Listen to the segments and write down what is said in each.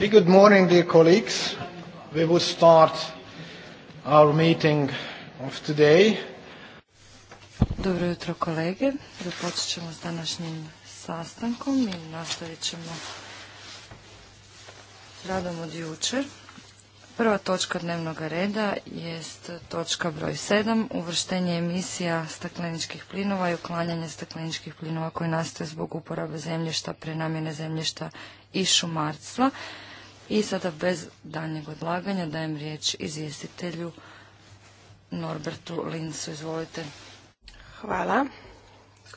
Good morning, dear colleagues. We will start our meeting of today. Dobro jutro kolege. Započet ćemo s današnjim sastankom i nastavit ćemo radom od jučer. Prva točka dnevnog reda jest točka broj 7, uvrštenje emisija stakleničkih plinova i uklanjanje stakleničkih plinova koji nastaju zbog uporabe zemljišta, prenamjene zemljišta i šumarstva. I sada bez daljnjeg odlaganja dajem riječ izvjestitelju Norbertu Lincu. Izvolite. Hvala.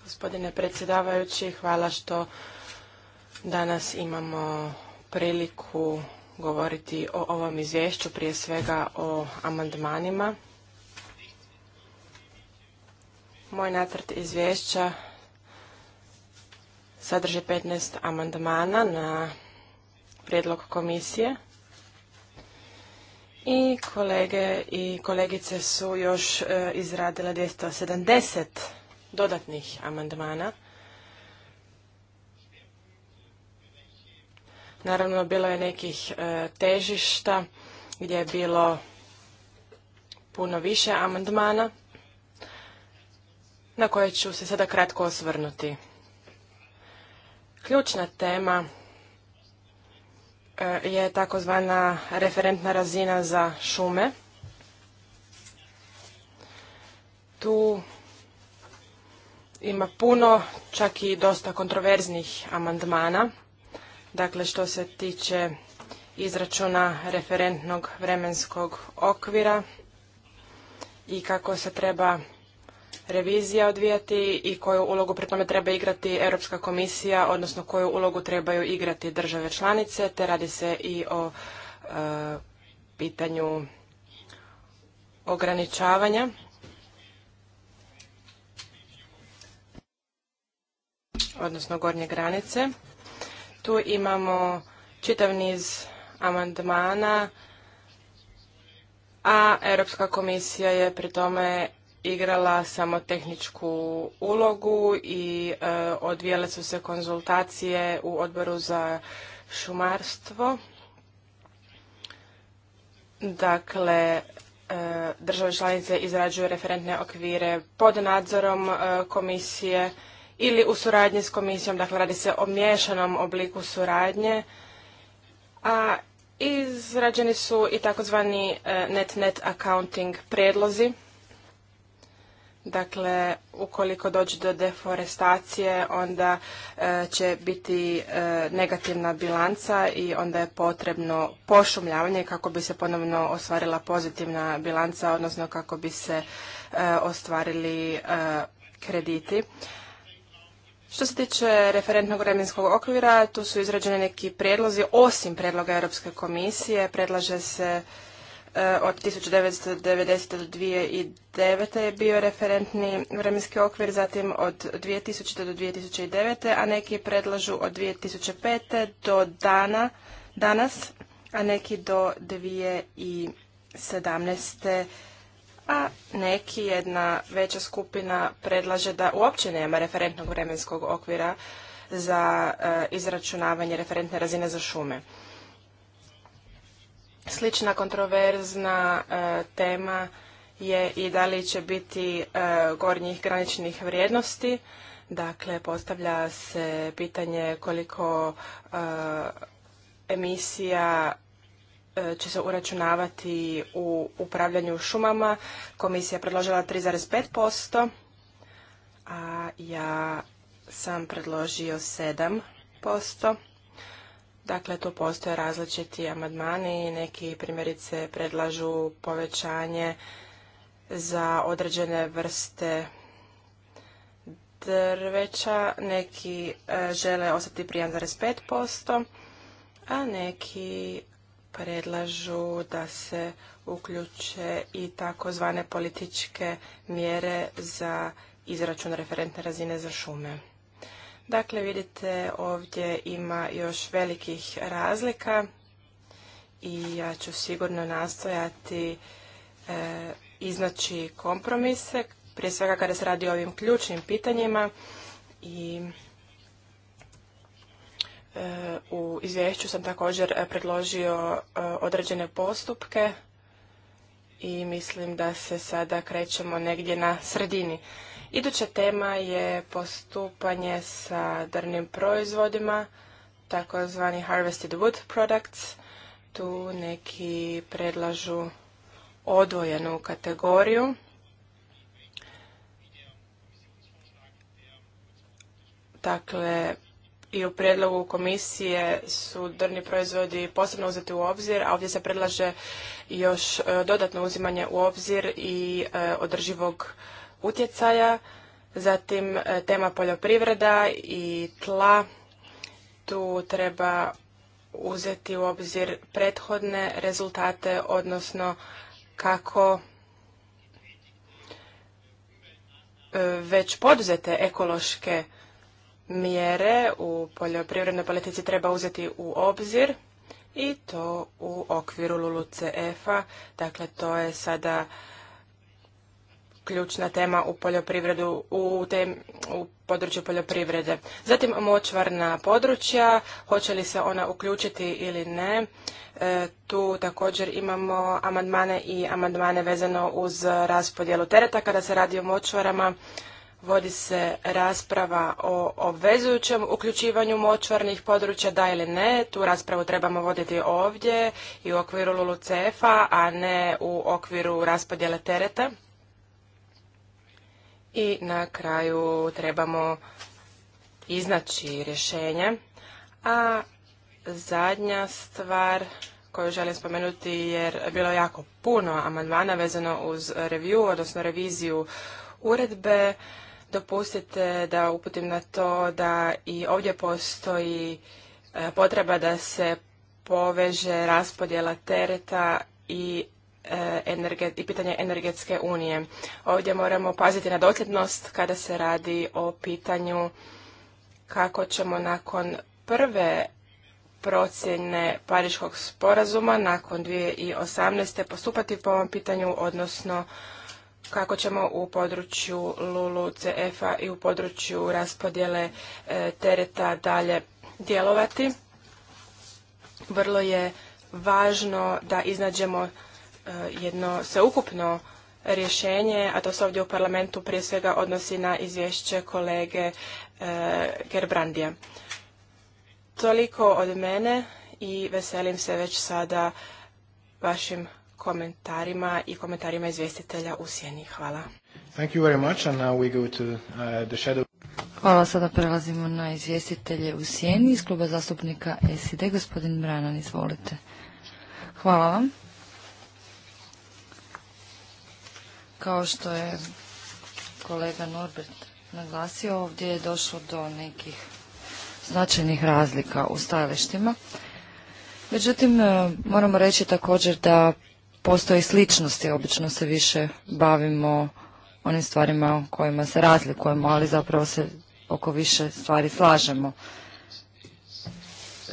Gospodine predsjedavajući, hvala što danas imamo priliku govoriti o ovom izvješću, prije svega o amandmanima. Moj natrt izvješća sadrži 15 amandmana na prijedlog komisije. I kolege i kolegice su još e, izradile 270 dodatnih amandmana. Naravno, bilo je nekih e, težišta gdje je bilo puno više amandmana na koje ću se sada kratko osvrnuti. Ključna tema E, je takozvana referentna razina za šume. Tu ima puno, čak i dosta kontroverznih amandmana. Dakle, što se tiče izračuna referentnog vremenskog okvira i kako se treba revizija odvijati i koju ulogu pri tome treba igrati Europska komisija, odnosno koju ulogu trebaju igrati države članice, te radi se i o e, pitanju ograničavanja. odnosno gornje granice. Tu imamo čitav niz amandmana, a Europska komisija je pri tome igrala samo tehničku ulogu i e, odvijale odvijele su se konzultacije u odboru za šumarstvo. Dakle, e, države članice izrađuju referentne okvire pod nadzorom e, komisije ili u suradnji s komisijom, dakle radi se o miješanom obliku suradnje, a izrađeni su i takozvani net-net accounting predlozi Dakle, ukoliko dođe do deforestacije, onda e, će biti e, negativna bilanca i onda je potrebno pošumljavanje kako bi se ponovno ostvarila pozitivna bilanca, odnosno kako bi se e, ostvarili krediti. Što se tiče referentnog vremenskog okvira, tu su izrađeni neki prijedlozi, osim predloga Europske komisije, predlaže se Eh, od 1990. do 2009. je bio referentni vremenski okvir, zatim od 2000. do 2009. a neki predlažu od 2005. do dana, danas, a neki do 2017. A neki jedna veća skupina predlaže da uopće nema referentnog vremenskog okvira za eh, izračunavanje referentne razine za šume. Slična kontroverzna e, tema je i da li će biti e, gornjih graničnih vrijednosti. Dakle, postavlja se pitanje koliko e, emisija će se uračunavati u upravljanju šumama. Komisija je predložila 3,5%, a ja sam predložio 7%. Dakle, tu postoje različiti amandmani, neki primjerice predlažu povećanje za određene vrste drveća, neki e, žele ostati pri posto, a neki predlažu da se uključe i takozvane političke mjere za izračun referentne razine za šume. Dakle, vidite, ovdje ima još velikih razlika i ja ću sigurno nastojati e, iznaći kompromise, prije svega kada se radi o ovim ključnim pitanjima i e, u izvješću sam također predložio e, određene postupke i mislim da se sada krećemo negdje na sredini. Iduća tema je postupanje sa drvnim proizvodima, takozvani harvested wood products. Tu neki predlažu odvojenu kategoriju. Dakle, i u predlogu komisije su drni proizvodi posebno uzeti u obzir, a ovdje se predlaže još e, dodatno uzimanje u obzir i e, održivog utjecaja, zatim e, tema poljoprivreda i tla. Tu treba uzeti u obzir prethodne rezultate, odnosno kako e, već poduzete ekološke mjere u poljoprivrednoj politici treba uzeti u obzir i to u okviru LULUCF-a. Dakle, to je sada ključna tema u poljoprivredu, u, u području poljoprivrede. Zatim močvarna područja, hoće li se ona uključiti ili ne. E, tu također imamo amandmane i amandmane vezano uz raspodjelu tereta. Kada se radi o močvarama, vodi se rasprava o obvezujućem uključivanju močvarnih područja, da ili ne. Tu raspravu trebamo voditi ovdje i u okviru LULUCF-a, a ne u okviru raspodjele tereta. I na kraju trebamo iznaći rješenje. A zadnja stvar koju želim spomenuti jer bilo jako puno amandmana vezano uz reviju, odnosno reviziju uredbe. Dopustite da uputim na to da i ovdje postoji e, potreba da se poveže raspodjela tereta i E, i pitanje energetske unije. Ovdje moramo paziti na dosljednost kada se radi o pitanju kako ćemo nakon prve procjene Pariškog sporazuma nakon 2018. postupati po ovom pitanju, odnosno kako ćemo u području Lulu, CF-a i u području raspodjele e, tereta dalje djelovati. Vrlo je važno da iznađemo Eh, jedno sveukupno rješenje, a to se ovdje u parlamentu prije svega odnosi na izvješće kolege eh, Gerbrandija. Toliko od mene i veselim se već sada vašim komentarima i komentarima izvjestitelja u Sjeni. Hvala. Hvala, sada prelazimo na izvjestitelje u Sjeni iz kluba zastupnika SID. Gospodin Branan, izvolite. Hvala vam. Kao što je kolega Norbert naglasio, ovdje je došlo do nekih značajnih razlika u stajalištima. Međutim, e, moramo reći također da postoje sličnosti, obično se više bavimo onim stvarima kojima se razlikujemo, ali zapravo se oko više stvari slažemo.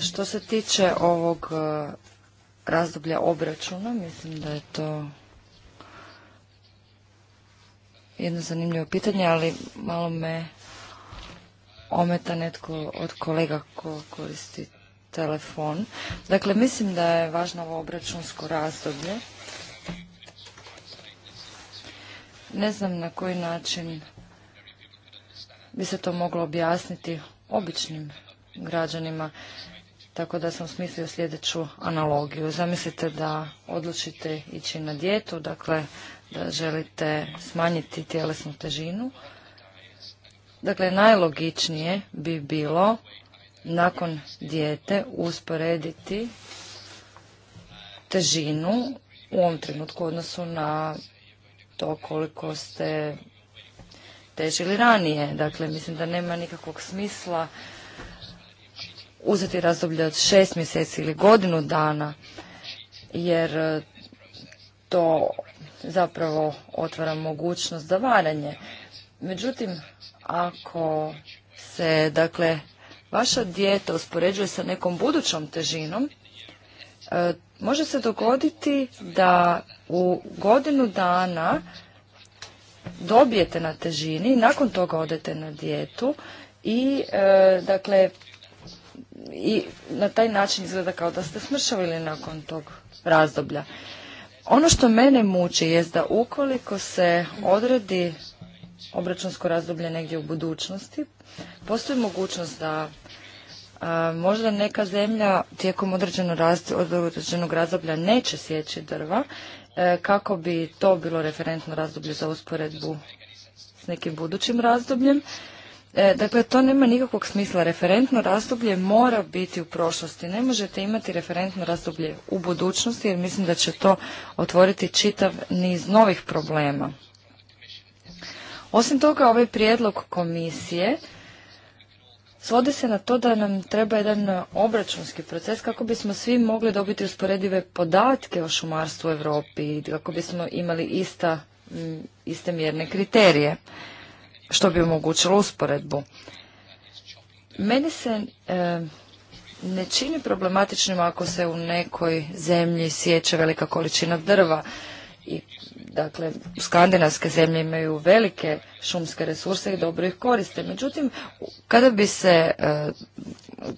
Što se tiče ovog e, razdoblja obračuna, mislim da je to jedno zanimljivo pitanje, ali malo me ometa netko od kolega ko koristi telefon. Dakle, mislim da je važno ovo obračunsko razdoblje. Ne znam na koji način bi se to moglo objasniti običnim građanima tako da sam smislio sljedeću analogiju. Zamislite da odlučite ići na dijetu, dakle da želite smanjiti tjelesnu težinu. Dakle, najlogičnije bi bilo nakon dijete usporediti težinu u ovom trenutku odnosu na to koliko ste težili ranije. Dakle, mislim da nema nikakvog smisla uzeti razdoblje od šest mjeseci ili godinu dana, jer e, to zapravo otvara mogućnost za varanje. Međutim, ako se, dakle, vaša dijeta uspoređuje sa nekom budućom težinom, e, može se dogoditi da u godinu dana dobijete na težini, nakon toga odete na dijetu i, e, dakle, i na taj način izgleda kao da ste smršavili nakon tog razdoblja. Ono što mene muči je da ukoliko se odredi obračunsko razdoblje negdje u budućnosti, postoji mogućnost da možda neka zemlja tijekom određeno određenog razdoblja neće sjeći drva e, kako bi to bilo referentno razdoblje za usporedbu s nekim budućim razdobljem E, dakle, to nema nikakvog smisla. Referentno razdoblje mora biti u prošlosti. Ne možete imati referentno razdoblje u budućnosti jer mislim da će to otvoriti čitav niz novih problema. Osim toga, ovaj prijedlog komisije svodi se na to da nam treba jedan obračunski proces kako bismo svi mogli dobiti usporedive podatke o šumarstvu u Europi i kako bismo imali ista, iste mjerne kriterije što bi omogućilo usporedbu. Meni se e, ne čini problematičnim ako se u nekoj zemlji sjeće velika količina drva. I, dakle, skandinavske zemlje imaju velike šumske resurse i dobro ih koriste. Međutim, kada bi se, e,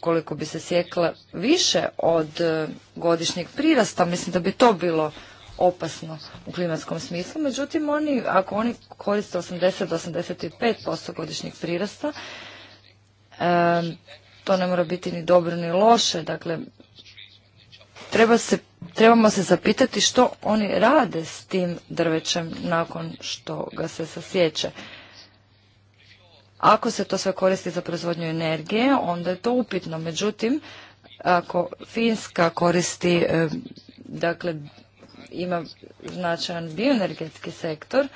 koliko bi se sjekla više od e, godišnjeg prirasta, mislim da bi to bilo opasno u klimatskom smislu. Međutim, oni, ako oni koriste 80 do 85% godišnjeg prirasta, to ne mora biti ni dobro ni loše. Dakle, treba se, trebamo se zapitati što oni rade s tim drvećem nakon što ga se sasjeće. Ako se to sve koristi za proizvodnju energije, onda je to upitno. Međutim, ako Finska koristi dakle ima značajan bioenergetski sektor,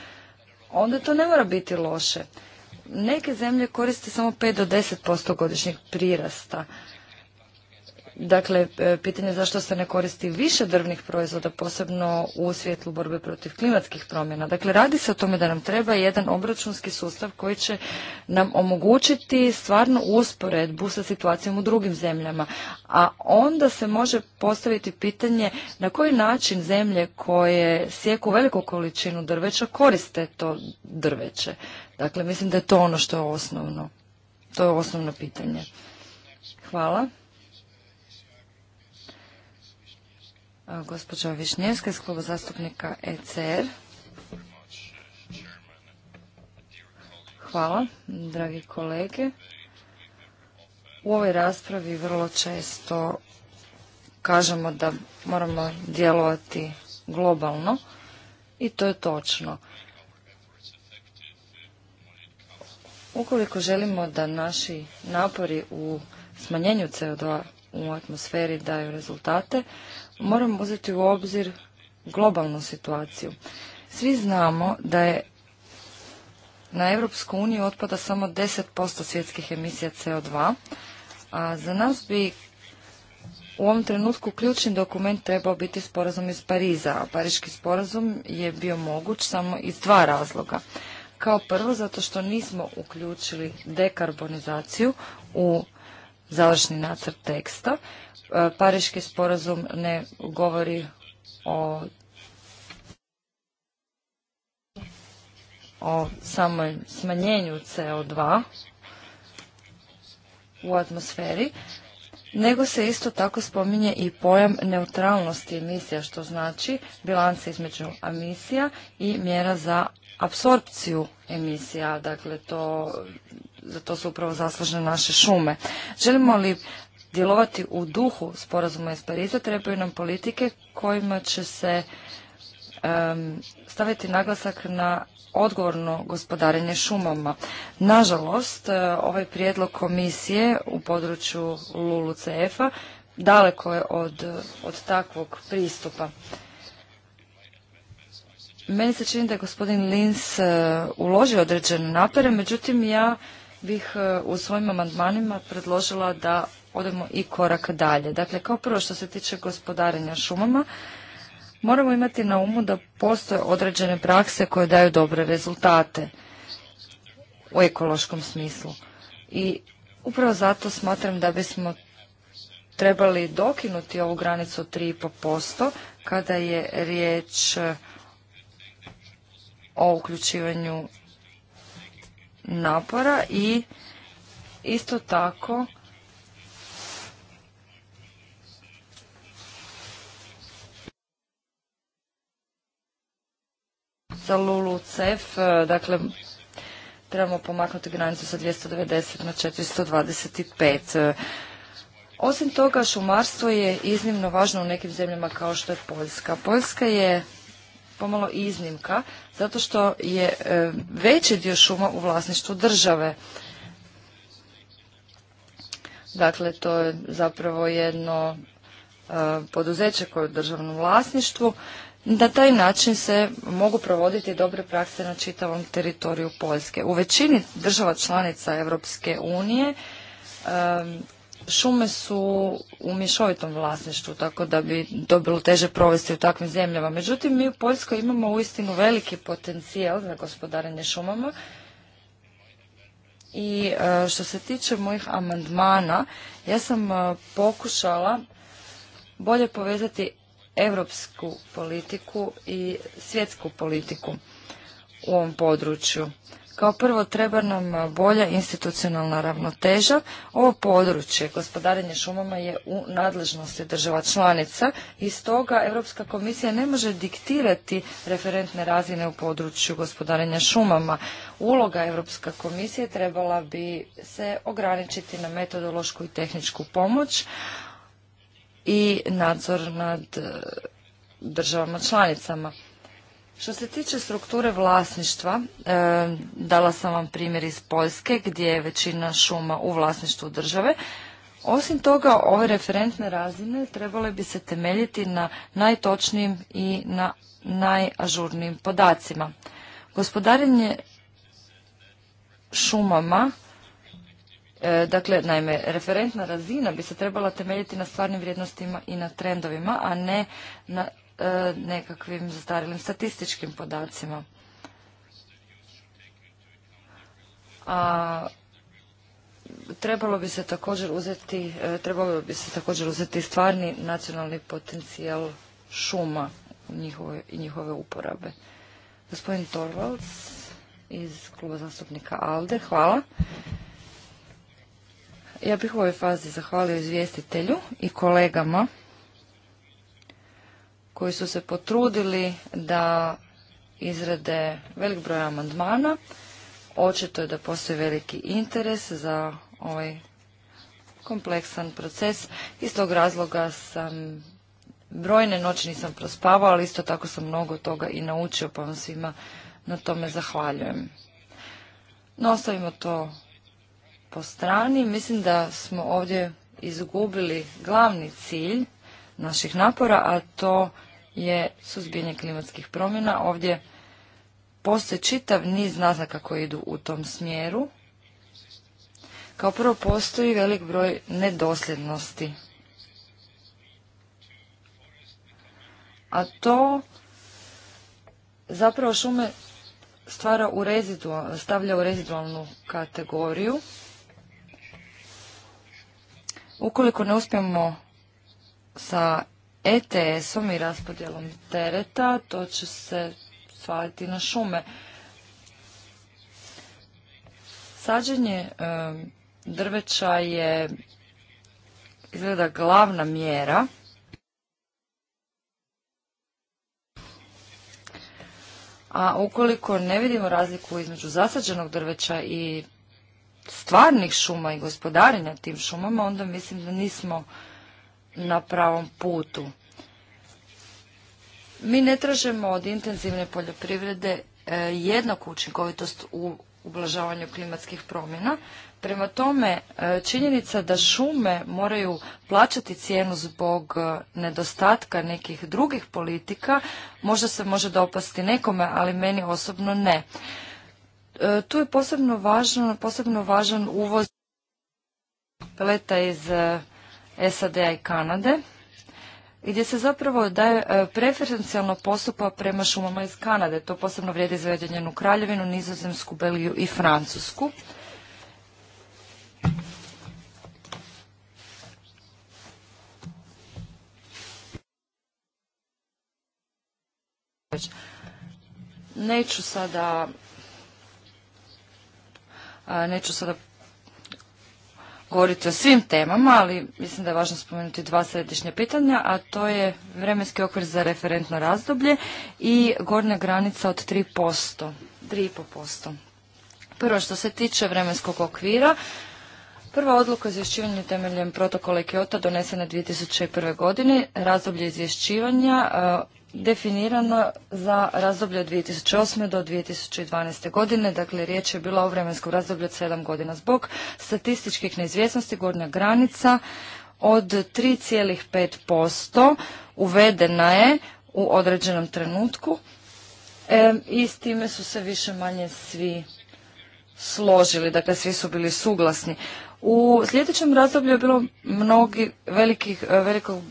onda to ne mora biti loše. Neke zemlje koriste samo 5 do 10% godišnjeg prirasta Dakle, e, pitanje je zašto se ne koristi više drvnih proizvoda, posebno u svjetlu borbe protiv klimatskih promjena. Dakle, radi se o tome da nam treba jedan obračunski sustav koji će nam omogućiti stvarno usporedbu sa situacijom u drugim zemljama. A onda se može postaviti pitanje na koji način zemlje koje sjeku veliku količinu drveća koriste to drveće. Dakle, mislim da je to ono što je osnovno. To je osnovno pitanje. Hvala. gospođa Višnjevska iz kluba zastupnika ECR. Hvala, dragi kolege. U ovoj raspravi vrlo često kažemo da moramo djelovati globalno i to je točno. Ukoliko želimo da naši napori u smanjenju CO2 u atmosferi daju rezultate, moramo uzeti u obzir globalnu situaciju. Svi znamo da je na Europsku uniju otpada samo 10% svjetskih emisija CO2, a za nas bi u ovom trenutku ključni dokument trebao biti sporazum iz Pariza, a Pariški sporazum je bio moguć samo iz dva razloga. Kao prvo, zato što nismo uključili dekarbonizaciju u završni nacrt teksta. E, Pariški sporazum ne govori o o samoj smanjenju CO2 u atmosferi, nego se isto tako spominje i pojam neutralnosti emisija, što znači bilanca između emisija i mjera za apsorpciju emisija. Dakle, to za to su upravo zaslužene naše šume. Želimo li djelovati u duhu sporazuma iz Pariza, trebaju nam politike kojima će se staviti naglasak na odgovorno gospodarenje šumama. Nažalost, e, ovaj prijedlog komisije u području LULUCF-a daleko je od, od takvog pristupa. Meni se čini da je gospodin Lins e, uložio određene napere, međutim ja bih e, u svojim amandmanima predložila da odemo i korak dalje. Dakle, kao prvo što se tiče gospodarenja šumama, moramo imati na umu da postoje određene prakse koje daju dobre rezultate u ekološkom smislu. I upravo zato smatram da bismo trebali dokinuti ovu granicu 3,5% kada je riječ o uključivanju napora i isto tako za Lulu Cef, e, dakle trebamo pomaknuti granicu sa 290 na 425. E, osim toga, šumarstvo je iznimno važno u nekim zemljama kao što je Poljska. Poljska je pomalo iznimka zato što je e, veći dio šuma u vlasništvu države. Dakle, to je zapravo jedno e, poduzeće koje je u državnom vlasništvu. Na taj način se mogu provoditi dobre prakse na čitavom teritoriju Poljske. U većini država članica Europske unije e, šume su u mješovitom vlasništvu, tako da bi to bilo teže provesti u takvim zemljama. Međutim, mi u Poljskoj imamo uistinu veliki potencijal za gospodarenje šumama. I e, što se tiče mojih amandmana, ja sam e, pokušala bolje povezati europsku politiku i svjetsku politiku u ovom području. Kao prvo treba nam bolja institucionalna ravnoteža. Ovo područje gospodarenje šumama je u nadležnosti država članica i stoga Europska komisija ne može diktirati referentne razine u području gospodarenja šumama. Uloga Europske komisije trebala bi se ograničiti na metodološku i tehničku pomoć i nadzor nad eh, državama članicama. Što se tiče strukture vlasništva, e, dala sam vam primjer iz Poljske gdje je većina šuma u vlasništvu države. Osim toga, ove referentne razine trebale bi se temeljiti na najtočnijim i na najažurnijim podacima. Gospodarenje šumama, e, dakle, naime, referentna razina bi se trebala temeljiti na stvarnim vrijednostima i na trendovima, a ne na E, nekakvim zastarilim statističkim podacima. A trebalo bi se također uzeti, e, trebalo bi se također uzeti stvarni nacionalni potencijal šuma i njihove uporabe. Gospodin Torvalds iz kluba zastupnika ALDE, hvala. Ja bih u ovoj fazi zahvalio izvjestitelju i kolegama koji su se potrudili da izrade velik broj amandmana. Očito je da postoji veliki interes za ovaj kompleksan proces. Iz tog razloga sam brojne noći nisam prospavao, ali isto tako sam mnogo toga i naučio, pa vam svima na tome zahvaljujem. No, ostavimo to po strani. Mislim da smo ovdje izgubili glavni cilj naših napora, a to je suzbijanje klimatskih promjena. Ovdje postoje čitav niz naznaka koji idu u tom smjeru. Kao prvo postoji velik broj nedosljednosti. A to zapravo šume stvara u stavlja u rezidualnu kategoriju. Ukoliko ne uspijemo sa ETS-om i raspodjelom tereta, to će se svaliti na šume. Sađenje drveća je izgleda glavna mjera a ukoliko ne vidimo razliku između zasađenog drveća i stvarnih šuma i gospodarenja tim šumama, onda mislim da nismo na pravom putu. Mi ne tražimo od intenzivne poljoprivrede e, jednaku učinkovitost u ublažavanju klimatskih promjena. Prema tome, e, činjenica da šume moraju plaćati cijenu zbog e, nedostatka nekih drugih politika možda se može dopasti nekome, ali meni osobno ne. Tu je posebno važan, uvoz peleta iz SAD-a i Kanade gdje se zapravo daje e, preferencijalno postupa prema šumama iz Kanade. To posebno vrijedi za Ujedinjenu kraljevinu, Nizozemsku, beliju i Francusku. Neću sada neću sada govoriti o svim temama, ali mislim da je važno spomenuti dva središnja pitanja, a to je vremenski okvir za referentno razdoblje i gornja granica od 3%, 3,5%. Prvo što se tiče vremenskog okvira, Prva odluka o izvješćivanju temeljem protokola Kyoto donesena 2001. godine, razdoblje izvješćivanja definirano za razdoblje od 2008. do 2012. godine, dakle riječ je bila o vremenskom razdoblju od 7 godina. Zbog statističkih neizvjesnosti gornja granica od 3,5% uvedena je u određenom trenutku i s time su se više manje svi složili, dakle svi su bili suglasni. U sljedećem razdoblju je bilo mnogi velikih, e, velikog,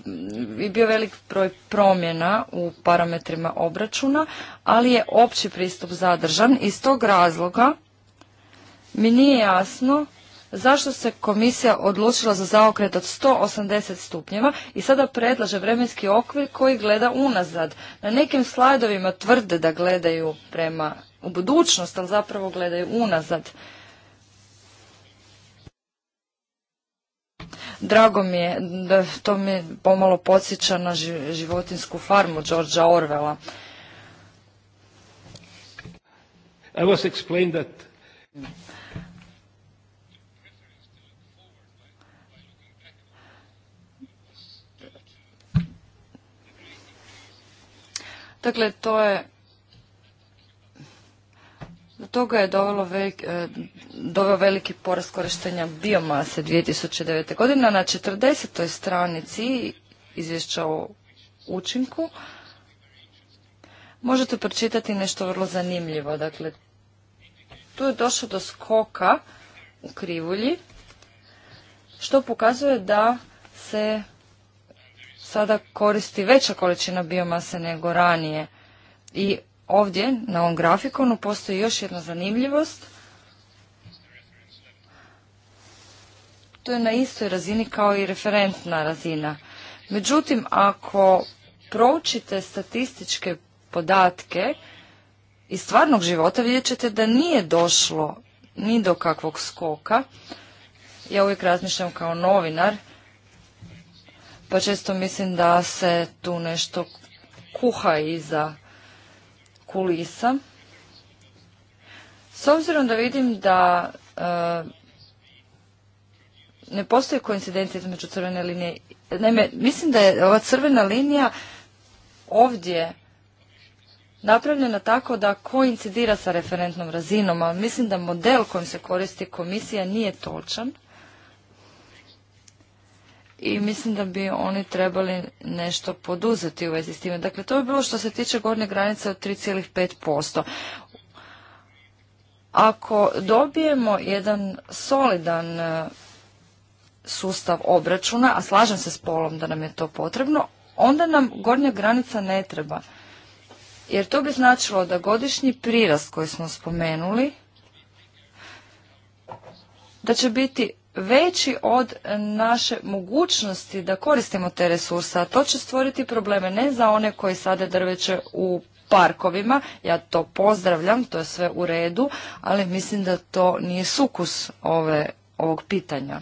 bio velik broj promjena u parametrima obračuna, ali je opći pristup zadržan. Iz tog razloga mi nije jasno zašto se komisija odlučila za zaokret od 180 stupnjeva i sada predlaže vremenski okvir koji gleda unazad. Na nekim slajdovima tvrde da gledaju prema u budućnost, ali zapravo gledaju unazad. Drago mi je da to mi pomalo podsjeća na životinsku farmu Georgea Orvela. I Dakle, to je do toga je dovelo veliki, e, doveo veliki porast korištenja biomase 2009. godine. Na 40. stranici izvješća o učinku možete pročitati nešto vrlo zanimljivo. Dakle, tu je došlo do skoka u krivulji, što pokazuje da se sada koristi veća količina biomase nego ranije i ovdje na ovom grafikonu postoji još jedna zanimljivost. To je na istoj razini kao i referentna razina. Međutim, ako proučite statističke podatke iz stvarnog života, vidjet ćete da nije došlo ni do kakvog skoka. Ja uvijek razmišljam kao novinar, pa često mislim da se tu nešto kuha iza kulisa. S obzirom da vidim da e, ne postoji koincidencija između crvene linije. Naime, mislim da je ova crvena linija ovdje napravljena tako da koincidira sa referentnom razinom, ali mislim da model kojim se koristi komisija nije točan i mislim da bi oni trebali nešto poduzeti u vezi s time. Dakle, to bi bilo što se tiče gornje granice od 3,5%. Ako dobijemo jedan solidan e, sustav obračuna, a slažem se s polom da nam je to potrebno, onda nam gornja granica ne treba. Jer to bi značilo da godišnji prirast koji smo spomenuli, da će biti veći od naše mogućnosti da koristimo te resurse, a to će stvoriti probleme ne za one koji sada drveće u parkovima, ja to pozdravljam, to je sve u redu, ali mislim da to nije sukus ove, ovog pitanja.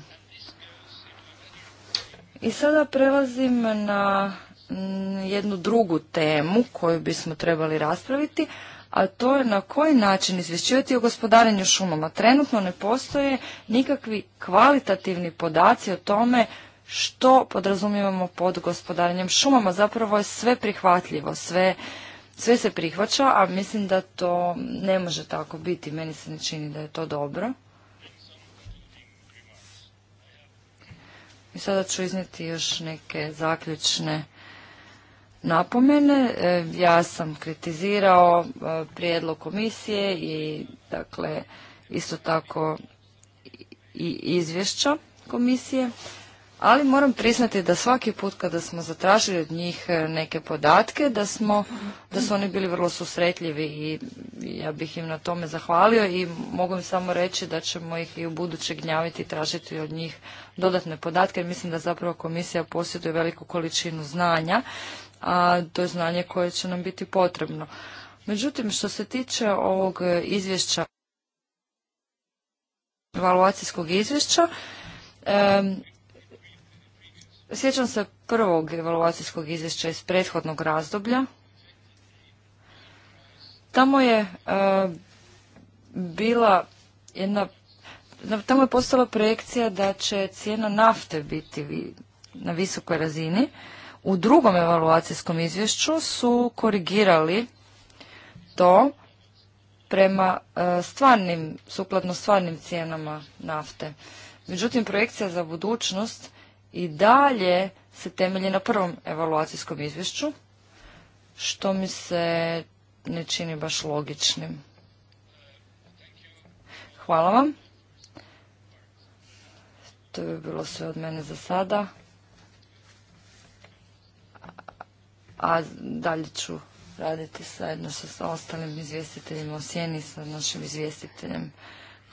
I sada prelazim na mm, jednu drugu temu koju bismo trebali raspraviti, a to je na koji način izvješćivati o gospodarenju šumama. Trenutno ne postoje nikakvi kvalitativni podaci o tome što podrazumijevamo pod gospodarenjem šumama. Zapravo je sve prihvatljivo, sve, sve se prihvaća, a mislim da to ne može tako biti. Meni se ne čini da je to dobro. I sada ću iznijeti još neke zaključne napomene. E, ja sam kritizirao e, prijedlog komisije i dakle isto tako i izvješća komisije, ali moram priznati da svaki put kada smo zatražili od njih e, neke podatke, da, smo, da su oni bili vrlo susretljivi i ja bih im na tome zahvalio i mogu im samo reći da ćemo ih i u buduće gnjaviti i tražiti od njih dodatne podatke mislim da zapravo komisija posjeduje veliku količinu znanja a to je znanje koje će nam biti potrebno. Međutim, što se tiče ovog izvješća, evaluacijskog izvješća, sjećam se prvog evaluacijskog izvješća iz prethodnog razdoblja. Tamo je e, bila jedna, tamo je postala projekcija da će cijena nafte biti na visokoj razini u drugom evaluacijskom izvješću su korigirali to prema e, stvarnim, sukladno stvarnim cijenama nafte. Međutim, projekcija za budućnost i dalje se temelji na prvom evaluacijskom izvješću, što mi se ne čini baš logičnim. Hvala vam. To je bilo sve od mene za sada. a dalje ću raditi zajedno sa ostalim izvjestiteljima u sjeni sa našim izvjestiteljem.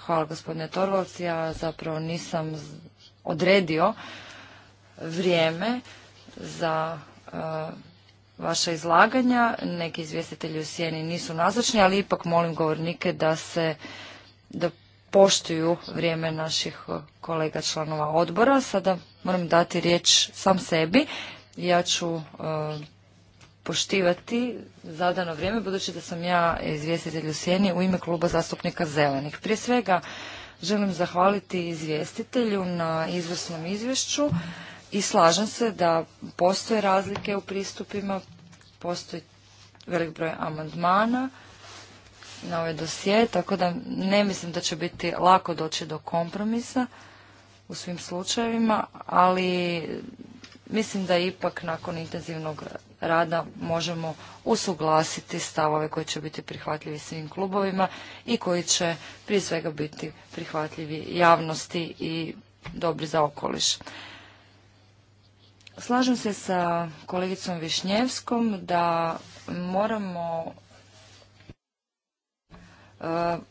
Hvala gospodine Torvalc. Ja zapravo nisam odredio vrijeme za e, vaša izlaganja. Neki izvjestitelji u sjeni nisu nazočni, ali ipak molim govornike da se da poštuju vrijeme naših kolega članova odbora. Sada moram dati riječ sam sebi. Ja ću e, poštivati zadano vrijeme, budući da sam ja izvjestitelj u Sjeni u ime kluba zastupnika Zelenih. Prije svega želim zahvaliti izvjestitelju na izvrsnom izvješću i slažem se da postoje razlike u pristupima, postoji velik broj amandmana na ove ovaj dosije, tako da ne mislim da će biti lako doći do kompromisa u svim slučajevima, ali Mislim da ipak nakon intenzivnog rada možemo usuglasiti stavove koji će biti prihvatljivi svim klubovima i koji će prije svega biti prihvatljivi javnosti i dobri za okoliš. Slažem se sa kolegicom Višnjevskom da moramo uh,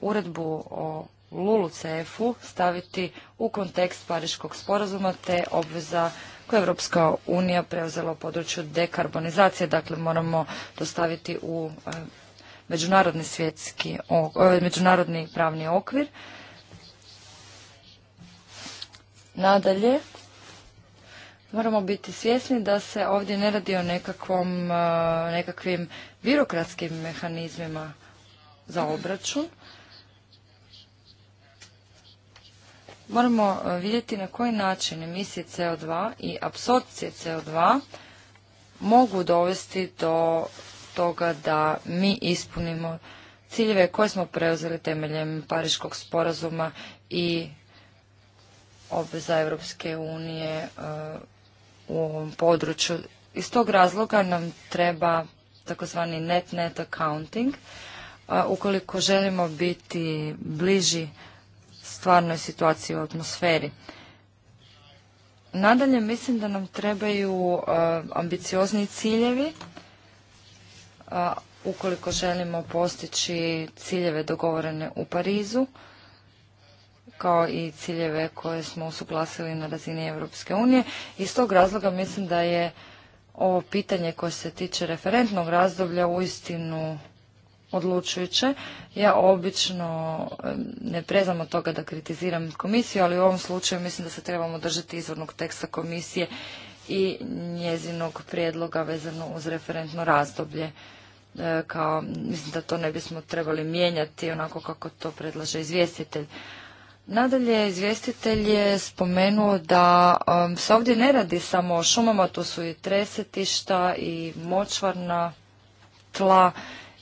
uredbu o LULU-CF-u staviti u kontekst Pariškog sporazuma te obveza koje je Europska unija preuzela u području dekarbonizacije. Dakle, moramo dostaviti u e, međunarodni svjetski, e, međunarodni pravni okvir. Nadalje, moramo biti svjesni da se ovdje ne radi o e, nekakvim birokratskim mehanizmima za obračun. moramo e, vidjeti na koji način emisije CO2 i apsorpcije CO2 mogu dovesti do toga da mi ispunimo ciljeve koje smo preuzeli temeljem Pariškog sporazuma i obveza Europske unije e, u ovom području. Iz tog razloga nam treba takozvani net net accounting. E, ukoliko želimo biti bliži stvarnoj situaciji u atmosferi. Nadalje mislim da nam trebaju e, ambiciozni ciljevi e, ukoliko želimo postići ciljeve dogovorene u Parizu kao i ciljeve koje smo usuglasili na razini Europske unije. Iz tog razloga mislim da je ovo pitanje koje se tiče referentnog razdoblja uistinu odlučujuće. Ja obično ne prezam od toga da kritiziram komisiju, ali u ovom slučaju mislim da se trebamo držati izvornog teksta komisije i njezinog prijedloga vezano uz referentno razdoblje. E, kao, mislim da to ne bismo trebali mijenjati onako kako to predlaže izvjestitelj. Nadalje, izvjestitelj je spomenuo da se ovdje ne radi samo o šumama, tu su i tresetišta i močvarna tla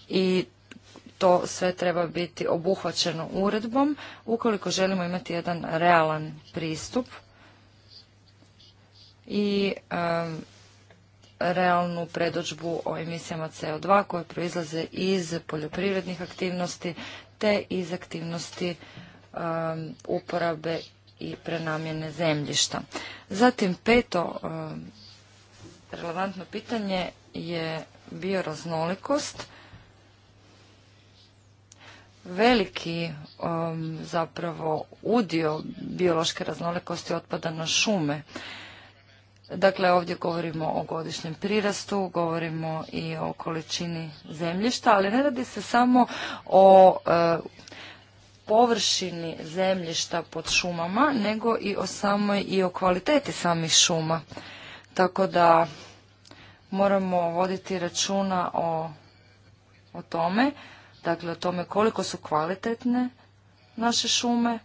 i to sve treba biti obuhvaćeno uredbom ukoliko želimo imati jedan realan pristup i realnu predođbu o emisijama CO2 koje proizlaze iz poljoprivrednih aktivnosti te iz aktivnosti uporabe i prenamjene zemljišta. Zatim peto relevantno pitanje je bioraznolikost veliki um, zapravo udio biološke raznolikosti otpada na šume. Dakle, ovdje govorimo o godišnjem prirastu, govorimo i o količini zemljišta, ali ne radi se samo o e, površini zemljišta pod šumama, nego i o samoj i o kvaliteti samih šuma. Tako da moramo voditi računa o, o tome dakle o tome koliko su kvalitetne naše šume.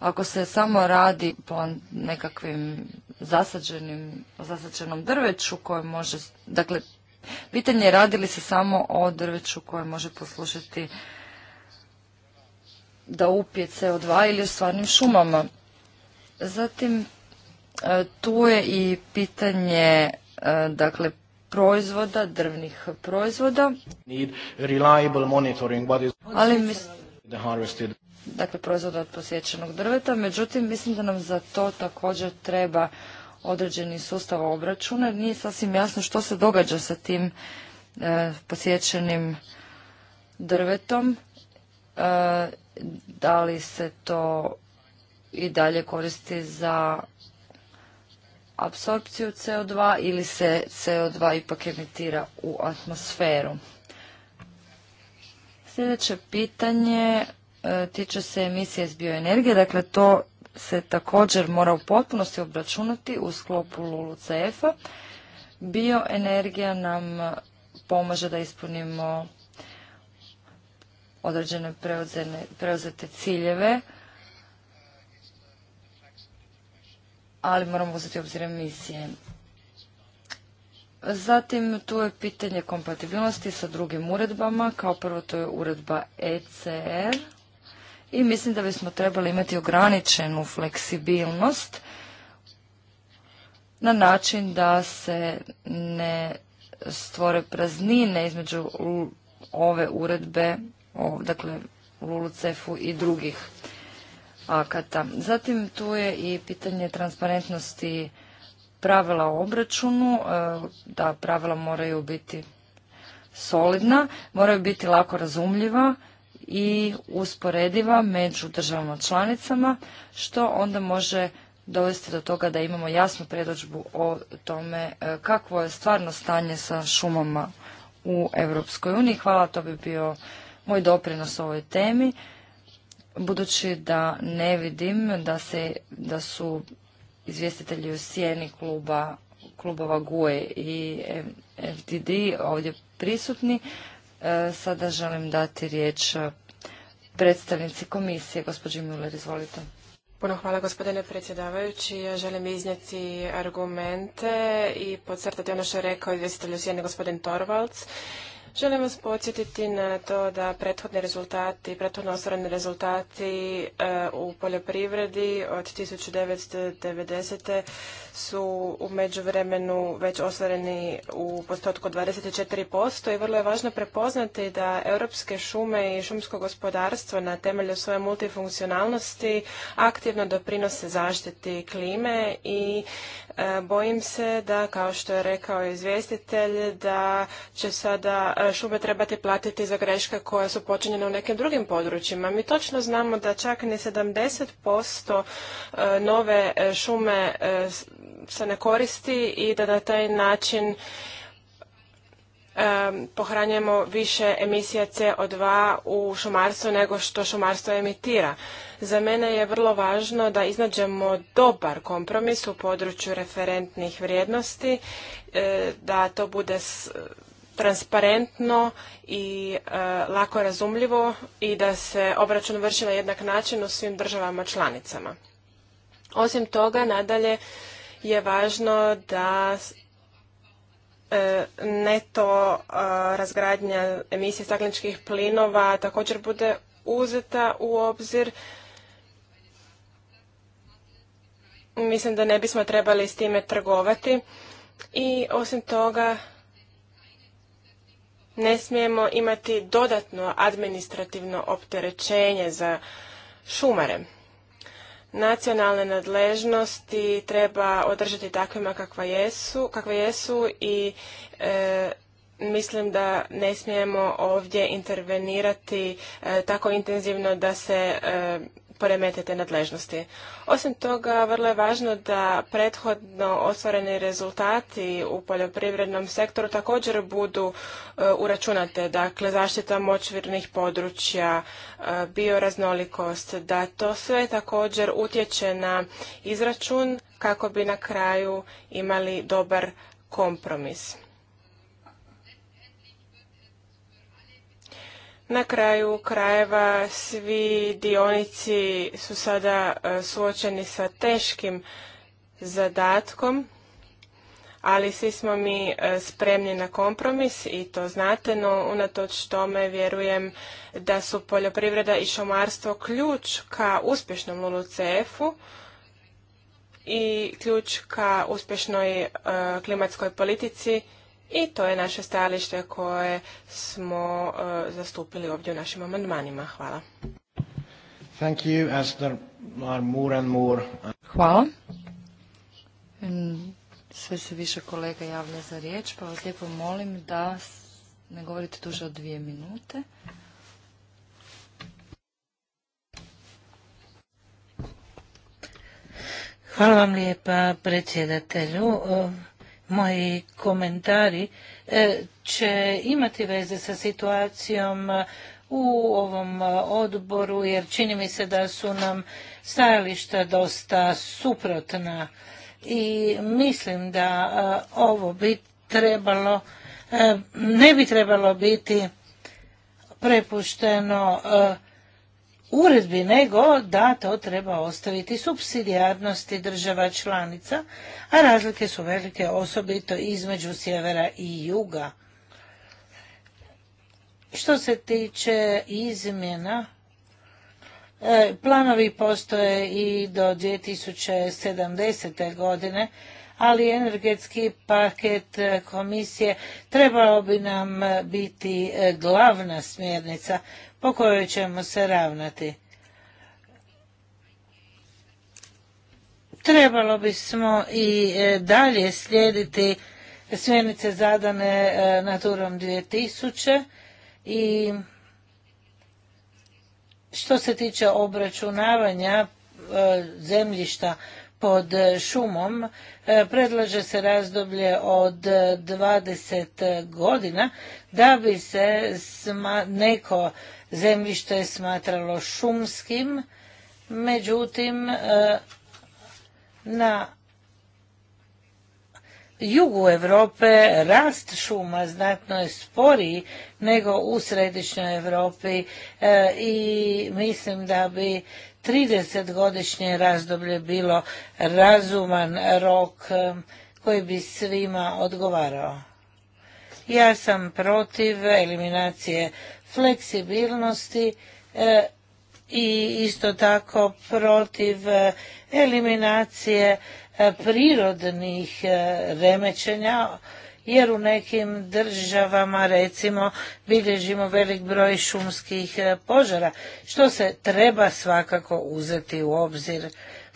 Ako se samo radi po nekakvim zasađenim, zasađenom drveću koje može, dakle, pitanje je li se samo o drveću koje može poslušati da upije CO2 ili u stvarnim šumama. Zatim, e, tu je i pitanje e, dakle proizvoda, drvnih proizvoda. Ali mislim, dakle proizvoda od posjećenog drveta, međutim mislim da nam za to također treba određeni sustav obračuna. Nije sasvim jasno što se događa sa tim e, posjećenim drvetom. E, da li se to i dalje koristi za apsorpciju CO2 ili se CO2 ipak emitira u atmosferu. Sljedeće pitanje e, tiče se emisije iz bioenergije, dakle to se također mora u potpunosti obračunati u sklopu LULUCF-a. Bioenergija nam pomaže da ispunimo određene preuzete ciljeve ali moramo uzeti obzir emisije. Zatim tu je pitanje kompatibilnosti sa drugim uredbama. Kao prvo to je uredba ECR i mislim da bismo trebali imati ograničenu fleksibilnost na način da se ne stvore praznine između ove uredbe, dakle LULUCEF-u i drugih akata. Zatim tu je i pitanje transparentnosti pravila o obračunu, e, da pravila moraju biti solidna, moraju biti lako razumljiva i usporediva među državama članicama, što onda može dovesti do toga da imamo jasnu predođbu o tome e, kakvo je stvarno stanje sa šumama u Europskoj uniji. Hvala, to bi bio moj doprinos ovoj temi. Budući da ne vidim da, se, da su izvjestitelji u sjeni kluba, klubova GUE i FDD ovdje prisutni, e, sada želim dati riječ predstavnici komisije. Gospođi Müller, izvolite. Puno hvala gospodine predsjedavajući. Ja želim iznijeti argumente i podcrtati ono što je rekao izvjestitelj sjeni gospodin Torvalds Želim vas podsjetiti na to da prethodni rezultati, prethodno ostvareni rezultati e, u poljoprivredi od 1990. su u međuvremenu već ostvareni u postotku 24% i vrlo je važno prepoznati da europske šume i šumsko gospodarstvo na temelju svoje multifunkcionalnosti aktivno doprinose zaštiti klime i e, E, bojim se da, kao što je rekao izvjestitelj, da će sada e, šume trebati platiti za greške koje su počinjene u nekim drugim područjima. Mi točno znamo da čak ni 70% e, nove šume se ne koristi i da na taj način pohranjamo više emisija CO2 u šumarstvu nego što šumarstvo emitira. Za mene je vrlo važno da iznađemo dobar kompromis u području referentnih vrijednosti, e, da to bude transparentno i e, lako razumljivo i da se obračun vrši na jednak način u svim državama članicama. Osim toga, nadalje je važno da E, neto e, razgradnja emisije stakleničkih plinova također bude uzeta u obzir. Mislim da ne bismo trebali s time trgovati i osim toga ne smijemo imati dodatno administrativno opterećenje za šumare nacionalne nadležnosti treba održati takvima kakva jesu, kakve jesu i e, mislim da ne smijemo ovdje intervenirati e, tako intenzivno da se e, te nadležnosti. Osim toga, vrlo je važno da prethodno ostvareni rezultati u poljoprivrednom sektoru također budu e, uračunate, dakle zaštita močvirnih područja, e, bioraznolikost, da to sve također utječe na izračun kako bi na kraju imali dobar kompromis. Na kraju krajeva svi dionici su sada e, suočeni sa teškim zadatkom, ali svi smo mi e, spremni na kompromis i to znate, no unatoč tome vjerujem da su poljoprivreda i šumarstvo ključ ka uspješnom LULUCF-u i ključ ka uspješnoj e, klimatskoj politici i to je naše stajalište koje smo e, zastupili ovdje u našim amandmanima. Hvala. Thank uh, Hvala. Sve se više kolega javlja za riječ, pa vas lijepo molim da ne govorite duže od dvije minute. Hvala vam lijepa predsjedatelju moji komentari e, će imati veze sa situacijom e, u ovom e, odboru jer čini mi se da su nam stajališta dosta suprotna i mislim da ovo bi trebalo ne bi trebalo biti prepušteno uredbi, nego da to treba ostaviti subsidijarnosti država članica, a razlike su velike osobito između sjevera i juga. Što se tiče izmjena, e, planovi postoje i do 2070. godine, ali energetski paket e, komisije trebao bi nam e, biti e, glavna smjernica po kojoj ćemo se ravnati. Trebalo bismo i dalje slijediti smjernice zadane Naturom 2000 i što se tiče obračunavanja zemljišta pod šumom e, predlaže se razdoblje od 20 godina da bi se neko zemljište smatralo šumskim, međutim e, na jugu Europe rast šuma znatno je sporiji nego u središnjoj Europi e, i mislim da bi 30-godišnje razdoblje bilo razuman rok um, koji bi svima odgovarao. Ja sam protiv eliminacije fleksibilnosti e, i isto tako protiv e, eliminacije e, prirodnih remećenja jer u nekim državama recimo bilježimo velik broj šumskih e, požara, što se treba svakako uzeti u obzir.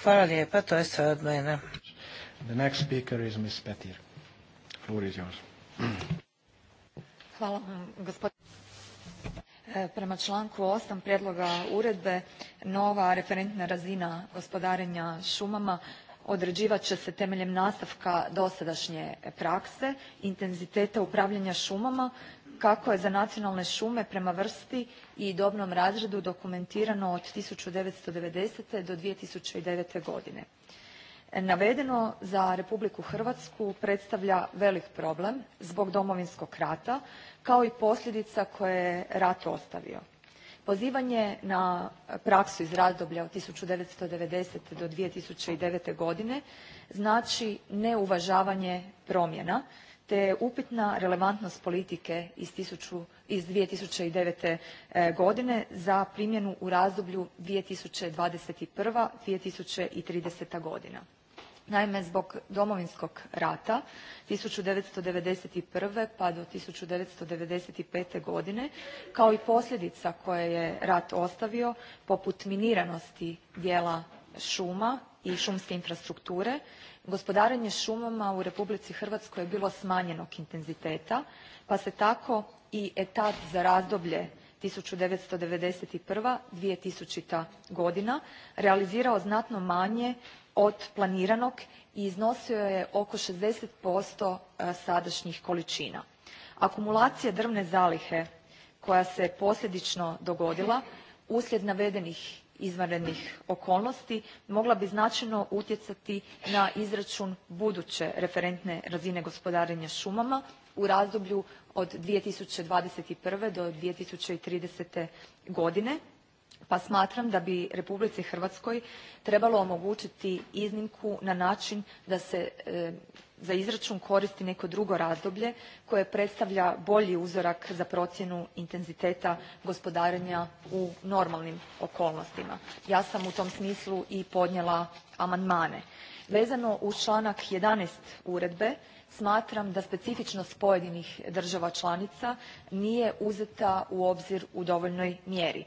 Hvala lijepa, to je sve od mene. The next speaker is Petir. Hvala vam, e, Prema članku 8 prijedloga uredbe nova referentna razina gospodarenja šumama određivat će se temeljem nastavka dosadašnje prakse, intenziteta upravljanja šumama kako je za nacionalne šume prema vrsti i dobnom razredu dokumentirano od 1990. do 2009. godine. Navedeno za Republiku Hrvatsku predstavlja velik problem zbog Domovinskog rata kao i posljedica koje je rat ostavio. Pozivanje na praksu iz razdoblja od 1990. do 2009. godine znači neuvažavanje promjena te je upitna relevantnost politike iz, iz 2009. E, godine za primjenu u razdoblju 2021. – 2030. godina. Naime, zbog Domovinskog rata 1991. pa do 1995. godine, kao i posljedica koje je rat ostavio, poput miniranosti dijela šuma i šumske infrastrukture, gospodarenje šumama u Republici Hrvatskoj je bilo smanjenog intenziteta, pa se tako i etat za razdoblje 1991. 2000. godina realizirao znatno manje od planiranog i iznosio je oko 60% e, sadašnjih količina. Akumulacija drvne zalihe koja se posljedično dogodila uslijed navedenih izvanrednih okolnosti mogla bi značajno utjecati na izračun buduće referentne razine gospodarenja šumama u razdoblju od 2021. do 2030. godine pa smatram da bi republici hrvatskoj trebalo omogućiti iznimku na način da se e, za izračun koristi neko drugo razdoblje koje predstavlja bolji uzorak za procjenu intenziteta gospodarenja u normalnim okolnostima. Ja sam u tom smislu i podnijela amandmane. Vezano uz članak 11. uredbe smatram da specifičnost pojedinih država članica nije uzeta u obzir u dovoljnoj mjeri.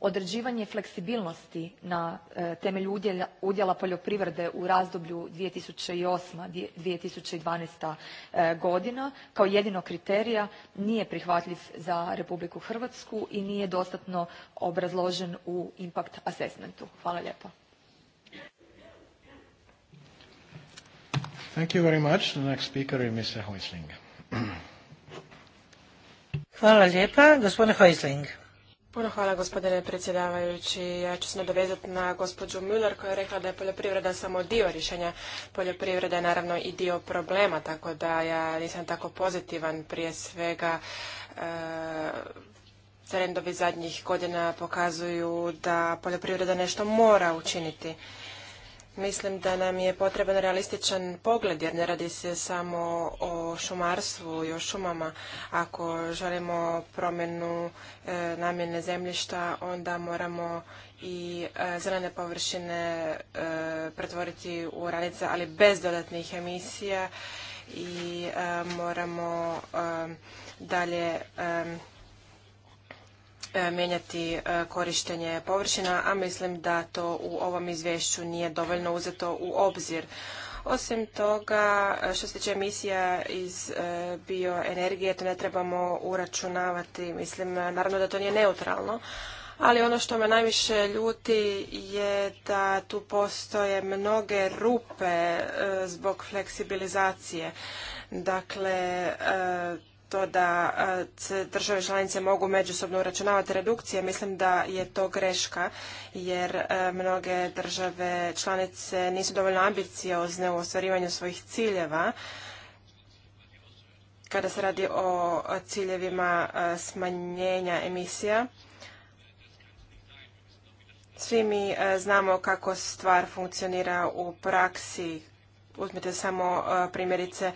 Određivanje fleksibilnosti na e, temelju udjela poljoprivrede u razdoblju 2008.-2012. E, godina kao jedinog kriterija nije prihvatljiv za Republiku Hrvatsku i nije dostatno obrazložen u impact assessmentu. Hvala lijepa. Thank Hvala lijepa. Gospodine Puno hvala gospodine predsjedavajući. Ja ću se nadovezati na gospođu Müller koja je rekla da je poljoprivreda samo dio rješenja. Poljoprivreda je naravno i dio problema, tako da ja nisam tako pozitivan prije svega. E, trendovi zadnjih godina pokazuju da poljoprivreda nešto mora učiniti. Mislim da nam je potreban realističan pogled jer ne radi se samo o šumarstvu i o šumama. Ako želimo promjenu e, namjene zemljišta, onda moramo i e, zelene površine e, pretvoriti u oranice, ali bez dodatnih emisija i moramo dalje E, mijenjati e, korištenje površina, a mislim da to u ovom izvješću nije dovoljno uzeto u obzir. Osim toga, što se tiče emisija iz e, bioenergije, to ne trebamo uračunavati. Mislim, naravno da to nije neutralno, ali ono što me najviše ljuti je da tu postoje mnoge rupe zbog fleksibilizacije. Dakle, to da e, države članice mogu međusobno uračunavati redukcije, mislim da je to greška jer e, mnoge države članice nisu dovoljno ambiciozne u ostvarivanju svojih ciljeva kada se radi o ciljevima e, smanjenja emisija. Svi mi znamo kako stvar funkcionira u praksi. Uzmite samo primjerice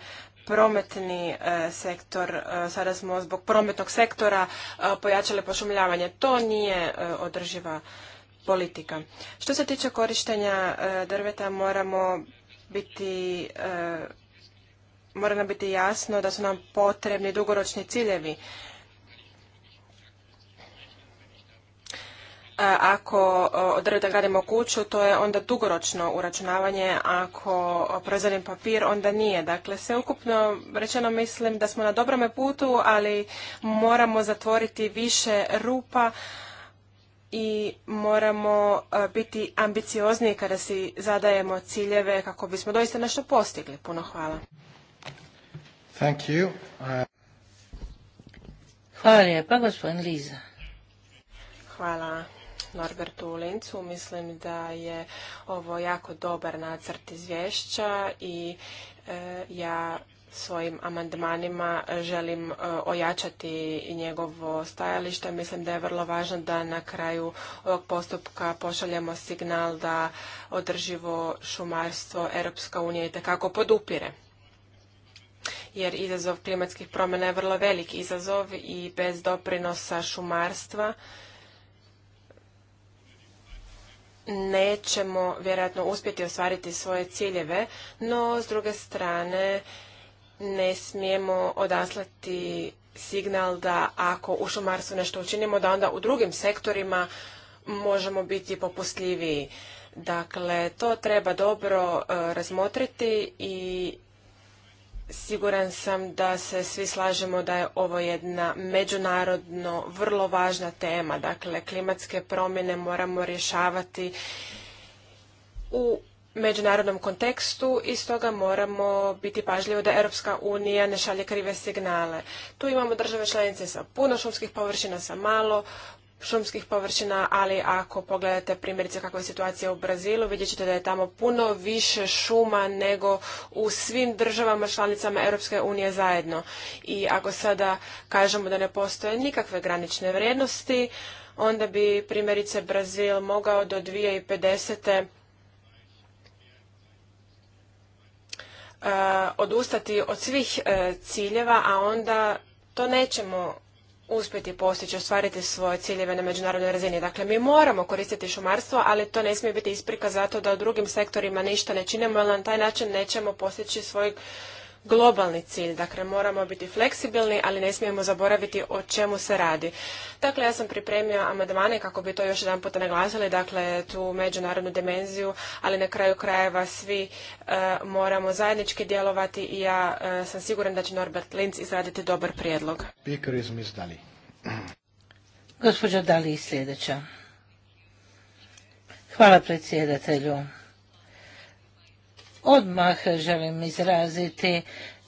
prometni e, sektor, e, sada smo zbog prometnog sektora e, pojačali pošumljavanje. To nije održiva politika. Što se tiče korištenja drveta, moramo biti mora nam biti jasno da su nam potrebni dugoročni ciljevi Ako e, od drveta gradimo kuću, to je onda dugoročno uračunavanje, ako e, proizvodim papir, onda nije. Dakle, sveukupno rečeno mislim da smo na dobrome putu, ali moramo zatvoriti više rupa i moramo e, biti ambiciozniji kada si zadajemo ciljeve kako bismo doista nešto postigli. Puno hvala. Thank you. Hvala lijepa, gospodin Liza. Hvala Norbertu Lincu. Mislim da je ovo jako dobar nacrt izvješća i e, ja svojim amandmanima želim e, ojačati njegovo stajalište. Mislim da je vrlo važno da na kraju ovog postupka pošaljemo signal da održivo šumarstvo Europska unija i podupire. Jer izazov klimatskih promjena je vrlo velik izazov i bez doprinosa šumarstva nećemo vjerojatno uspjeti ostvariti svoje ciljeve, no s druge strane ne smijemo odaslati signal da ako u šumarstvu nešto učinimo, da onda u drugim sektorima možemo biti popustljiviji. Dakle, to treba dobro e, razmotriti i Siguran sam da se svi slažemo da je ovo jedna međunarodno vrlo važna tema. Dakle, klimatske promjene moramo rješavati u međunarodnom kontekstu i stoga moramo biti pažljivi da Europska unija ne šalje krive signale. Tu imamo države članice sa puno šumskih površina, sa malo, šumskih površina, ali ako pogledate primjerice kakva je situacija u Brazilu, vidjet ćete da je tamo puno više šuma nego u svim državama članicama Europske unije zajedno. I ako sada kažemo da ne postoje nikakve granične vrijednosti, onda bi primjerice Brazil mogao do 2050. E, odustati od svih e, ciljeva, a onda to nećemo uspjeti postići, ostvariti svoje ciljeve na međunarodnoj razini. Dakle, mi moramo koristiti šumarstvo, ali to ne smije biti isprika zato da u drugim sektorima ništa ne činimo, jer na taj način nećemo postići svoj globalni cilj. Dakle, moramo biti fleksibilni, ali ne smijemo zaboraviti o čemu se radi. Dakle, ja sam pripremio amandmane kako bi to još jedan puta naglasili, dakle, tu međunarodnu dimenziju, ali na kraju krajeva svi e, moramo zajednički djelovati i ja e, sam siguran da će Norbert Linz izraditi dobar prijedlog. Dali. Dali sljedeća. Hvala predsjedatelju. Odmah želim izraziti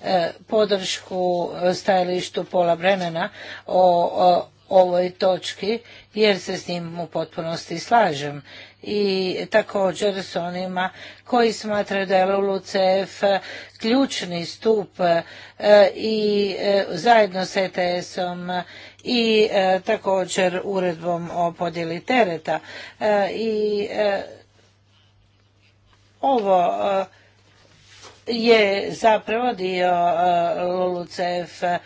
e, podršku e, stajalištu Pola vremena o ovoj točki jer se s njim u potpunosti slažem i također s onima koji smatraju da je LULUCF ključni stup e, i zajedno s ETS-om i također uredbom o podjeli tereta i ovo je zapravo dio e, LULUCF e,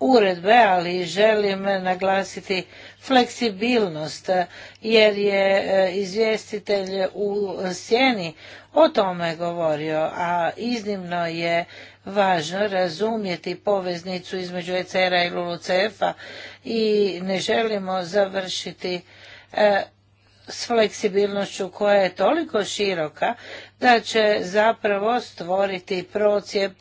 uredbe, ali želim naglasiti fleksibilnost, e, jer je izvjestitelj u sjeni o tome govorio, a iznimno je važno razumjeti poveznicu između ECR-a i LULUCF-a i ne želimo završiti s fleksibilnošću koja je toliko široka da će zapravo stvoriti procijep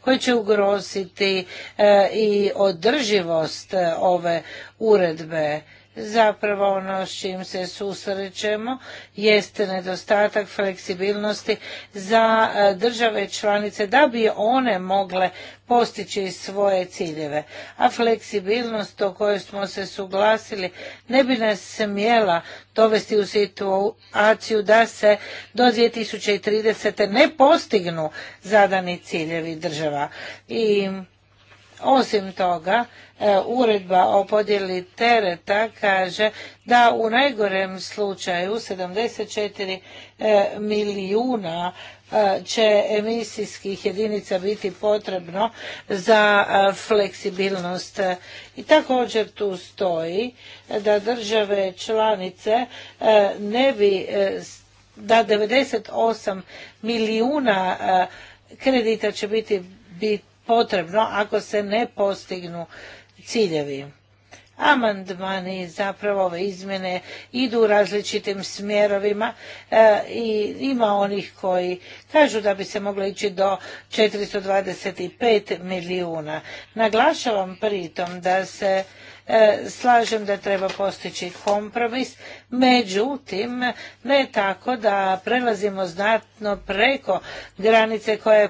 koji će ugroziti e, i održivost e, ove uredbe Zapravo ono s čim se susrećemo jeste nedostatak fleksibilnosti za e, države članice da bi one mogle postići svoje ciljeve. A fleksibilnost o kojoj smo se suglasili ne bi nas smjela dovesti u situaciju da se do 2030. ne postignu zadani ciljevi država. I osim toga, E, uredba o podjeli tereta kaže da u najgorem slučaju 74 e, milijuna e, će emisijskih jedinica biti potrebno za fleksibilnost. I također tu stoji da države članice ne bi da 98 milijuna kredita će biti, biti potrebno ako se ne postignu ciljevi. Amandmani zapravo ove izmjene idu u različitim smjerovima e, i ima onih koji kažu da bi se moglo ići do 425 milijuna. Naglašavam pritom da se e, slažem da treba postići kompromis Međutim, ne tako da prelazimo znatno preko granice koja je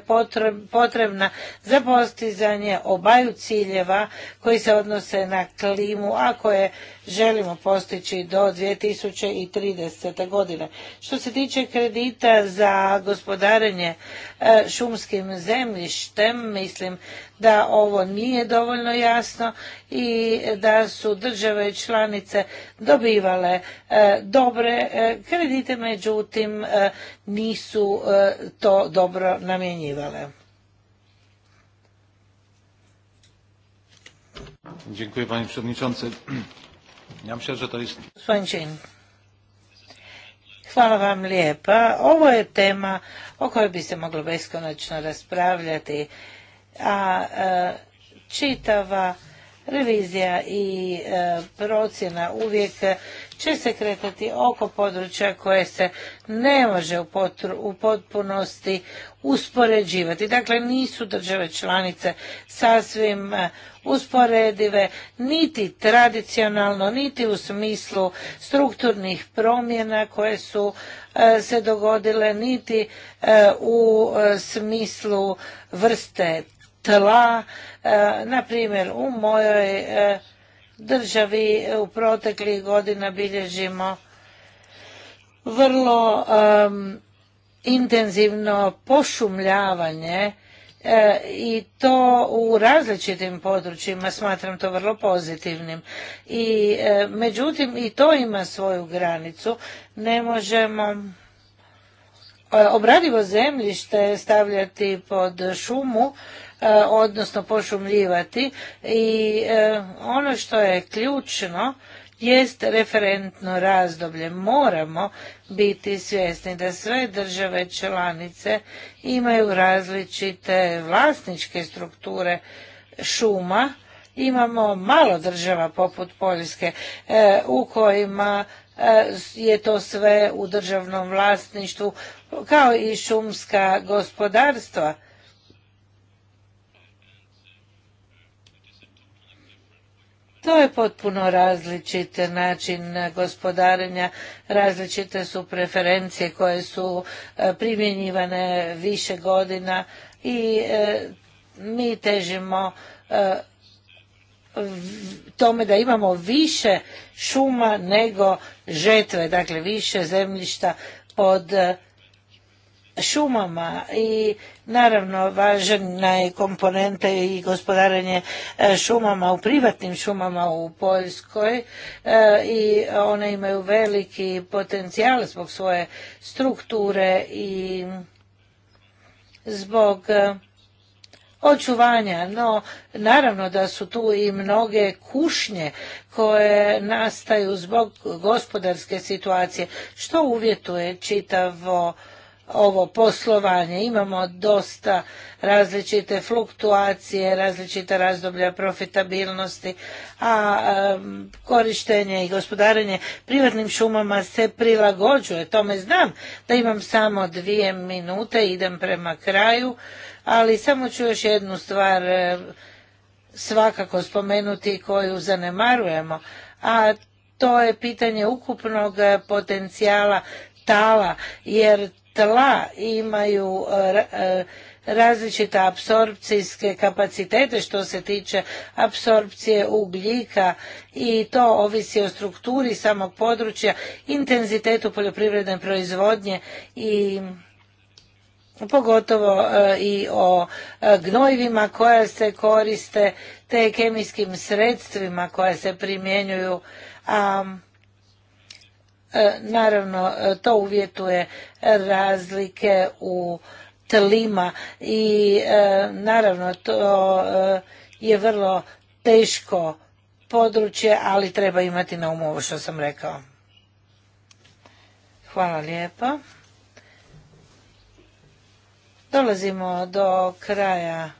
potrebna za postizanje obaju ciljeva koji se odnose na klimu, ako je želimo postići do 2030. godine. Što se tiče kredita za gospodarenje e, šumskim zemljištem, mislim da ovo nije dovoljno jasno i da su države članice dobivale e, E, dobre e, kredite, međutim e, nisu to dobro namjenjivale. Dziękuję panie przewodniczący. Ja myślę, że to jest... Hvala vam lijepa. Ovo je tema o kojoj bi se moglo beskonačno raspravljati, a čitava revizija i procjena uvijek će se kretati oko područja koje se ne može u potpunosti uspoređivati. Dakle, nisu države članice sasvim e, usporedive, niti tradicionalno, niti u smislu strukturnih promjena koje su e, se dogodile, niti e, u smislu vrste tla. Na primjer, u mojoj državi u proteklih godina bilježimo vrlo intenzivno pošumljavanje e, i to u različitim područjima smatram to vrlo pozitivnim i e, međutim i to ima svoju granicu ne možemo e, obradivo zemljište stavljati pod šumu E, odnosno pošumljivati i e, ono što je ključno jest referentno razdoblje. Moramo biti svjesni da sve države članice imaju različite vlasničke strukture šuma. Imamo malo država poput Poljske e, u kojima je to sve u državnom vlasništvu kao i šumska gospodarstva To je potpuno različit način gospodarenja, različite su preferencije koje su e, primjenjivane više godina i e, mi težimo e, tome da imamo više šuma nego žetve, dakle više zemljišta pod šumama i naravno važna je komponenta i gospodarenje e, šumama u privatnim šumama u Poljskoj e, i one imaju veliki potencijal zbog svoje strukture i zbog e, očuvanja, no naravno da su tu i mnoge kušnje koje nastaju zbog gospodarske situacije, što uvjetuje čitavo ovo poslovanje. Imamo dosta različite fluktuacije, različita razdoblja profitabilnosti, a korištenje i gospodarenje privatnim šumama se prilagođuje. Tome znam da imam samo dvije minute, idem prema kraju, ali samo ću još jednu stvar svakako spomenuti koju zanemarujemo, a to je pitanje ukupnog eh, potencijala tala, jer tla imaju e, e, različite apsorpcijske kapacitete što se tiče apsorpcije ugljika i to ovisi o strukturi samog područja, intenzitetu poljoprivredne proizvodnje i pogotovo e, i o gnojivima koja se koriste te kemijskim sredstvima koja se primjenjuju a E, naravno, e, to uvjetuje razlike u tlima i e, naravno to je vrlo teško područje, ali treba imati na umu ovo što sam rekao. Hvala lijepa. Dolazimo do kraja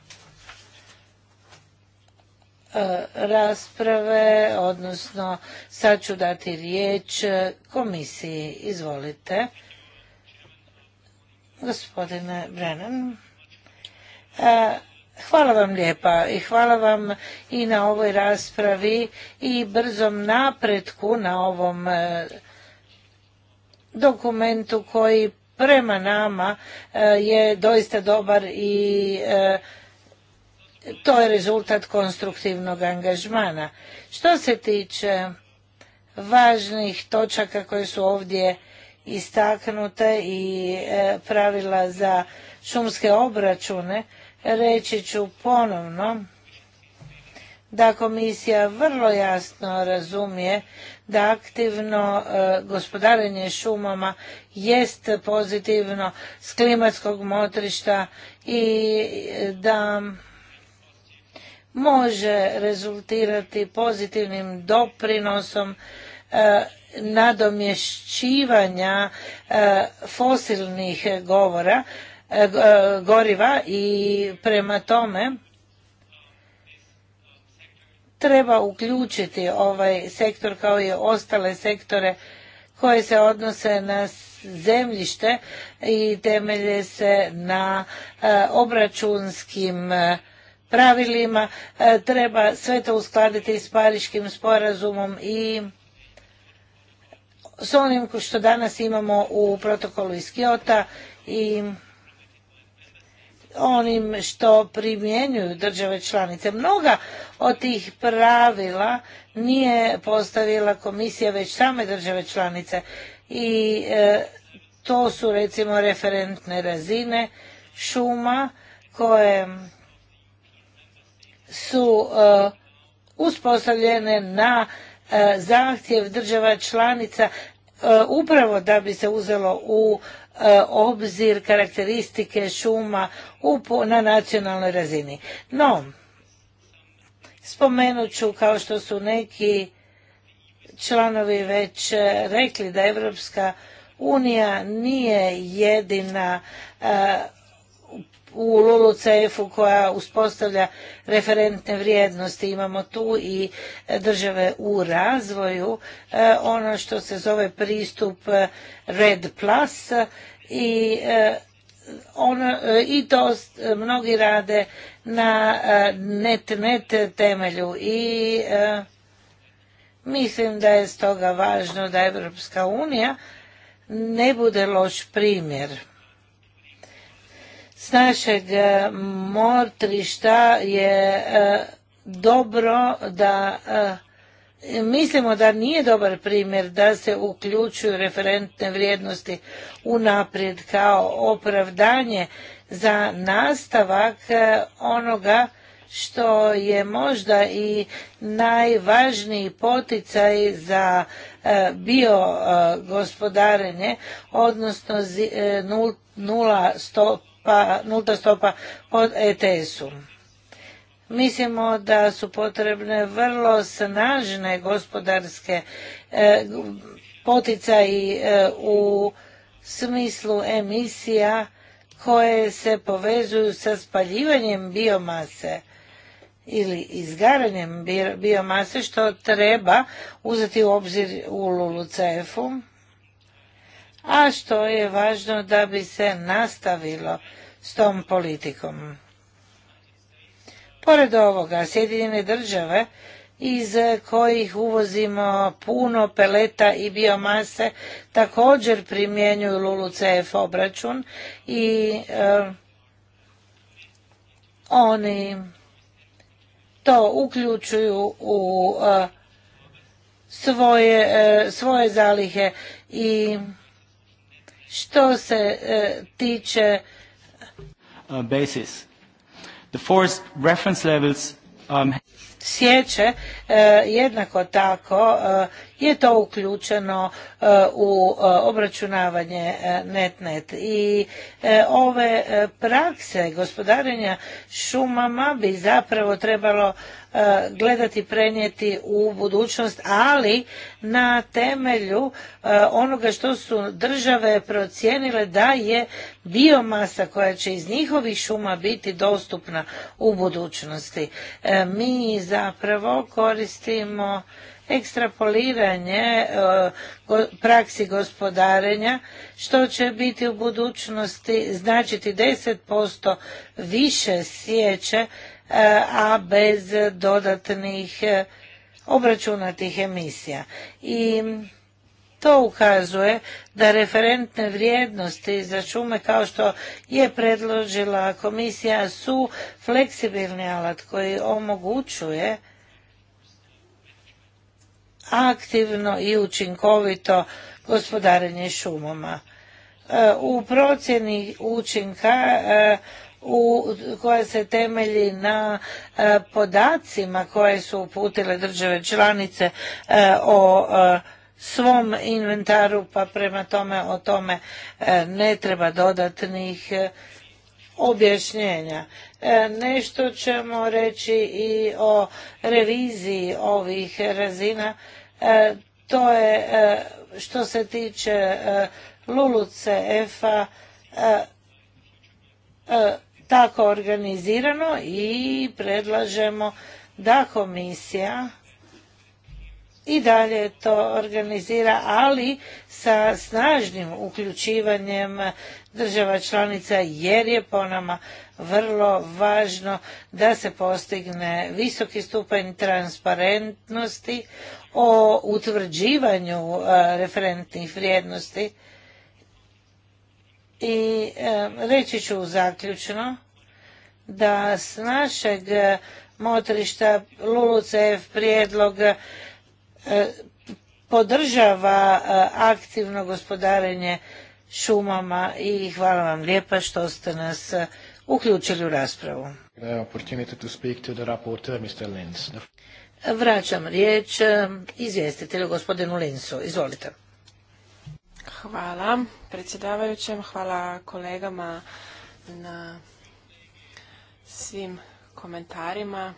E, rasprave, odnosno sad ću dati riječ komisiji. Izvolite. Gospodine Brennan. E, hvala vam lijepa i hvala vam i na ovoj raspravi i brzom napretku na ovom e, dokumentu koji prema nama je doista dobar i to je rezultat konstruktivnog angažmana. Što se tiče važnih točaka koje su ovdje istaknute i e, pravila za šumske obračune, reći ću ponovno da komisija vrlo jasno razumije da aktivno e, gospodarenje šumama jest pozitivno s klimatskog motrišta i da može rezultirati pozitivnim doprinosom e, nadomješćivanja e, fosilnih govora, e, goriva i prema tome treba uključiti ovaj sektor kao i ostale sektore koje se odnose na zemljište i temelje se na obračunskim pravilima, e, treba sve to uskladiti s Pariškim sporazumom i s onim što danas imamo u protokolu iz Kiota i onim što primjenjuju države članice. Mnoga od tih pravila nije postavila komisija već same države članice i e, to su recimo referentne razine šuma koje su eh, uspostavljene na eh, zahtjev država članica eh, upravo da bi se uzelo u obzir karakteristike šuma na nacionalnoj razini. No, spomenut ću kao što su neki članovi već rekli da Evropska unija nije jedina u LULUCF-u koja uspostavlja referentne vrijednosti. Imamo tu i države u razvoju, e, ono što se zove pristup e, Red Plus e, i ono, i to mnogi rade na net net temelju i mislim da je stoga važno da Evropska unija ne bude loš primjer s našeg e, motrišta je e, dobro da e, mislimo da nije dobar primjer da se uključuju referentne vrijednosti unaprijed kao opravdanje za nastavak onoga što je možda i najvažniji poticaj za bio gospodarenje, odnosno nula nulta stopa od ETS-u. Mislimo da su potrebne vrlo snažne gospodarske e, poticaji e, u smislu emisija koje se povezuju sa spaljivanjem biomase ili izgaranjem biomase što treba uzeti u obzir u LULUCF-u a što je važno da bi se nastavilo s tom politikom. Pored ovoga, Sjedinjene države iz kojih uvozimo puno peleta i biomase također primjenjuju LULU-CF obračun i eh, oni to uključuju u eh, svoje, eh, svoje zalihe i što se e, tiče uh, basis. The forest reference levels um... E, jednako tako e, je to uključeno e, u e, obračunavanje e, net-net. I ove prakse gospodarenja šumama bi zapravo trebalo gledati prenijeti u budućnost, ali na temelju onoga što su države procijenile da je biomasa koja će iz njihovih šuma biti dostupna u budućnosti. Mi zapravo koristimo ekstrapoliranje e, praksi gospodarenja, što će biti u budućnosti značiti 10% više sjeće, e, a bez dodatnih e, obračunatih emisija. I to ukazuje da referentne vrijednosti za šume kao što je predložila komisija su fleksibilni alat koji omogućuje aktivno i učinkovito gospodarenje šumama. E, u procjeni učinka e, u, koja se temelji na e, podacima koje su uputile države članice o svom inventaru, pa prema tome o tome ne treba dodatnih objašnjenja. E, nešto ćemo reći i o reviziji ovih razina. E, to je e, što se tiče LULUCF-a tako organizirano i predlažemo da komisija i dalje to organizira, ali sa snažnim uključivanjem država članica jer je po nama vrlo važno da se postigne visoki stupanj transparentnosti o utvrđivanju e, referentnih vrijednosti. I e, reći ću zaključno da s našeg e, motrišta LULUCF prijedloga E, podržava e, aktivno gospodarenje šumama i hvala vam lijepa što ste nas e, uključili u raspravu. Vraćam riječ izvjestitelju gospodinu Linsu. Izvolite. Hvala predsjedavajućem, hvala kolegama na svim komentarima.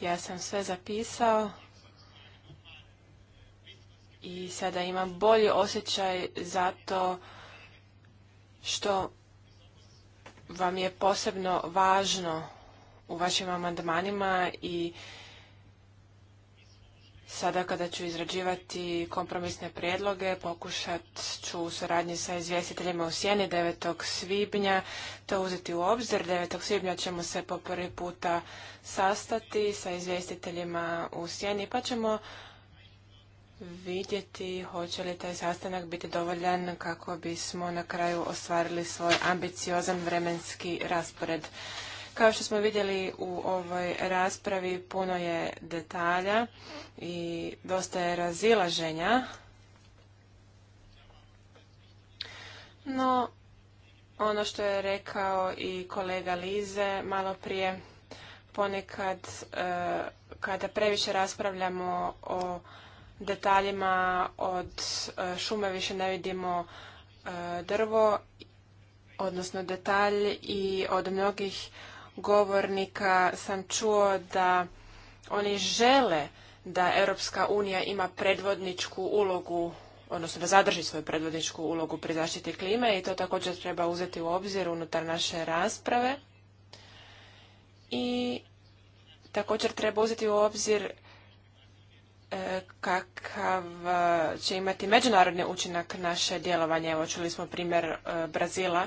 Ja sam sve zapisao i sada imam bolji osjećaj zato što vam je posebno važno u vašim amandmanima i sada kada ću izrađivati kompromisne prijedloge pokušat ću u suradnji sa izvjestiteljima u Sjeni 9. svibnja to uzeti u obzir. 9. svibnja ćemo se po prvi puta sastati sa izvjestiteljima u Sjeni pa ćemo vidjeti hoće li taj sastanak biti dovoljan kako bismo na kraju ostvarili svoj ambiciozan vremenski raspored. Kao što smo vidjeli u ovoj raspravi puno je detalja i dosta je razilaženja. No, ono što je rekao i kolega Lize malo prije, ponekad e, kada previše raspravljamo o detaljima od e, šume više ne vidimo e, drvo, odnosno detalj i od mnogih govornika sam čuo da oni žele da Europska unija ima predvodničku ulogu, odnosno da zadrži svoju predvodničku ulogu pri zaštiti klime i to također treba uzeti u obzir unutar naše rasprave. I također treba uzeti u obzir E, kakav e, će imati međunarodni učinak naše djelovanje. Evo čuli smo primjer e, Brazila.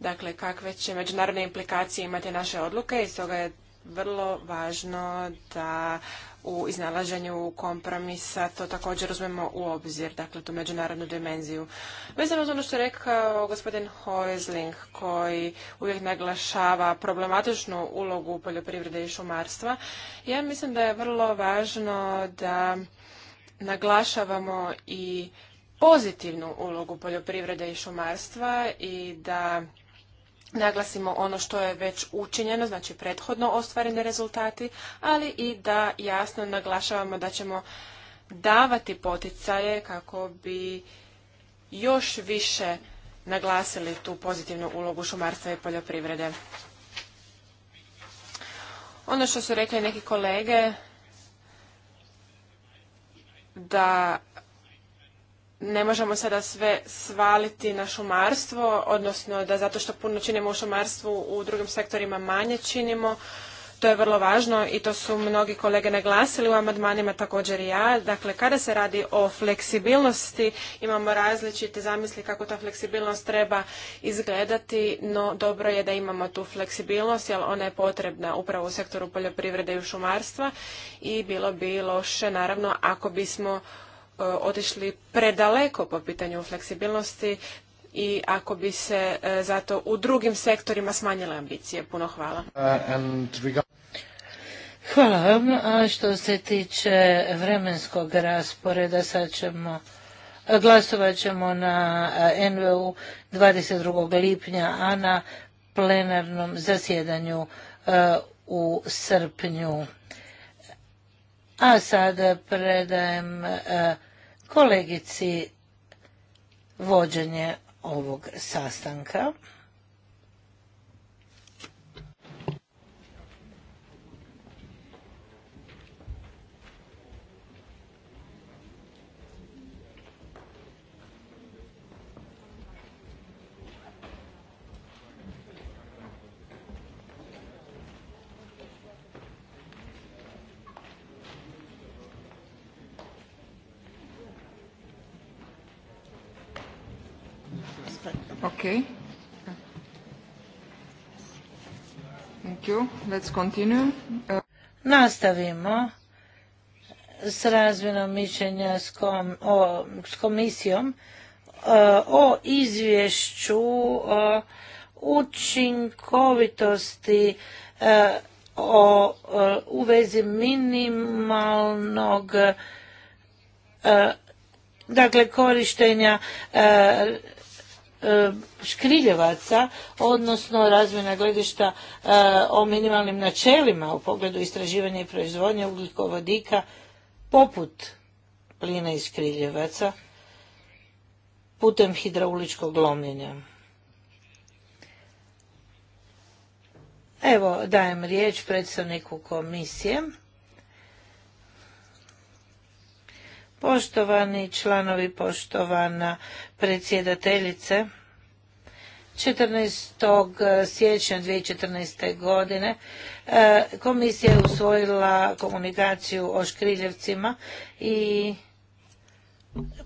Dakle, kakve će međunarodne implikacije imati naše odluke i stoga je vrlo važno da u iznalaženju kompromisa to također uzmemo u obzir, dakle tu međunarodnu dimenziju. Vezano za ono što je rekao gospodin Hoesling, koji uvijek naglašava problematičnu ulogu poljoprivrede i šumarstva, ja mislim da je vrlo važno da naglašavamo i pozitivnu ulogu poljoprivrede i šumarstva i da naglasimo ono što je već učinjeno, znači prethodno ostvareni rezultati, ali i da jasno naglašavamo da ćemo davati poticaje kako bi još više naglasili tu pozitivnu ulogu šumarstva i poljoprivrede. Ono što su rekli neki kolege, da ne možemo sada sve svaliti na šumarstvo, odnosno da zato što puno činimo u šumarstvu u drugim sektorima manje činimo. To je vrlo važno i to su mnogi kolege naglasili u amandmanima također i ja. Dakle, kada se radi o fleksibilnosti, imamo različite zamisli kako ta fleksibilnost treba izgledati, no dobro je da imamo tu fleksibilnost, jer ona je potrebna upravo u sektoru poljoprivrede i šumarstva i bilo bi loše, naravno, ako bismo E, otišli predaleko po pitanju fleksibilnosti i ako bi se e, zato u drugim sektorima smanjile ambicije. Puno hvala. Uh, hvala vam. što se tiče vremenskog rasporeda, sad ćemo e, glasovat ćemo na NVU 22. lipnja, a na plenarnom zasjedanju u srpnju. A sada predajem kolegici vođenje ovog sastanka. Okay. Thank you. Let's continue. Uh, Nastavimo s razvinom mišljenja s, o, komisijom uh, o izvješću uh, o učinkovitosti o, u vezi minimalnog dakle korištenja E, škriljevaca, odnosno razmjena gledišta e, o minimalnim načelima u pogledu istraživanja i proizvodnje ugljikovodika poput plina iz škriljevaca putem hidrauličkog lomljenja. Evo dajem riječ predstavniku komisije. Poštovani članovi, poštovana predsjedateljice, 14. siječnja 2014. godine e, komisija je usvojila komunikaciju o škriljevcima i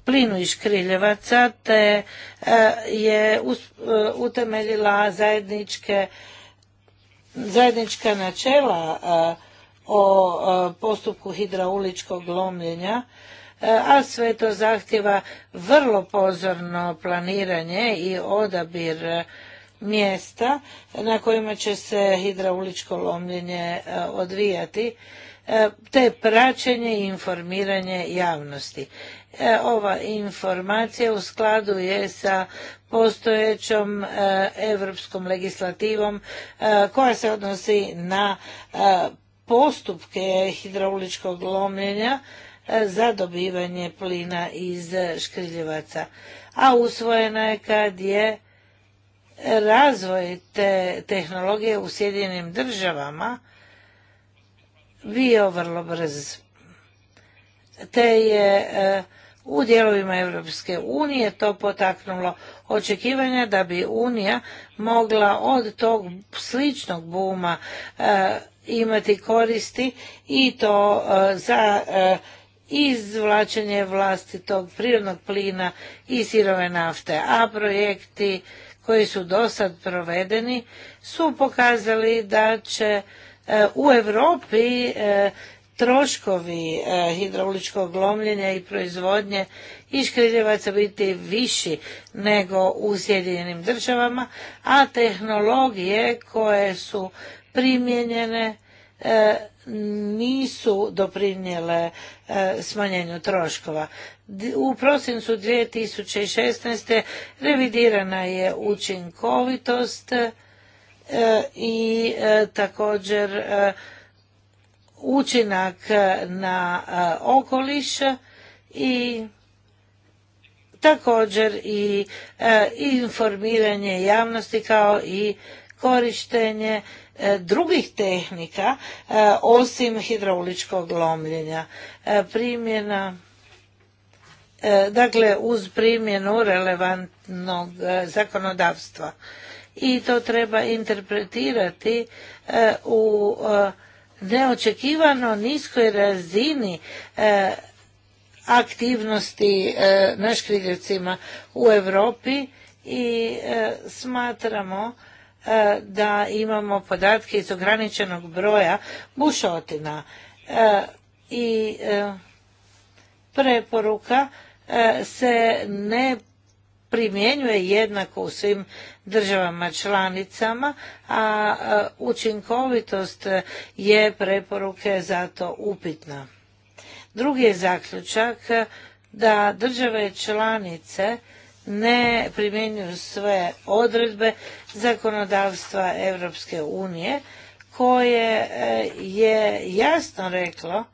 plinu iz škriljevaca te e, je e, utemeljila zajedničke zajednička načela o postupku hidrauličkog lomljenja E, a sve to zahtjeva vrlo pozorno planiranje i odabir e, mjesta na kojima će se hidrauličko lomljenje e, odvijati te praćenje i informiranje javnosti. Ova informacija u skladu je sa postojećom europskom legislativom koja se odnosi na postupke hidrauličkog lomljenja E, za dobivanje plina iz škriljevaca. A usvojena je kad je razvoj te tehnologije u sjedinim državama bio vrlo brz. Te je e, u dijelovima Europske unije to potaknulo očekivanja da bi Unija mogla od tog sličnog buma e, imati koristi i to za izvlačenje vlastitog prirodnog plina i sirove nafte, a projekti koji su do sad provedeni su pokazali da će e, u Europi e, troškovi e, hidrauličkog lomljenja i proizvodnje iškriljevaca biti viši nego u Sjedinjenim državama, a tehnologije koje su primijenjene nisu doprinijele e, smanjenju troškova. U prosincu 2016. revidirana je učinkovitost e, i e, također učinak na okoliš i također i informiranje javnosti kao i korištenje e, drugih tehnika e, osim hidrauličkog lomljenja. E, primjena dakle uz primjenu relevantnog zakonodavstva i to treba interpretirati u neočekivano niskoj razini aktivnosti na škriljecima u Europi i smatramo E, da imamo podatke iz ograničenog broja bušotina e, i e, preporuka se ne primjenjuje jednako u svim državama članicama, a učinkovitost je preporuke zato upitna. Drugi je zaključak da države članice ne primjenjuju sve odredbe zakonodavstva Europske unije koje e, je jasno reklo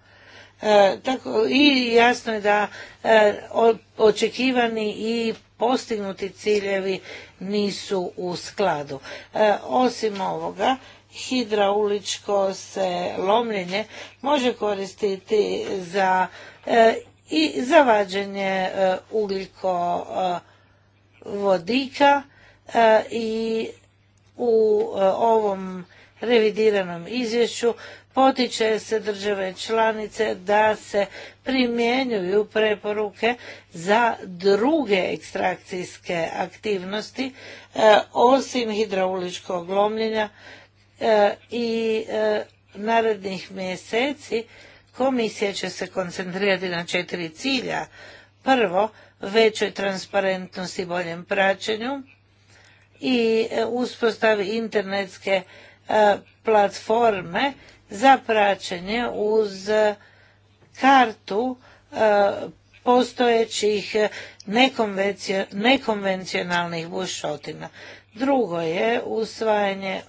e, tako, i jasno je da e, očekivani i postignuti ciljevi nisu u skladu. Osim ovoga, hidrauličko se lomljenje može koristiti za i za vađenje ugljiko vodika e, i u e, ovom revidiranom izvješću potiče se države članice da se primjenjuju preporuke za druge ekstrakcijske aktivnosti e, osim hidrauličkog lomljenja i narednih mjeseci komisija će se koncentrirati na četiri cilja. Prvo, većoj transparentnosti i boljem praćenju i e, uspostavi internetske e, platforme za praćenje uz kartu e, postojećih nekonvencionalnih bušotina. Drugo je usvajanje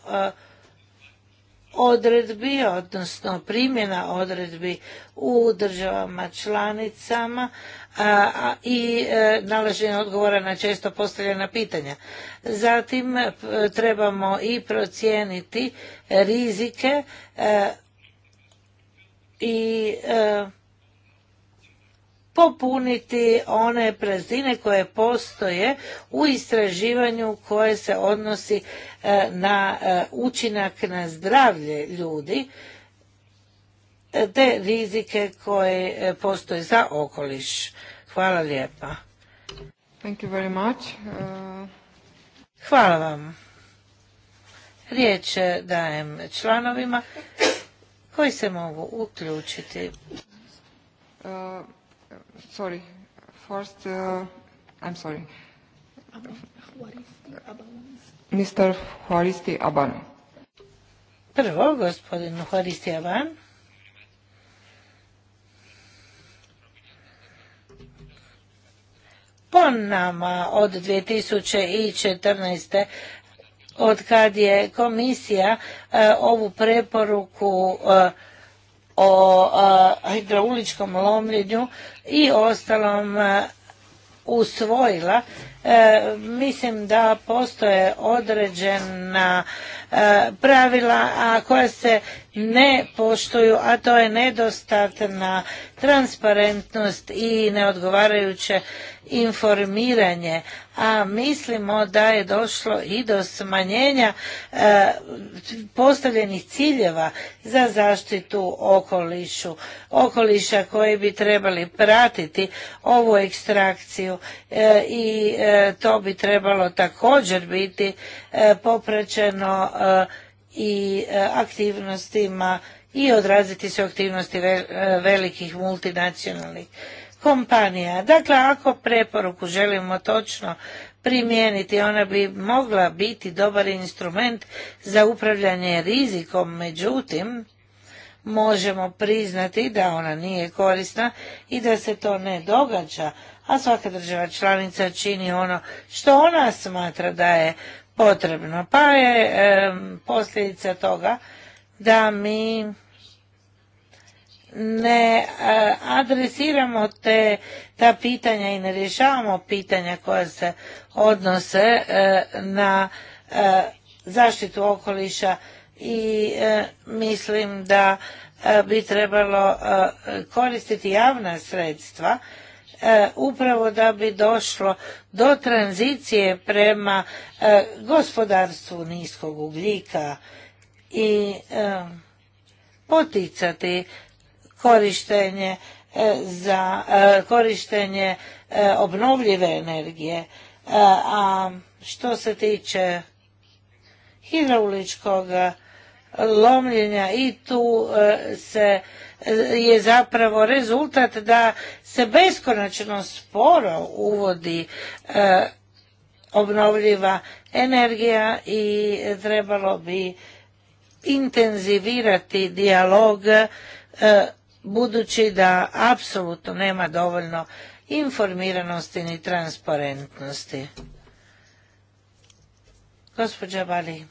odredbi, odnosno primjena odredbi u državama članicama, i e, nalaženje odgovora na često postavljena pitanja. Zatim e, trebamo i procijeniti rizike e, i popuniti one praznine koje postoje u istraživanju koje se odnosi na učinak na zdravlje ljudi te rizike koje e, postoje za okoliš. Hvala lijepa. Thank you very much. Uh... Hvala vam. Riječ e, dajem članovima koji se mogu uključiti. Uh, sorry, first, uh, I'm sorry. Mr. Horisti Aban. Prvo, gospodin Horisti Aban. po nama od 2014 od kad je komisija e, ovu preporuku e, o e, hidrauličkom lomljenju i ostalom usvojila mislim da postoje određena pravila a koja se ne poštuju a to je nedostatna transparentnost i neodgovarajuće informiranje, a mislimo da je došlo i do smanjenja e, postavljenih ciljeva za zaštitu okolišu, okoliša koji bi trebali pratiti ovu ekstrakciju e, i e, to bi trebalo također biti popraćeno i aktivnostima i odraziti se aktivnosti velikih multinacionalnih kompanija. Dakle, ako preporuku želimo točno primijeniti, ona bi mogla biti dobar instrument za upravljanje rizikom, međutim, možemo priznati da ona nije korisna i da se to ne događa, a svaka država članica čini ono što ona smatra da je potrebno. Pa je posljedica toga da mi ne e, adresiramo te ta pitanja i ne rješavamo pitanja koja se odnose e, na e, zaštitu okoliša i mislim da bi trebalo koristiti javna sredstva upravo da bi došlo do tranzicije prema gospodarstvu niskog ugljika i poticati korištenje e, za e, korištenje e, obnovljive energije. A što se tiče hidrauličkog lomljenja i tu se je zapravo rezultat da se beskonačno sporo uvodi obnovljiva energija i trebalo bi intenzivirati dijalog budući da apsolutno nema dovoljno informiranosti ni transparentnosti. Gospođa Bali.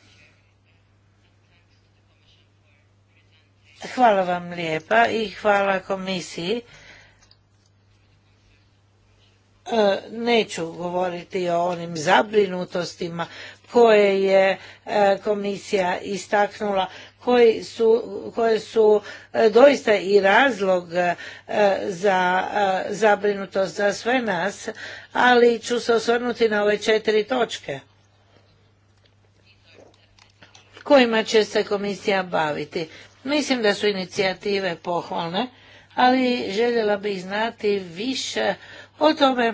Hvala vam lijepa i hvala komisiji. E, neću govoriti o onim zabrinutostima koje je e, komisija istaknula koje su e, doista i razlog e, za e, zabrinutost za sve nas, ali ću se osvrnuti na ove četiri točke kojima će se komisija baviti. Mislim da su inicijative pohvalne, ali željela bih znati više o tome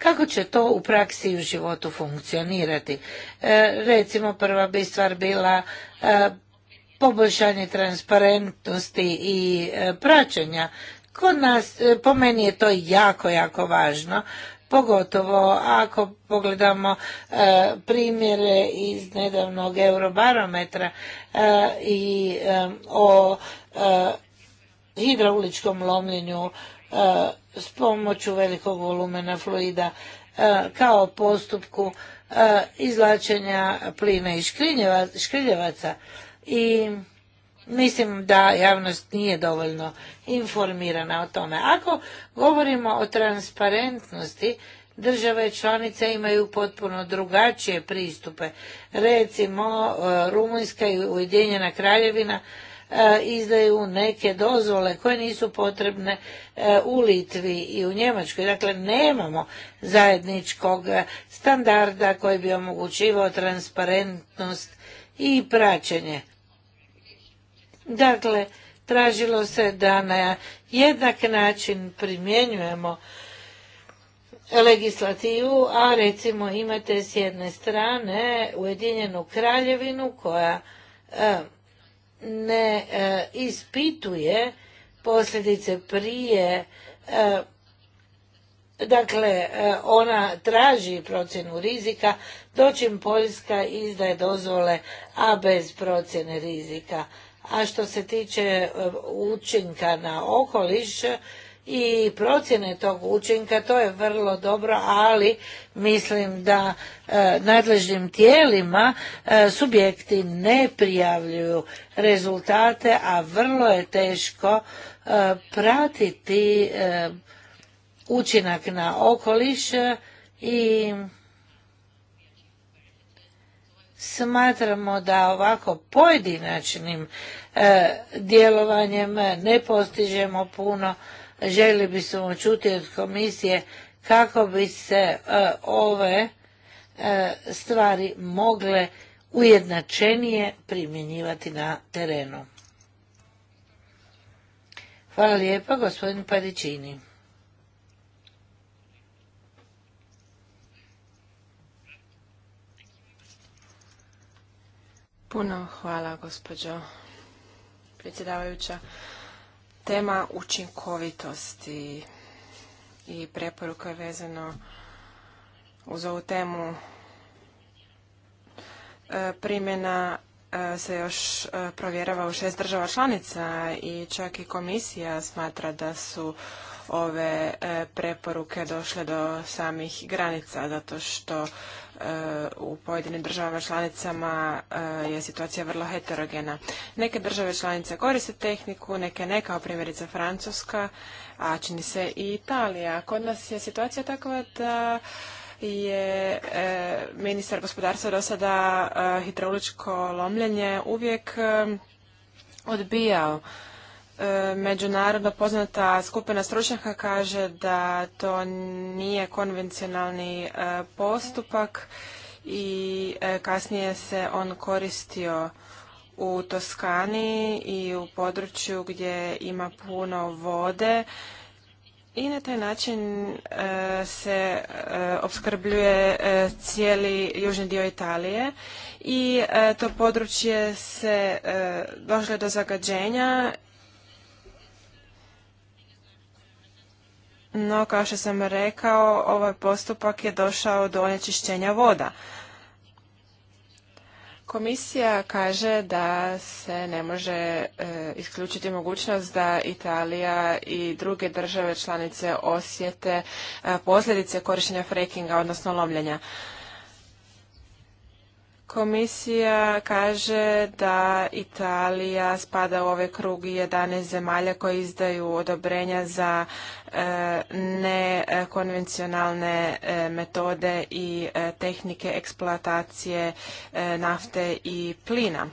kako će to u praksi i u životu funkcionirati? E, recimo prva bi stvar bila e, poboljšanje transparentnosti i e, praćenja. Kod nas, po meni je to jako, jako važno, pogotovo ako pogledamo primjere iz nedavnog eurobarometra i o hidrauličkom lomljenju E, s pomoću velikog volumena fluida e, kao postupku e, izlačenja plina iz škriljevaca i mislim da javnost nije dovoljno informirana o tome. Ako govorimo o transparentnosti, države članice imaju potpuno drugačije pristupe. Recimo, Rumunjska i Ujedinjena kraljevina E, izdaju neke dozvole koje nisu potrebne e, u Litvi i u Njemačkoj. Dakle, nemamo zajedničkog standarda koji bi omogućivao transparentnost i praćenje. Dakle, tražilo se da na jednak način primjenjujemo legislativu, a recimo imate s jedne strane Ujedinjenu kraljevinu koja e, ne e, ispituje posljedice prije e, Dakle, e, ona traži procjenu rizika, dočim Poljska izdaje dozvole, a bez procjene rizika. A što se tiče učinka na okoliš, i procjene tog učinka, to je vrlo dobro, ali mislim da e, nadležnim tijelima e, subjekti ne prijavljuju rezultate, a vrlo je teško e, pratiti učinak na okoliš i smatramo da ovako pojedinačnim djelovanjem ne postižemo puno željeli bismo čuti od komisije kako bi se e, ove e, stvari mogle ujednačenije primjenjivati na terenu. Hvala lijepa, gospodin Paričini. Puno hvala, gospođo predsjedavajuća. Tema učinkovitosti i preporuka vezano uz ovu temu. E, primjena e, se još e, provjerava u šest država članica i čak i komisija smatra da su ove preporuke došle do samih granica zato što u pojedinim državama članicama e, je situacija vrlo heterogena. Neke države članice koriste tehniku, neke ne, kao primjerice Francuska, a čini se i Italija. Kod nas je situacija takva da je e, ministar gospodarstva do sada e, hidrauličko lomljenje uvijek odbijao E, međunarodno poznata skupina stručnjaka kaže da to nije konvencionalni e, postupak i e, kasnije se on koristio u Toskani i u području gdje ima puno vode i na taj način se opskrbljuje cijeli južni dio Italije i to područje se došlo do zagađenja No, kao što sam rekao, ovaj postupak je došao do onečišćenja voda. Komisija kaže da se ne može e, isključiti mogućnost da Italija i druge države članice osjete e, posljedice korištenja frekinga, odnosno lomljenja. Komisija kaže da Italija spada u ove krug 11 zemalja koje izdaju odobrenja za e, nekonvencionalne e, metode i e, tehnike eksploatacije nafte i plina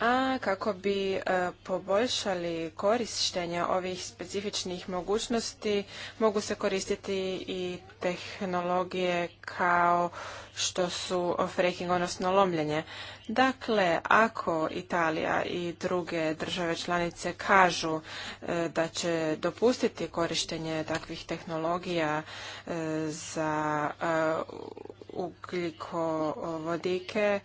a kako bi e, poboljšali korištenje ovih specifičnih mogućnosti mogu se koristiti i tehnologije kao što su fracking, odnosno lomljenje. Dakle, ako Italija i druge države članice kažu e, da će dopustiti korištenje takvih tehnologija e, za ugljikovodike,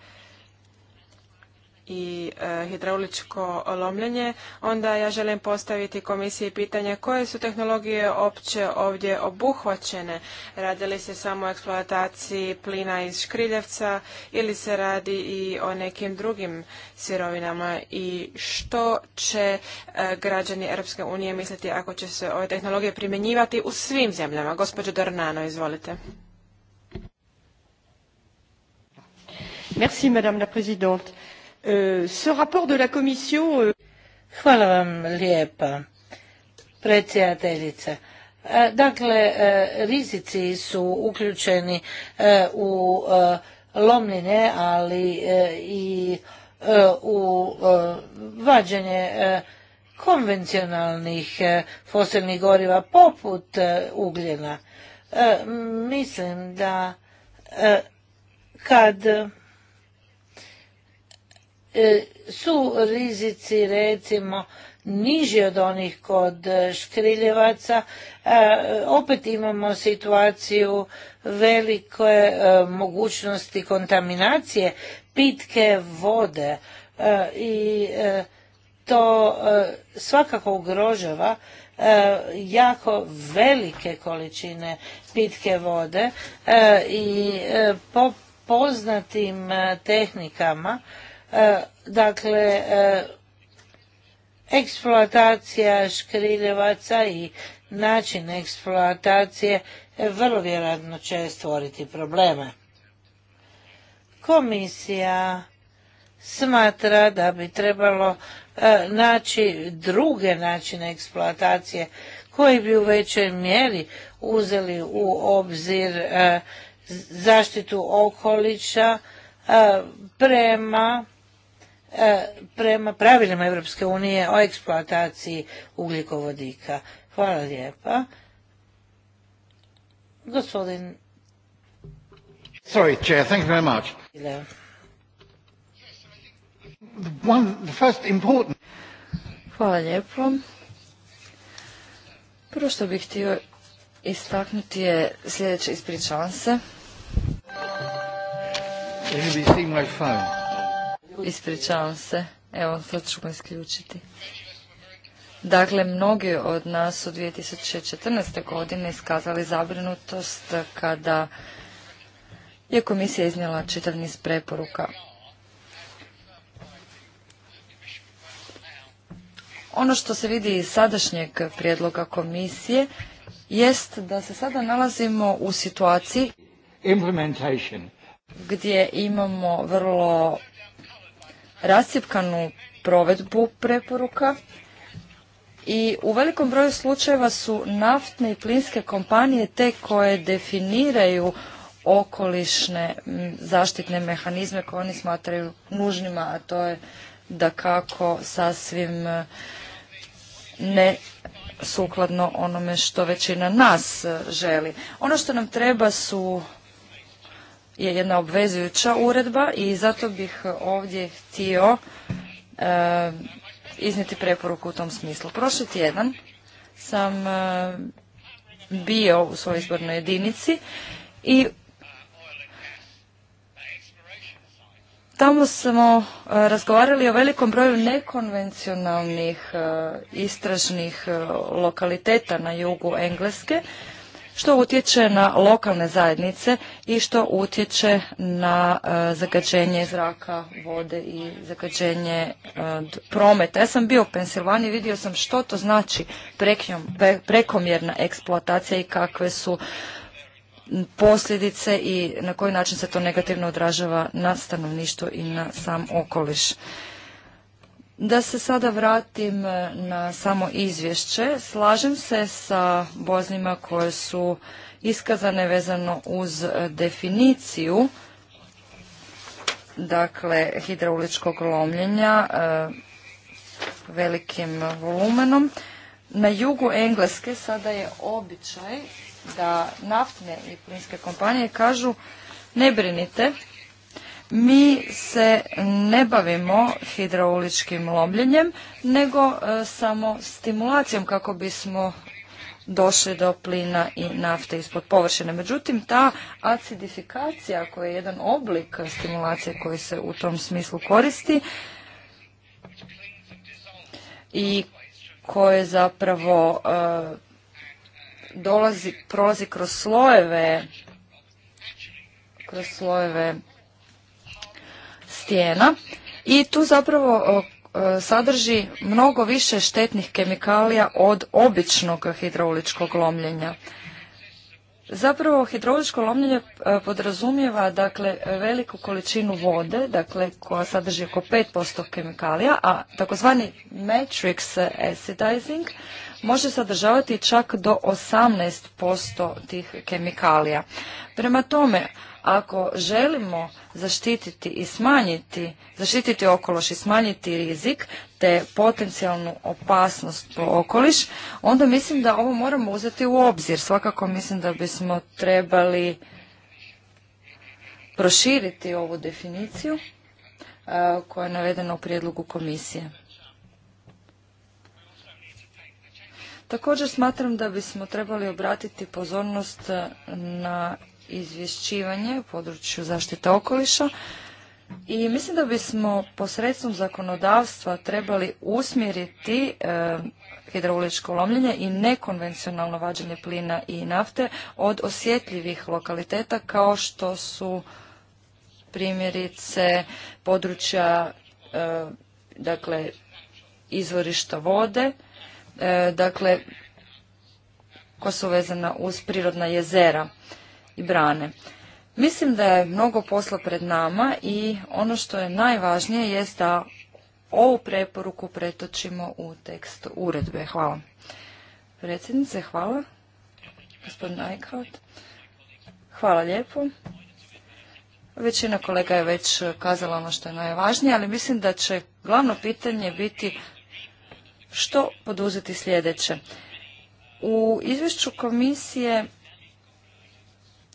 i e, hidrauličko lomljenje, onda ja želim postaviti komisiji pitanje koje su tehnologije opće ovdje obuhvaćene. Radi li se samo o eksploataciji plina iz škriljevca ili se radi i o nekim drugim sirovinama i što će e, građani Europske unije misliti ako će se ove tehnologije primjenjivati u svim zemljama. Gospođo Dornano, izvolite. Merci, madame la présidente. Euh, rapport de euh, Hvala vam lijepa, predsjedateljice. E, dakle, e, rizici su uključeni e, u lomljenje ali i u vađenje konvencionalnih fosilnih goriva poput ugljena. Mislim da kad E, su rizici recimo niži od onih kod e, škriljevaca. E, opet imamo situaciju velike mogućnosti kontaminacije pitke vode i to svakako ugrožava jako velike količine pitke vode i po poznatim tehnikama E, dakle, e, eksploatacija škriljevaca i način eksploatacije vrlo vjerojatno će stvoriti probleme. Komisija smatra da bi trebalo e, naći druge načine eksploatacije koji bi u većoj mjeri uzeli u obzir zaštitu okoliša prema E, prema pravilima Europske unije o eksploataciji ugljikovodika. Hvala lijepa. Gospodin... Sorry, Chair, thank you very much. One, the first important... Hvala lijepo. Prvo što bih htio istaknuti je sljedeće, ispričavam se. Can you see my phone. Ispričavam se. Evo, sad ću ga isključiti. Dakle, mnogi od nas su 2014. godine iskazali zabrinutost kada je komisija iznijela čitav niz preporuka. Ono što se vidi iz sadašnjeg prijedloga komisije jest da se sada nalazimo u situaciji gdje imamo vrlo rascjepkanu provedbu preporuka i u velikom broju slučajeva su naftne i plinske kompanije te koje definiraju okolišne zaštitne mehanizme koje oni smatraju nužnima, a to je da kako sasvim e, ne sukladno onome što većina nas e, želi. Ono što nam treba su je jedna obvezujuća uredba i zato bih ovdje htio e, izniti preporuku u tom smislu. Prošli tjedan sam e, bio u svojoj izbornoj jedinici i Tamo smo e, razgovarali o velikom broju nekonvencionalnih istražnih lokaliteta na jugu Engleske što utječe na lokalne zajednice i što utječe na e, zagađenje zraka, vode i zagađenje e, prometa. Ja sam bio u Pensilvaniji, vidio sam što to znači prekomjerna eksploatacija i kakve su posljedice i na koji način se to negativno odražava na stanovništvo i na sam okoliš. Da se sada vratim e, na samo izvješće, slažem se sa boznima koje su iskazane vezano uz definiciju dakle hidrauličkog lomljenja e, velikim volumenom. Na jugu Engleske sada je običaj da naftne i plinske kompanije kažu ne brinite, mi se ne bavimo hidrauličkim lomljenjem, nego e, samo stimulacijom kako bismo došli do plina i nafte ispod površine. Međutim, ta acidifikacija koja je jedan oblik stimulacije koji se u tom smislu koristi i koje zapravo e, dolazi, prolazi kroz slojeve kroz slojeve stijena i tu zapravo e, sadrži mnogo više štetnih kemikalija od običnog hidrauličkog lomljenja. Zapravo hidrauličko lomljenje e, podrazumijeva dakle veliku količinu vode, dakle koja sadrži oko 5% kemikalija, a takozvani matrix acidizing može sadržavati čak do 18% tih kemikalija. Prema tome, ako želimo zaštititi i smanjiti, zaštititi okoliš i smanjiti rizik te potencijalnu opasnost po okoliš, onda mislim da ovo moramo uzeti u obzir. Svakako mislim da bismo trebali proširiti ovu definiciju e, koja je navedena u prijedlogu komisije. Također smatram da bismo trebali obratiti pozornost na izvješćivanje u području zaštite okoliša i mislim da bismo posredstvom zakonodavstva trebali usmjeriti e, hidrauličko lomljenje i nekonvencionalno vađenje plina i nafte od osjetljivih lokaliteta kao što su primjerice područja e, dakle izvorišta vode e, dakle koja su vezana uz prirodna jezera i brane. Mislim da je mnogo posla pred nama i ono što je najvažnije jest da ovu preporuku pretočimo u tekst uredbe. Hvala. Predsjednice, hvala. Gospodin Hvala lijepo. Većina kolega je već kazala ono što je najvažnije, ali mislim da će glavno pitanje biti što poduzeti sljedeće. U izvješću komisije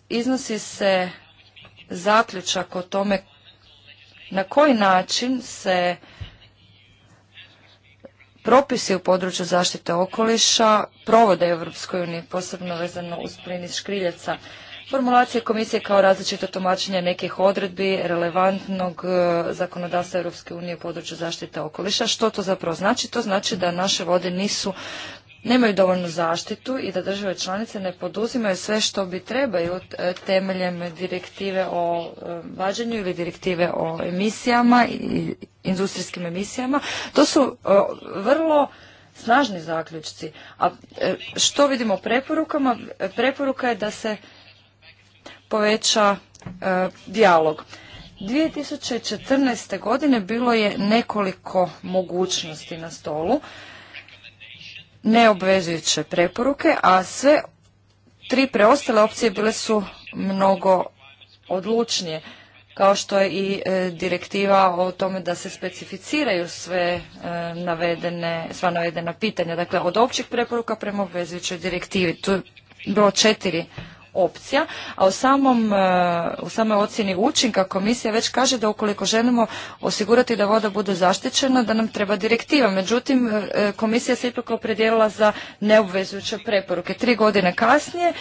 iznosi se zaključak o tome na koji način se propisi u području zaštite okoliša provode Europskoj uniji, posebno vezano uz plin iz škriljeca. Formulacije komisije kao različito tumačenje nekih odredbi relevantnog e, zakonodavstva Europske unije u području zaštite okoliša. Što to zapravo znači? To znači da naše vode nisu nemaju dovoljnu zaštitu i da države članice ne poduzimaju sve što bi trebaju e, temeljem direktive o e, vađenju ili direktive o emisijama i industrijskim emisijama. To su e, vrlo snažni zaključci. A što vidimo preporukama? Preporuka je da se poveća dijalog. 2014. godine bilo je nekoliko mogućnosti na stolu neobvezujuće preporuke, a sve tri preostale opcije bile su mnogo odlučnije, kao što je i e, direktiva o tome da se specificiraju sve e, navedene, sva navedena pitanja, dakle od općih preporuka prema obvezujućoj direktivi. Tu je bilo četiri opcija, a u, samom, e, u samoj ocjeni učinka komisija već kaže da ukoliko želimo osigurati da voda bude zaštićena, da nam treba direktiva. Međutim, e, e, komisija se ipak opredijelila za neobvezujuće preporuke. Tri godine kasnije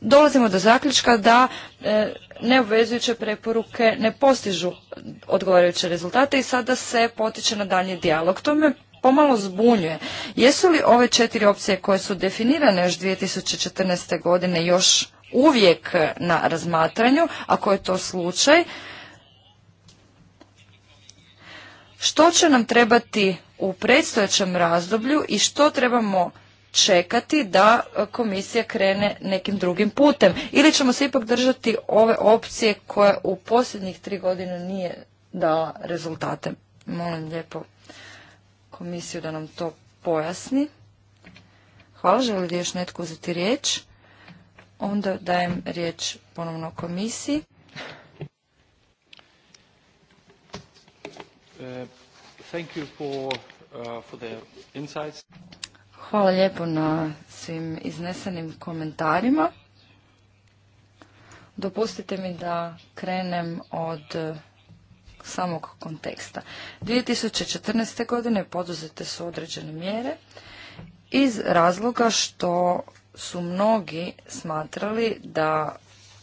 dolazimo do zaključka da neobvezujuće preporuke ne postižu odgovarajuće rezultate i sada se potiče na dalji dijalog. To me pomalo zbunjuje. Jesu li ove četiri opcije koje su definirane još 2014. godine još uvijek na razmatranju, ako je to slučaj, što će nam trebati u predstojećem razdoblju i što trebamo čekati da komisija krene nekim drugim putem ili ćemo se ipak držati ove opcije koja u posljednjih tri godine nije dala rezultate. Molim lijepo komisiju da nam to pojasni. Hvala, želi li još netko uzeti riječ? Onda dajem riječ ponovno komisiji. Uh, uh, Hvala lijepo na svim iznesenim komentarima. Dopustite mi da krenem od samog konteksta. 2014. godine poduzete su određene mjere iz razloga što su mnogi smatrali da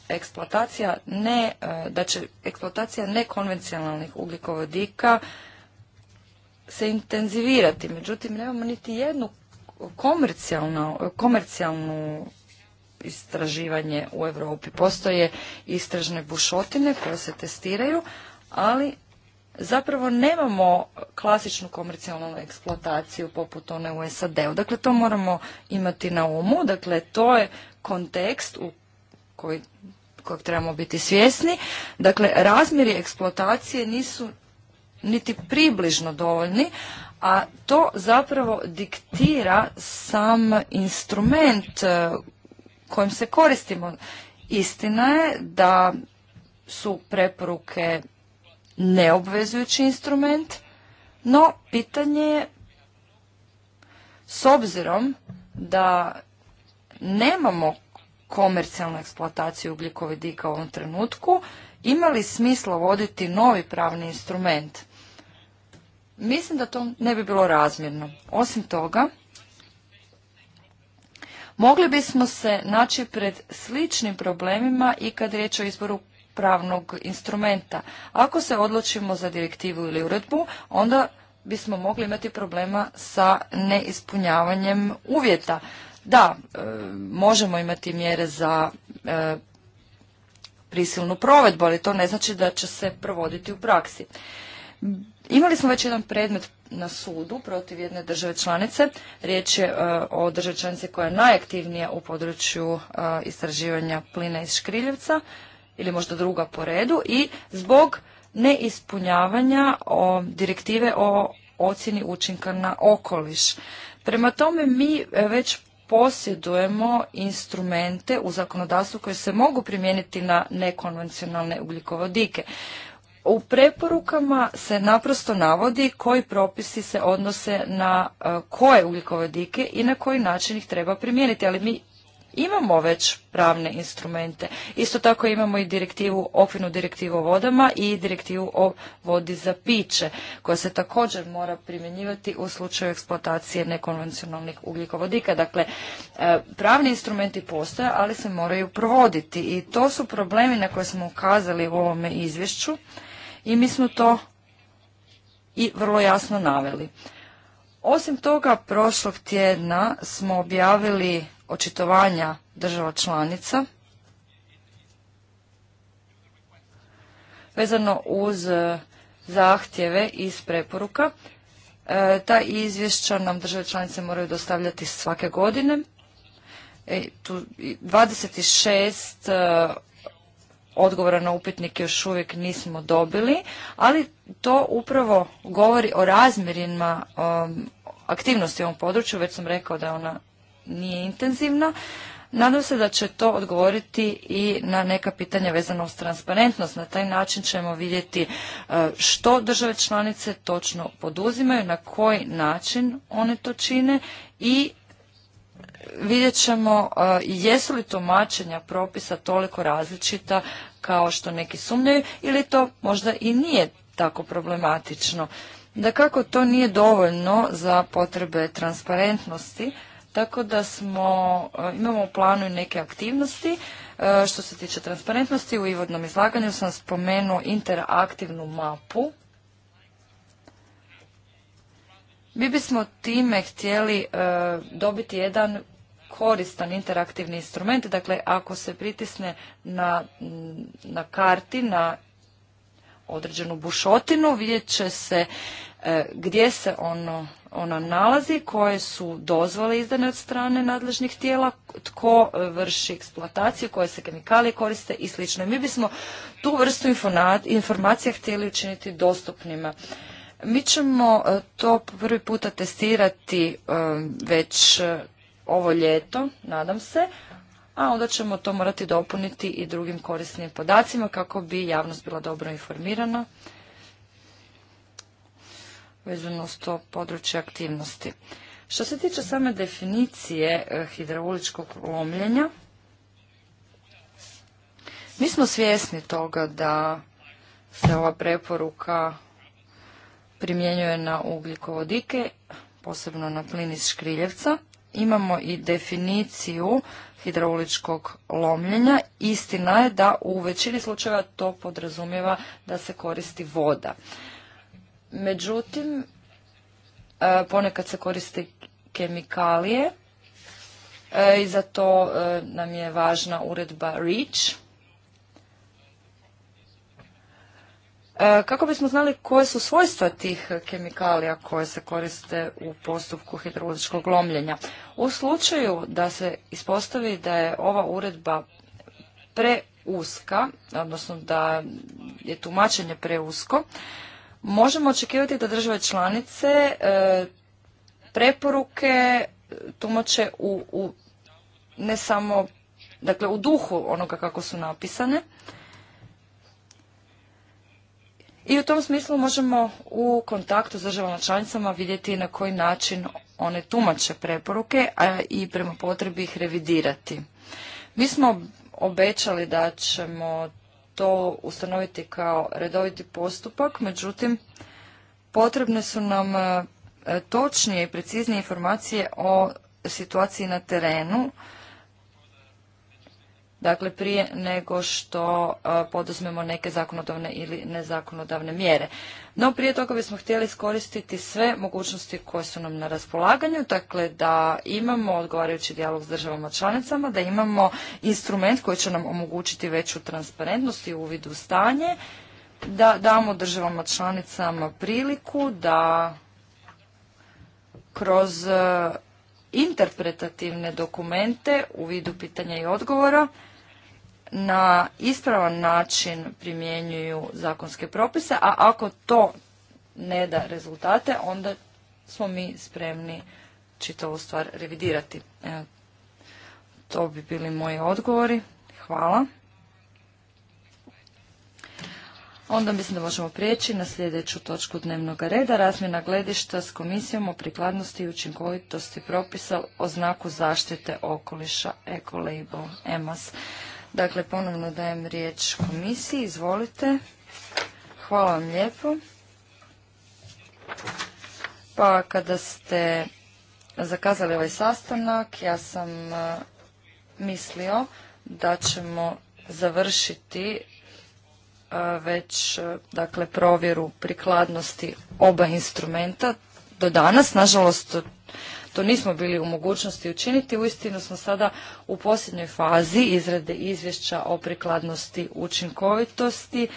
eksploatacija ne, e, da će eksploatacija nekonvencionalnih ugljikovodika se intenzivirati. Međutim, nemamo niti jednu komercijalno, komercijalnu istraživanje u Europi. Postoje istražne bušotine koje se testiraju, ali zapravo nemamo klasičnu komercijalnu eksploataciju poput one u SAD-u. Dakle, to moramo imati na umu. Dakle, to je kontekst u koji, kojeg trebamo biti svjesni. Dakle, razmjeri eksploatacije nisu niti približno dovoljni, a to zapravo diktira sam instrument e, kojim se koristimo. Istina je da su preporuke neobvezujući instrument, no pitanje je s obzirom da nemamo komercijalnu eksploataciju ugljikovodika u ovom trenutku, ima li smisla voditi novi pravni instrument? Mislim da to ne bi bilo razmjerno. Osim toga, mogli bismo se naći pred sličnim problemima i kad riječ o izboru pravnog instrumenta. Ako se odlučimo za direktivu ili uredbu, onda bismo mogli imati problema sa neispunjavanjem uvjeta. Da, e, možemo imati mjere za e, prisilnu provedbu, ali to ne znači da će se provoditi u praksi. Imali smo već jedan predmet na sudu protiv jedne države članice. Riječ je e, o državi članice koja je najaktivnija u području istraživanja plina iz Škriljevca ili možda druga po redu i zbog neispunjavanja direktive o ocjeni učinka na okoliš. Prema tome mi e, već posjedujemo instrumente u zakonodavstvu koje se mogu primijeniti na nekonvencionalne ugljikovodike. U preporukama se naprosto navodi koji propisi se odnose na e, koje ugljikovodike i na koji način ih treba primijeniti, ali mi imamo već pravne instrumente. Isto tako imamo i direktivu, okvirnu direktivu o vodama i direktivu o vodi za piće, koja se također mora primjenjivati u slučaju eksploatacije nekonvencionalnih ugljikovodika. Dakle, e, pravni instrumenti postoje, ali se moraju provoditi i to su problemi na koje smo ukazali u ovome izvješću i mi smo to i vrlo jasno naveli. Osim toga, prošlog tjedna smo objavili očitovanja država članica vezano uz e, zahtjeve iz preporuka. E, ta izvješća nam države članice moraju dostavljati svake godine. E, tu 26 odgovora na upitnike još uvijek nismo dobili, ali to upravo govori o razmjerima aktivnosti u ovom području. Već sam rekao da je ona nije intenzivna. Nadam se da će to odgovoriti i na neka pitanja vezana uz transparentnost. Na taj način ćemo vidjeti e, što države članice točno poduzimaju, na koji način one to čine i vidjet ćemo e, jesu li tumačenja propisa toliko različita kao što neki sumnjaju ili to možda i nije tako problematično. Da kako to nije dovoljno za potrebe transparentnosti, tako da smo, e, imamo u planu i neke aktivnosti. E, što se tiče transparentnosti, u ivodnom izlaganju sam spomenuo interaktivnu mapu. Mi bismo time htjeli e, dobiti jedan koristan interaktivni instrument. Dakle, ako se pritisne na, na karti, na određenu bušotinu, vidjet će se gdje se ono ona nalazi, koje su dozvole izdane od strane nadležnih tijela, tko e, vrši eksploataciju, koje se kemikalije koriste i slično. Mi bismo tu vrstu informacija htjeli učiniti dostupnima. Mi ćemo e, to prvi puta testirati e, već ovo ljeto, nadam se, a onda ćemo to morati dopuniti i drugim korisnim podacima kako bi javnost bila dobro informirana vezano uz to područje aktivnosti. Što se tiče same definicije eh, hidrauličkog lomljenja, mi smo svjesni toga da se ova preporuka primjenjuje na ugljikovodike, posebno na plin iz škriljevca. Imamo i definiciju hidrauličkog lomljenja. Istina je da u većini slučajeva to podrazumijeva da se koristi voda. Međutim, e, ponekad se koriste kemikalije e, i za to e, nam je važna uredba REACH. Kako bismo znali koje su svojstva tih kemikalija koje se koriste u postupku hidrološkog lomljenja? U slučaju da se ispostavi da je ova uredba preuska, odnosno da je tumačenje preusko, možemo očekivati da države članice e, preporuke e, tumače u, ne samo dakle u duhu onoga kako su napisane i u tom smislu možemo u kontaktu s državama članicama vidjeti na koji način one tumače preporuke a i prema potrebi ih revidirati mi smo obećali da ćemo to ustanoviti kao redoviti postupak, međutim potrebne su nam e, točnije i preciznije informacije o situaciji na terenu dakle prije nego što e, poduzmemo neke zakonodavne ili nezakonodavne mjere. No prije toga bismo htjeli iskoristiti sve mogućnosti koje su nam na raspolaganju, dakle da imamo odgovarajući dijalog s državama članicama, da imamo instrument koji će nam omogućiti veću transparentnost i uvidu stanje, da damo državama članicama priliku da kroz e, interpretativne dokumente u vidu pitanja i odgovora na ispravan način primjenjuju zakonske propise, a ako to ne da rezultate, onda smo mi spremni čitavu stvar revidirati. E, to bi bili moji odgovori. Hvala. Onda mislim da možemo prijeći na sljedeću točku dnevnog reda, razmjena gledišta s komisijom o prikladnosti i učinkovitosti propisa o znaku zaštite okoliša Ecolabel EMAS. Dakle, ponovno dajem riječ komisiji. Izvolite. Hvala vam lijepo. Pa kada ste zakazali ovaj sastanak, ja sam mislio da ćemo završiti već dakle provjeru prikladnosti oba instrumenta do danas. Nažalost, to nismo bili u mogućnosti učiniti. Uistinu smo sada u posljednjoj fazi izrade izvješća o prikladnosti učinkovitosti,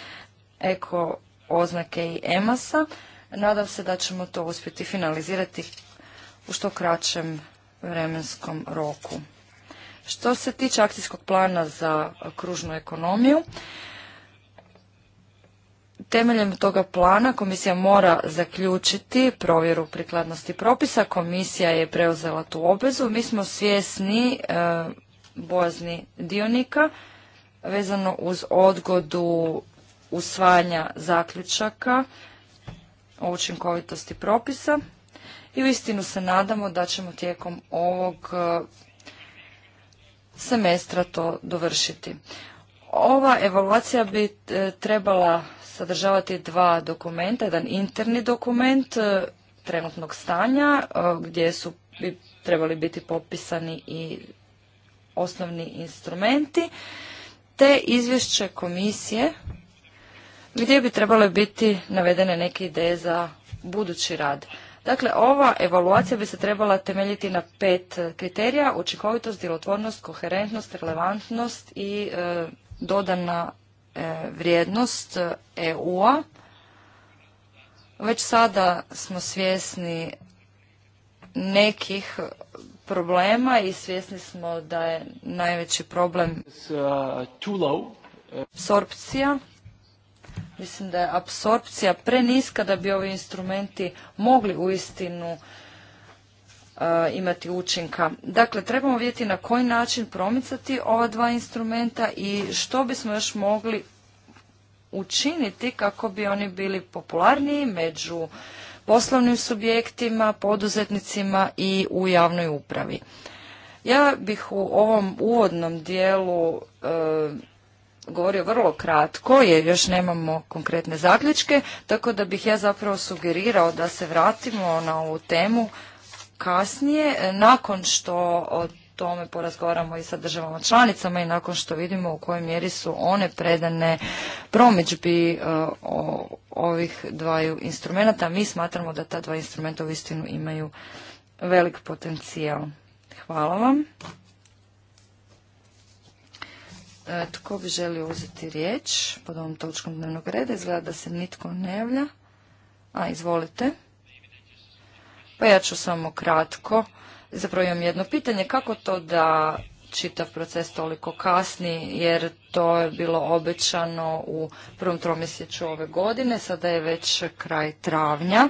eko oznake i EMAS-a. Nadam se da ćemo to uspjeti finalizirati u što kraćem vremenskom roku. Što se tiče akcijskog plana za kružnu ekonomiju, Temeljem toga plana komisija mora zaključiti provjeru prikladnosti propisa. Komisija je preuzela tu obvezu. Mi smo svjesni e, bojazni dionika vezano uz odgodu usvajanja zaključaka o učinkovitosti propisa i istinu se nadamo da ćemo tijekom ovog e, semestra to dovršiti. Ova evaluacija bi e, trebala sadržavati dva dokumenta, jedan interni dokument e, trenutnog stanja e, gdje su trebali biti popisani i osnovni instrumenti, te izvješće komisije gdje bi trebale biti navedene neke ideje za budući rad. Dakle, ova evaluacija bi se trebala temeljiti na pet kriterija, učinkovitost, djelotvornost, koherentnost, relevantnost i e, dodana E, vrijednost EU-a. E Već sada smo svjesni nekih problema i svjesni smo da je najveći problem uh, apsorpcija. Mislim da je apsorpcija preniska da bi ovi instrumenti mogli uistinu E, imati učinka. Dakle, trebamo vidjeti na koji način promicati ova dva instrumenta i što bismo još mogli učiniti kako bi oni bili popularniji među poslovnim subjektima, poduzetnicima i u javnoj upravi. Ja bih u ovom uvodnom dijelu e, govorio vrlo kratko jer još nemamo konkretne zaključke, tako da bih ja zapravo sugerirao da se vratimo na ovu temu kasnije, nakon što o tome porazgovaramo i sa državama članicama i nakon što vidimo u kojoj mjeri su one predane promičbi e, ovih dvaju instrumenta. Mi smatramo da ta dva instrumenta u istinu imaju velik potencijal. Hvala vam. E, tko bi želio uzeti riječ pod ovom točkom dnevnog reda? Izgleda da se nitko ne javlja. A, izvolite. Pa ja ću samo kratko. Zapravo imam jedno pitanje. Kako to da čitav proces toliko kasni, jer to je bilo obećano u prvom tromjesečju ove godine, sada je već kraj travnja.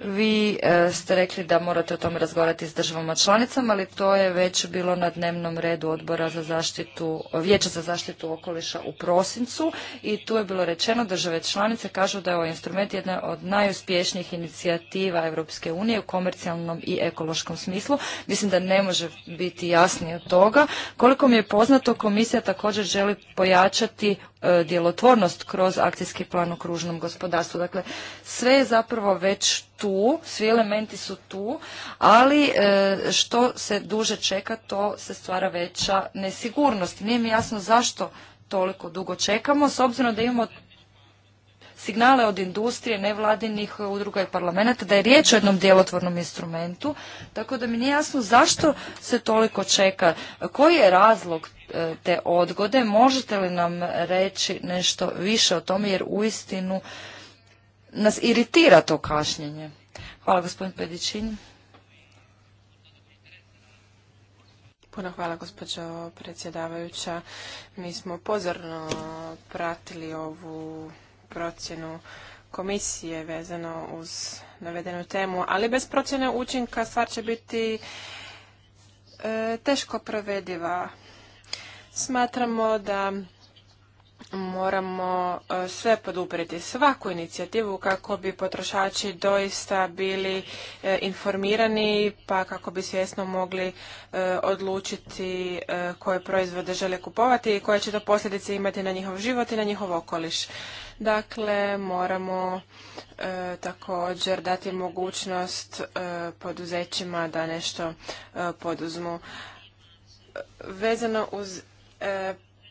Vi e, ste rekli da morate o tome razgovarati s državama članicama, ali to je već bilo na dnevnom redu odbora za zaštitu, vijeća za zaštitu okoliša u prosincu i tu je bilo rečeno države članice kažu da je ovaj instrument jedna od najuspješnijih inicijativa Europske unije u komercijalnom i ekološkom smislu. Mislim da ne može biti jasnije od toga. Koliko mi je poznato, komisija također želi pojačati E, djelotvornost kroz akcijski plan u kružnom gospodarstvu. Dakle, sve je zapravo već tu, svi elementi su tu, ali e, što se duže čeka, to se stvara veća nesigurnost. Nije mi jasno zašto toliko dugo čekamo, s obzirom da imamo signale od industrije, nevladinih udruga i parlamenta da je riječ o jednom djelotvornom instrumentu, tako da mi nije jasno zašto se toliko čeka. Koji je razlog e, te odgode? Možete li nam reći nešto više o tome jer uistinu nas iritira to kašnjenje? Hvala gospodin Pedićin. Puno hvala gospođo predsjedavajuća. Mi smo pozorno pratili ovu procjenu komisije vezano uz navedenu temu, ali bez procjene učinka stvar će biti e, teško provediva. Smatramo da moramo e, sve poduprijeti, svaku inicijativu kako bi potrošači doista bili e, informirani pa kako bi svjesno mogli e, odlučiti koje proizvode žele kupovati i koje će to posljedice imati na njihov život i na njihov okoliš. Dakle, moramo također dati mogućnost poduzećima da nešto poduzmu. Vezano uz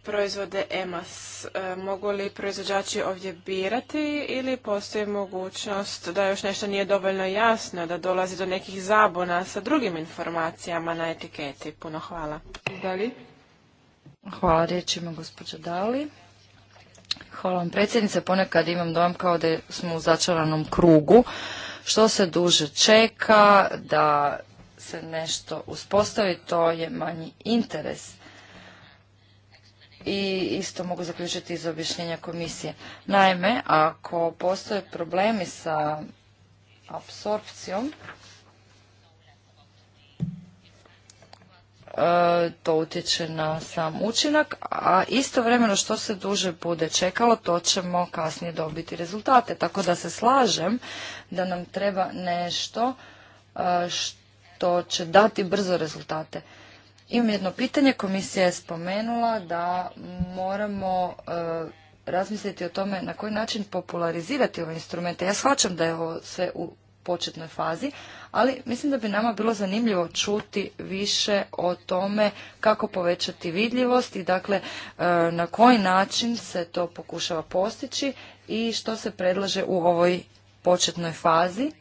proizvode EMAS. E, mogu li proizvođači ovdje birati ili postoji mogućnost da još nešto nije dovoljno jasno, da dolazi do nekih zabuna sa drugim informacijama na etiketi? Puno hvala. Dali? Hvala riječima gospođa Dali. Hvala vam predsjednice. Ponekad imam dojam kao da smo u začaranom krugu. Što se duže čeka da se nešto uspostavi, to je manji interes i isto mogu zaključiti iz objašnjenja komisije. Naime, ako postoje problemi sa apsorpcijom, e, to utječe na sam učinak, a istovremeno što se duže bude čekalo, to ćemo kasnije dobiti rezultate. Tako da se slažem da nam treba nešto e, što će dati brzo rezultate. Imam jedno pitanje, komisija je spomenula da moramo e, razmisliti o tome na koji način popularizirati ove instrumente. Ja shvaćam da je ovo sve u početnoj fazi, ali mislim da bi nama bilo zanimljivo čuti više o tome kako povećati vidljivost i dakle e, na koji način se to pokušava postići i što se predlaže u ovoj početnoj fazi,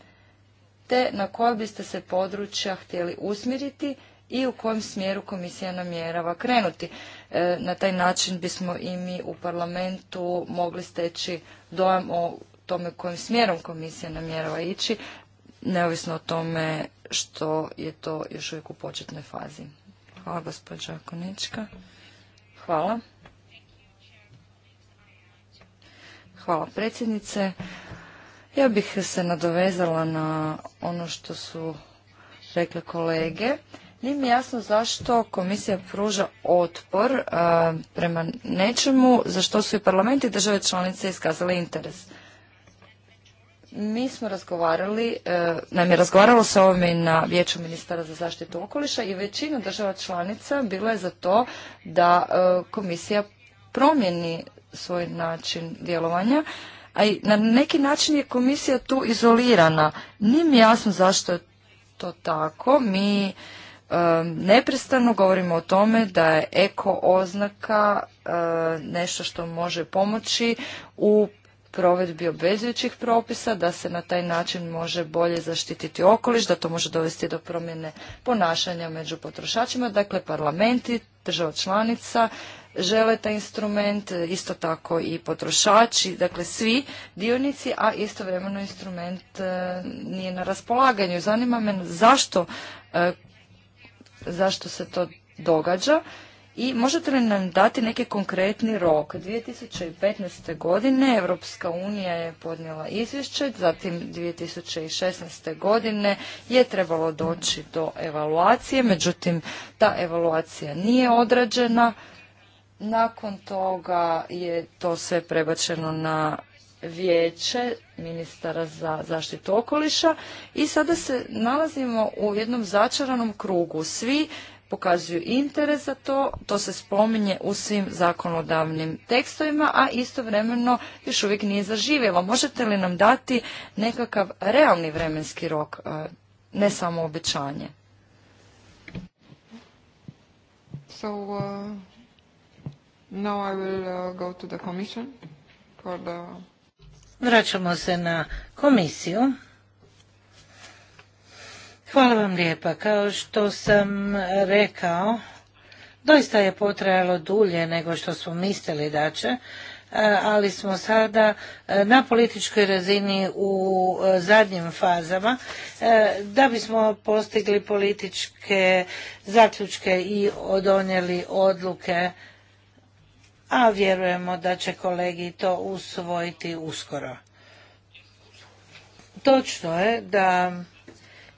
te na koja biste se područja htjeli usmjeriti i u kojem smjeru komisija namjerava krenuti. E, na taj način bismo i mi u parlamentu mogli steći dojam o tome kojim smjerom komisija namjerava ići, neovisno o tome što je to još uvijek u početnoj fazi. Hvala gospođa Konička. Hvala. Hvala predsjednice. Ja bih se nadovezala na ono što su rekle kolege. Nije mi jasno zašto komisija pruža otpor e, prema nečemu za što su i parlamenti i države članice iskazale interes. Mi smo razgovarali, e, nam je razgovaralo se ovome i na Vijeću ministara za zaštitu okoliša i većina država članica bila je za to da e, komisija promjeni svoj način djelovanja, a i na neki način je komisija tu izolirana. Nije mi jasno zašto je to tako. Mi neprestano govorimo o tome da je eko oznaka nešto što može pomoći u provedbi obvezujućih propisa, da se na taj način može bolje zaštititi okoliš, da to može dovesti do promjene ponašanja među potrošačima. Dakle, parlamenti, država članica žele taj instrument, isto tako i potrošači, dakle svi dionici, a istovremeno instrument nije na raspolaganju. Zanima me zašto zašto se to događa i možete li nam dati neki konkretni rok? 2015. godine Europska unija je podnijela izvješće, zatim 2016. godine je trebalo doći do evaluacije, međutim ta evaluacija nije odrađena. Nakon toga je to sve prebačeno na vijeće ministara za zaštitu okoliša i sada se nalazimo u jednom začaranom krugu. Svi pokazuju interes za to, to se spominje u svim zakonodavnim tekstovima, a istovremeno još uvijek nije zaživjelo. Možete li nam dati nekakav realni vremenski rok, e, ne samo obećanje? So, uh, now I uh, go to the commission for the Vraćamo se na komisiju. Hvala vam lijepa. Kao što sam rekao, doista je potrajalo dulje nego što smo mislili da će, ali smo sada na političkoj razini u zadnjim fazama da bismo postigli političke zaključke i odonjeli odluke a vjerujemo da će kolegi to usvojiti uskoro. Točno je da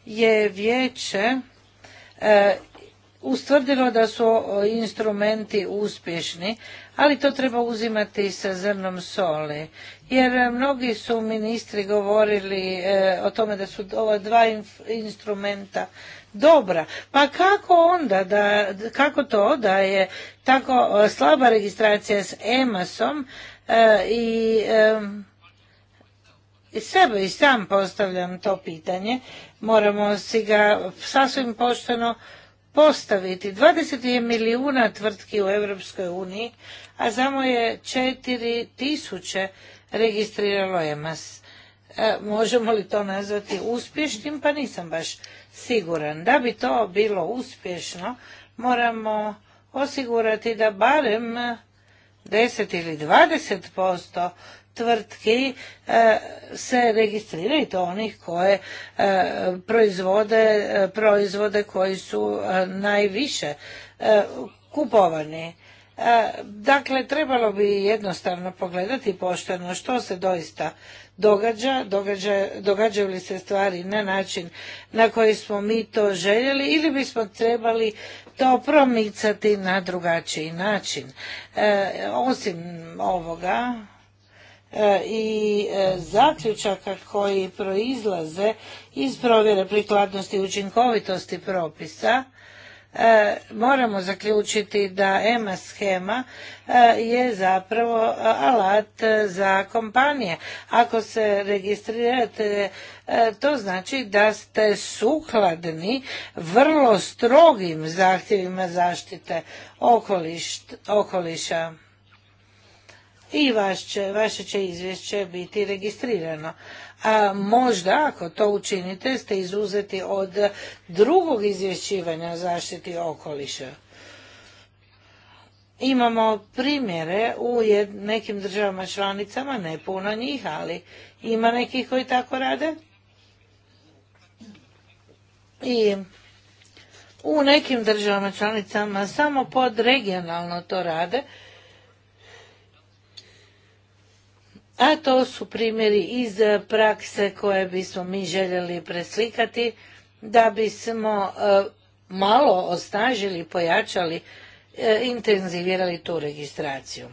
je vijeće e, ustvrdilo da su instrumenti uspješni, ali to treba uzimati sa zrnom soli. Jer mnogi su ministri govorili e, o tome da su ova dva instrumenta dobra. Pa kako onda, da, kako to da je tako e, slaba registracija s EMAS-om e, i i sebe i sam postavljam to pitanje, moramo si ga sasvim pošteno postaviti. 20 je milijuna tvrtki u Europskoj uniji, a samo je 4000 tisuće registriralo EMAS. E, možemo li to nazvati uspješnim? Pa nisam baš siguran. Da bi to bilo uspješno, moramo osigurati da barem 10 ili 20% tvrtki e, se registriraju to onih koje e, proizvode e, proizvode koji su najviše kupovani. Dakle, trebalo bi jednostavno pogledati pošteno što se doista događa, događaju li se stvari na način na koji smo mi to željeli ili bismo trebali to promicati na drugačiji način. E, osim ovoga e, i e, zaključaka koji proizlaze iz provjere prikladnosti i učinkovitosti propisa, E, moramo zaključiti da EMA schema e, je zapravo e, alat za kompanije. Ako se registrirate, to znači da ste sukladni vrlo strogim zahtjevima zaštite okoliša i vaše će izvješće biti registrirano a možda ako to učinite ste izuzeti od drugog izvješćivanja zaštiti okoliša. Imamo primjere u nekim državama članicama, ne puno njih, ali ima nekih koji tako rade. I u nekim državama članicama samo pod regionalno to rade, a to su primjeri iz prakse koje bismo mi željeli preslikati da bismo e, malo osnažili, pojačali, e, intenzivirali tu registraciju.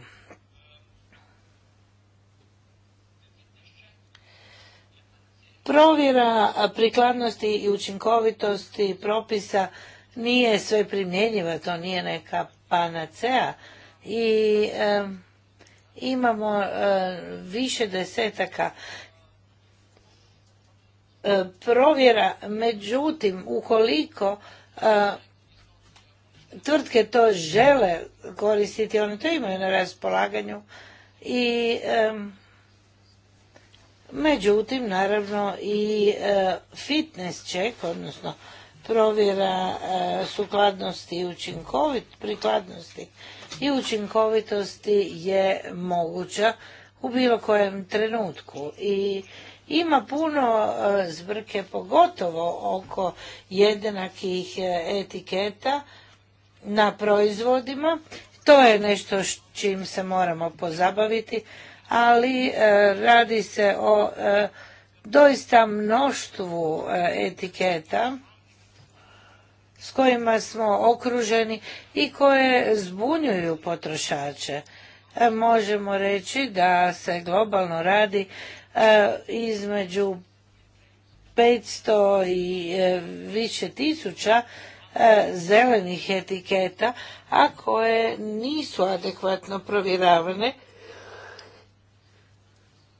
Provjera prikladnosti i učinkovitosti propisa nije sve primjenjiva, to nije neka panacea i imamo e, više desetaka e, provjera, međutim, ukoliko e, tvrtke to žele koristiti, oni to imaju na raspolaganju i međutim, naravno i fitness check, odnosno provjera sukladnosti i učinkovit prikladnosti i učinkovitosti je moguća u bilo kojem trenutku. I ima puno e, zbrke, pogotovo oko jednakih e, etiketa na proizvodima. To je nešto s čim se moramo pozabaviti, ali e, radi se o doista mnoštvu etiketa s kojima smo okruženi i koje zbunjuju potrošače. E, možemo reći da se globalno radi e, između 500 i e, više tisuća zelenih etiketa, a koje nisu adekvatno provjeravane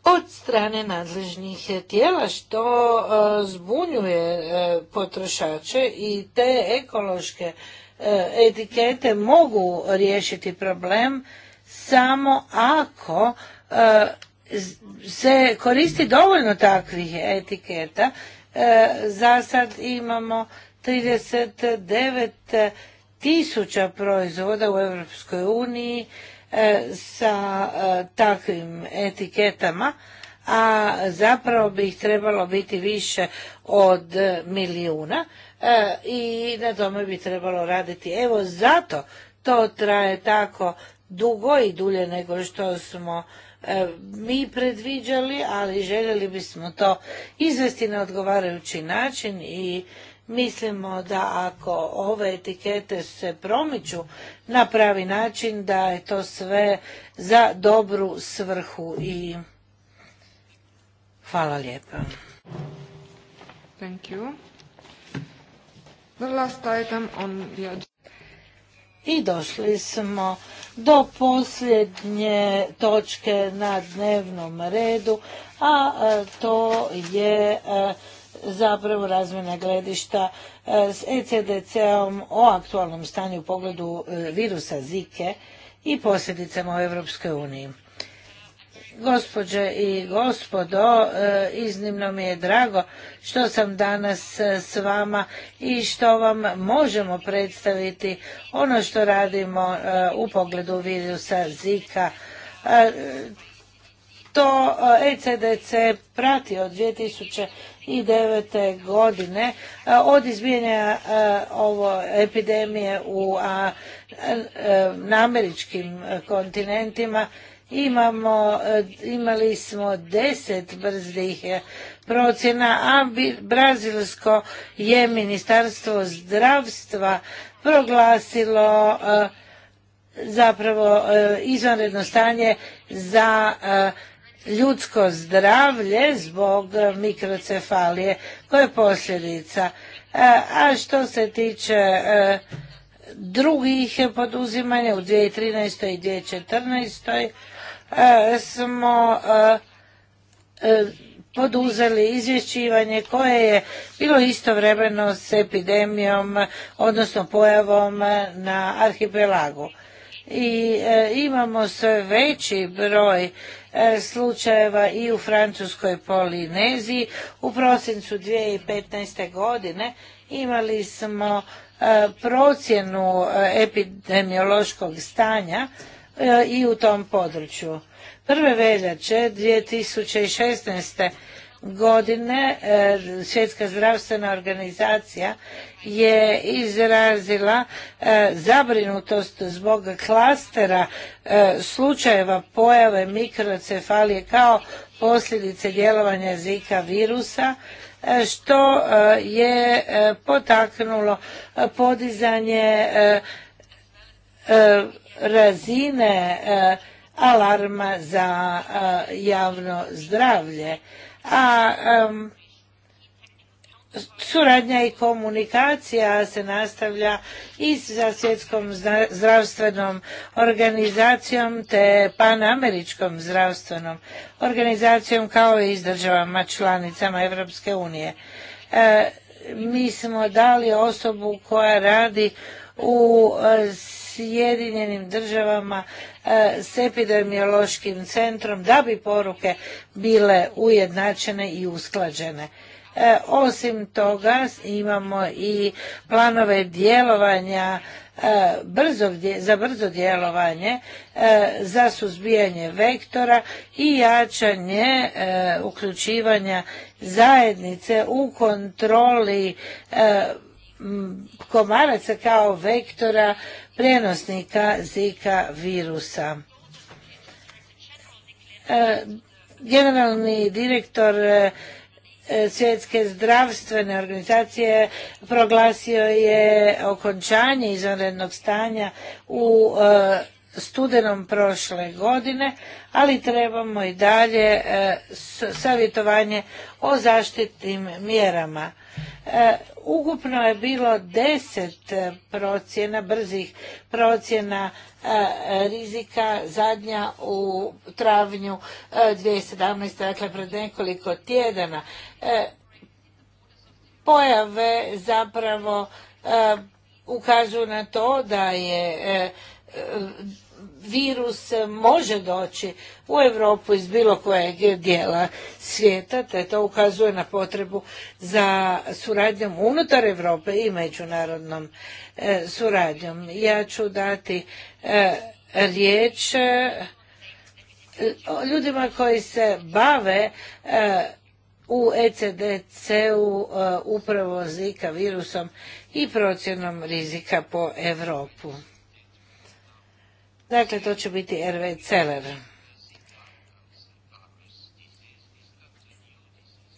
od strane nadležnih tijela što e, zbunjuje e, potrošače i te ekološke e, etikete mogu riješiti problem samo ako se koristi dovoljno takvih etiketa. Za sad imamo 39 tisuća proizvoda u Europskoj uniji E, sa e, takvim etiketama, a zapravo bi ih trebalo biti više od milijuna e, i na tome bi trebalo raditi. Evo zato to traje tako dugo i dulje nego što smo mi predviđali, ali željeli bismo to izvesti na odgovarajući način i Mislimo da ako ove etikete se promiču na pravi način, da je to sve za dobru svrhu i hvala lijepa. Thank on I došli smo do posljednje točke na dnevnom redu, a to je zapravo razmjena gledišta e, s ECDC-om o aktualnom stanju u pogledu e, virusa Zike i posljedicama u Europskoj uniji. Gospođe i gospodo, e, iznimno mi je drago što sam danas s vama i što vam možemo predstaviti ono što radimo u pogledu virusa Zika to ECDC e prati od 2009. godine e, od izbijenja e, ovo epidemije u na američkim kontinentima imamo, imali smo deset brzih procjena, a brazilsko je ministarstvo zdravstva proglasilo zapravo izvanredno stanje za ljudsko zdravlje zbog mikrocefalije koja je posljedica. E, a što se tiče e, drugih poduzimanja u 2013. i 2014. E, smo poduzeli izvješćivanje koje je bilo istovremeno s epidemijom, odnosno pojavom na arhipelagu i e, imamo sve veći broj e, slučajeva i u Francuskoj Polineziji. U prosincu 2015. godine imali smo e, procjenu epidemiološkog stanja i u tom području. Prve veljače 2016 godine e, Svjetska zdravstvena organizacija je izrazila e, zabrinutost zbog klastera e, slučajeva pojave mikrocefalije kao posljedice djelovanja zika virusa što je potaknulo podizanje razine alarma za javno zdravlje a suradnja i komunikacija se nastavlja i sa svjetskom zdravstvenom organizacijom te panameričkom zdravstvenom organizacijom kao i s državama članicama Europske unije. E, mi smo dali osobu koja radi u Sjedinjenim državama e, s epidemiološkim centrom da bi poruke bile ujednačene i usklađene. E, osim toga imamo i planove djelovanja e, za brzo djelovanje, za suzbijanje vektora i jačanje uključivanja zajednice u kontroli komaraca kao vektora prenosnika zika virusa. E, generalni direktor e, svjetske zdravstvene organizacije proglasio je okončanje izvanrednog stanja u e, studenom prošle godine, ali trebamo i dalje e, savjetovanje o zaštitnim mjerama. E, ukupno je bilo deset e, procjena, brzih procjena rizika, zadnja u travnju 2017. dakle pred nekoliko tjedana. Pojave zapravo ukazuju na to da je virus može doći u Europu iz bilo kojeg dijela svijeta, te to ukazuje na potrebu za suradnjom unutar Europe i međunarodnom e, suradnjom. Ja ću dati e, riječ e, ljudima koji se bave u ECDC-u upravo zika virusom i procjenom rizika po Europu. Dakle, to će biti RV Celer.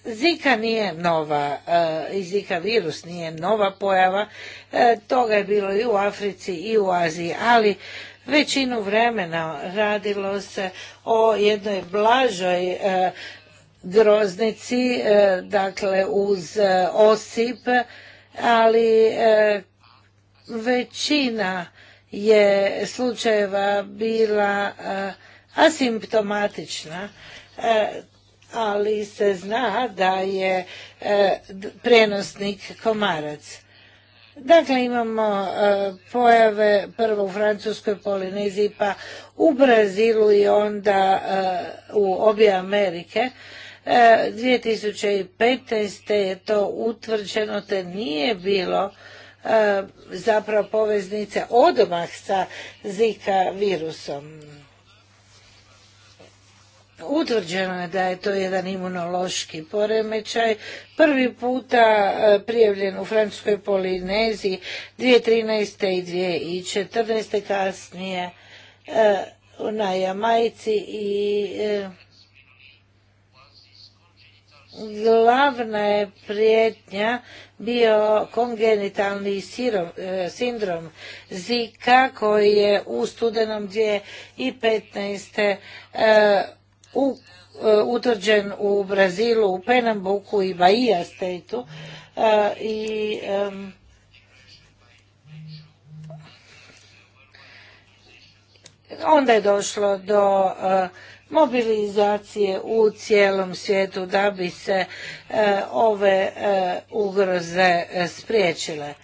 Zika nije nova, eh, i Zika virus nije nova pojava, eh, toga je bilo i u Africi i u Aziji, ali većinu vremena radilo se o jednoj blažoj eh, groznici, dakle uz osip, ali većina je slučajeva bila eh, asimptomatična, eh, ali se zna da je eh, prenosnik komarac. Dakle, imamo pojave prvo u Francuskoj Polineziji, pa u Brazilu i onda u obje Amerike. 2015. je to utvrđeno, te nije bilo E, zapravo poveznice odmah sa Zika virusom. Utvrđeno je da je to jedan imunološki poremećaj, prvi puta e, prijavljen u Francuskoj Polineziji 2013. i 2014. kasnije e, na Jamajci i glavna je prijetnja bio kongenitalni e, sindrom Zika koji je u studenom 2015. E, u e, utvrđen u Brazilu, u Penambuku i Bahia i onda je došlo do mobilizacije u cijelom svijetu da bi se e, ove e, ugroze e, spriječile.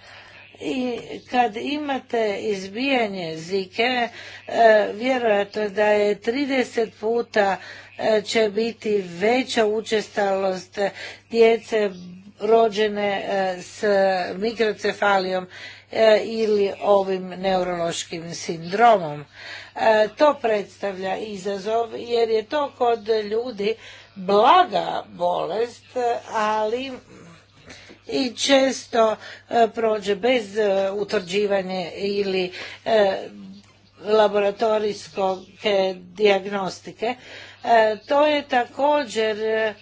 I kad imate izbijanje zike, e, vjerojatno da je 30 puta će biti veća učestalost djece rođene s mikrocefalijom E, ili ovim neurološkim sindromom. E, to predstavlja izazov jer je to kod ljudi blaga bolest, ali i često e, prođe bez utvrđivanja ili laboratorijske diagnostike To je također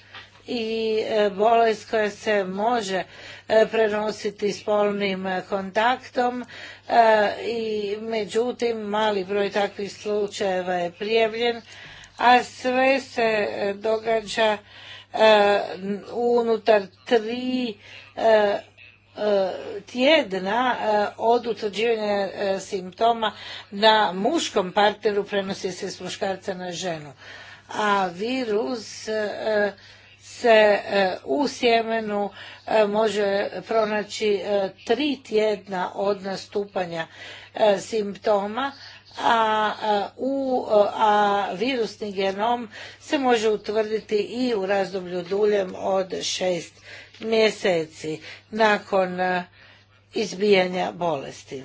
i e, bolest koja se može e, prenositi spolnim kontaktom e, i međutim mali broj takvih slučajeva je prijavljen, a sve se događa unutar tri tjedna od utvrđivanja simptoma na muškom partneru prenosi se s muškarca na ženu. A virus se e, u sjemenu e, može pronaći e, tri tjedna od nastupanja simptoma, a, u, a virusni genom se može utvrditi i u razdoblju duljem od šest mjeseci nakon izbijanja bolesti.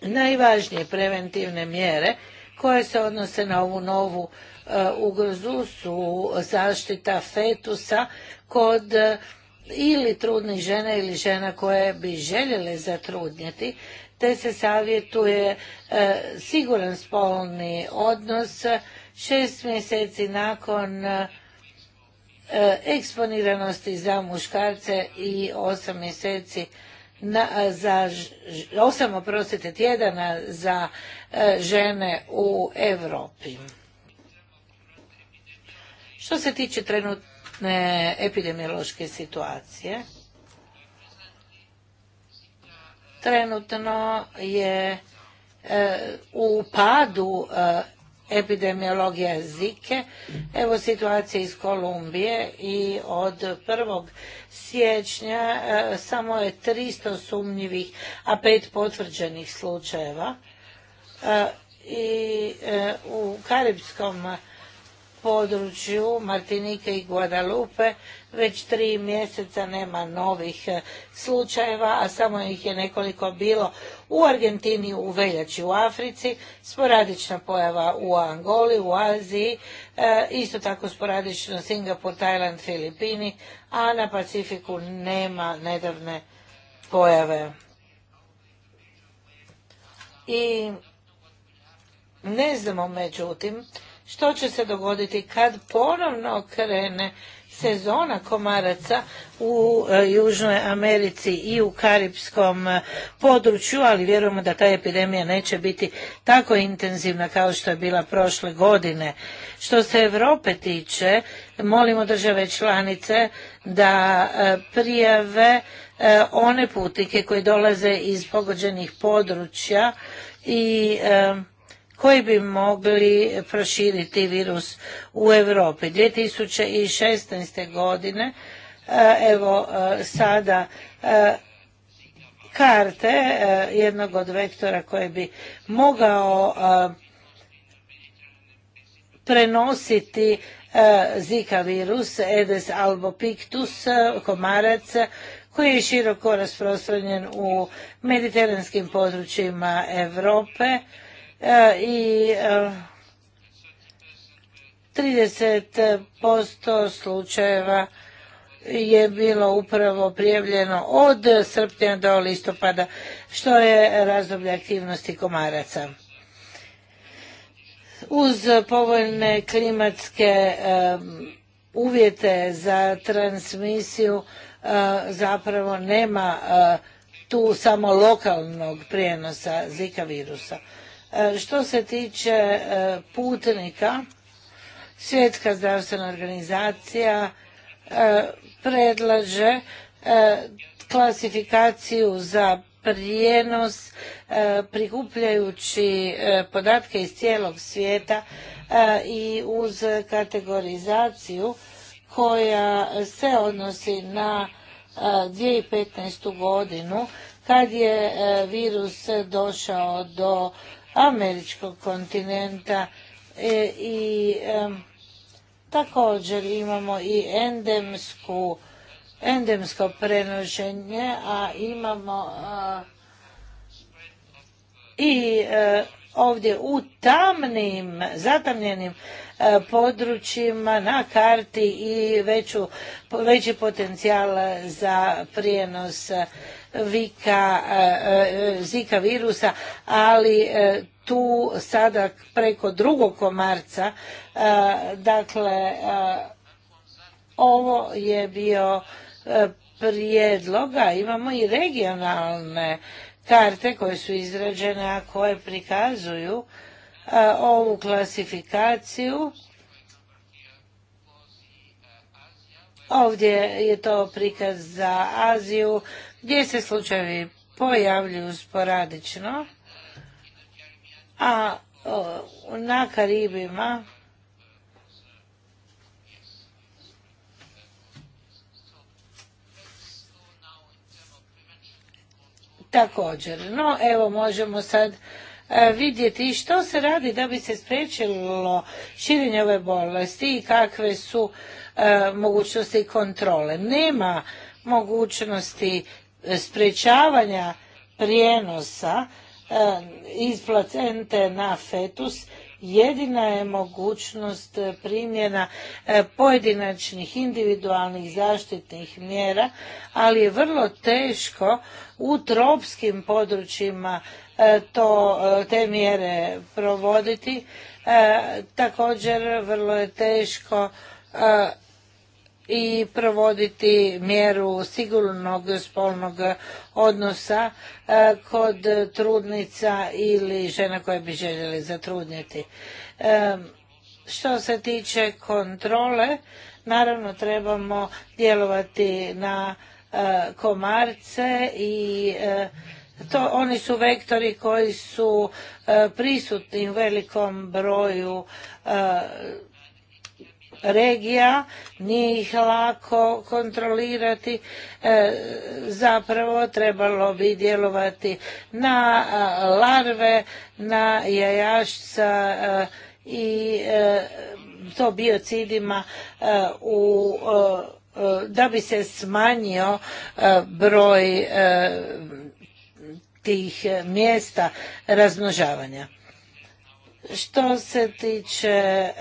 Najvažnije preventivne mjere koje se odnose na ovu novu u grzu su zaštita fetusa kod e, ili trudnih žena ili žena koje bi željele zatrudnjeti, te se savjetuje e, siguran spolni odnos šest mjeseci nakon e, eksponiranosti za muškarce i osam mjeseci za osam oprostite tjedana za žene u Europi. Što se tiče trenutne epidemiološke situacije, trenutno je e, u padu e, epidemiologija zike. Evo situacija iz Kolumbije i od 1. siječnja e, samo je 300 sumnjivih, a pet potvrđenih slučajeva. I u Karibskom području Martinike i Guadalupe već tri mjeseca nema novih eh, slučajeva, a samo ih je nekoliko bilo u Argentini, u Veljači, u Africi, sporadična pojava u Angoli, u Aziji, eh, isto tako sporadično Singapur, Tajland, Filipini, a na Pacifiku nema nedavne pojave. I ne znamo međutim što će se dogoditi kad ponovno krene sezona komaraca u e, Južnoj Americi i u Karibskom e, području, ali vjerujemo da ta epidemija neće biti tako intenzivna kao što je bila prošle godine. Što se Europe tiče, molimo države članice da e, prijave one putnike koji dolaze iz pogođenih područja i koji bi mogli proširiti virus u Europi. 2016. godine eh, evo eh, sada eh, karte jednog od vektora koji bi mogao prenositi Zika virus, Edes albopictus, komarac, koji je široko rasprostranjen u mediteranskim područjima Europe E, i 30% e, slučajeva je bilo upravo prijavljeno od srpnja do listopada, što je razdoblje aktivnosti komaraca. Uz povoljne klimatske e, uvjete za transmisiju zapravo nema tu samo lokalnog prijenosa Zika virusa. E, što se tiče e, putnika, Svjetska zdravstvena organizacija e, predlaže klasifikaciju za prijenos prikupljajući podatke iz cijelog svijeta i uz kategorizaciju koja se odnosi na 2015. godinu kad je virus došao do američkog kontinenta e, i također imamo i endemsku endemsko prenošenje a imamo i e, ovdje u tamnim zatamljenim e, područjima na karti i veću, veći potencijal za prijenos Vika, eh, eh, Zika virusa, ali eh, tu sada preko drugog komarca, dakle, ovo je bio prijedloga, imamo i regionalne karte koje su izrađene, a koje prikazuju ovu klasifikaciju. Ovdje je to prikaz za Aziju, gdje se slučajevi pojavljuju sporadično, a na Karibima također. No, evo možemo sad e, vidjeti što se radi da bi se spriječilo širenje ove bolesti i kakve su e, mogućnosti kontrole. Nema mogućnosti sprječavanja prijenosa e, iz placente na fetus jedina je mogućnost primjena e, pojedinačnih individualnih zaštitnih mjera, ali je vrlo teško u tropskim područjima e, to, te mjere provoditi. Također vrlo je teško i provoditi mjeru sigurnog spolnog odnosa e, kod trudnica ili žena koje bi željeli zatrudnjeti. E, što se tiče kontrole, naravno trebamo djelovati na e, komarce i to oni su vektori koji su prisutni u velikom broju regija, nije ih lako kontrolirati, e, zapravo trebalo bi djelovati na larve, na jajašca e, i e, to biocidima u da bi se smanjio broj tih mjesta razmnožavanja. Što se tiče e,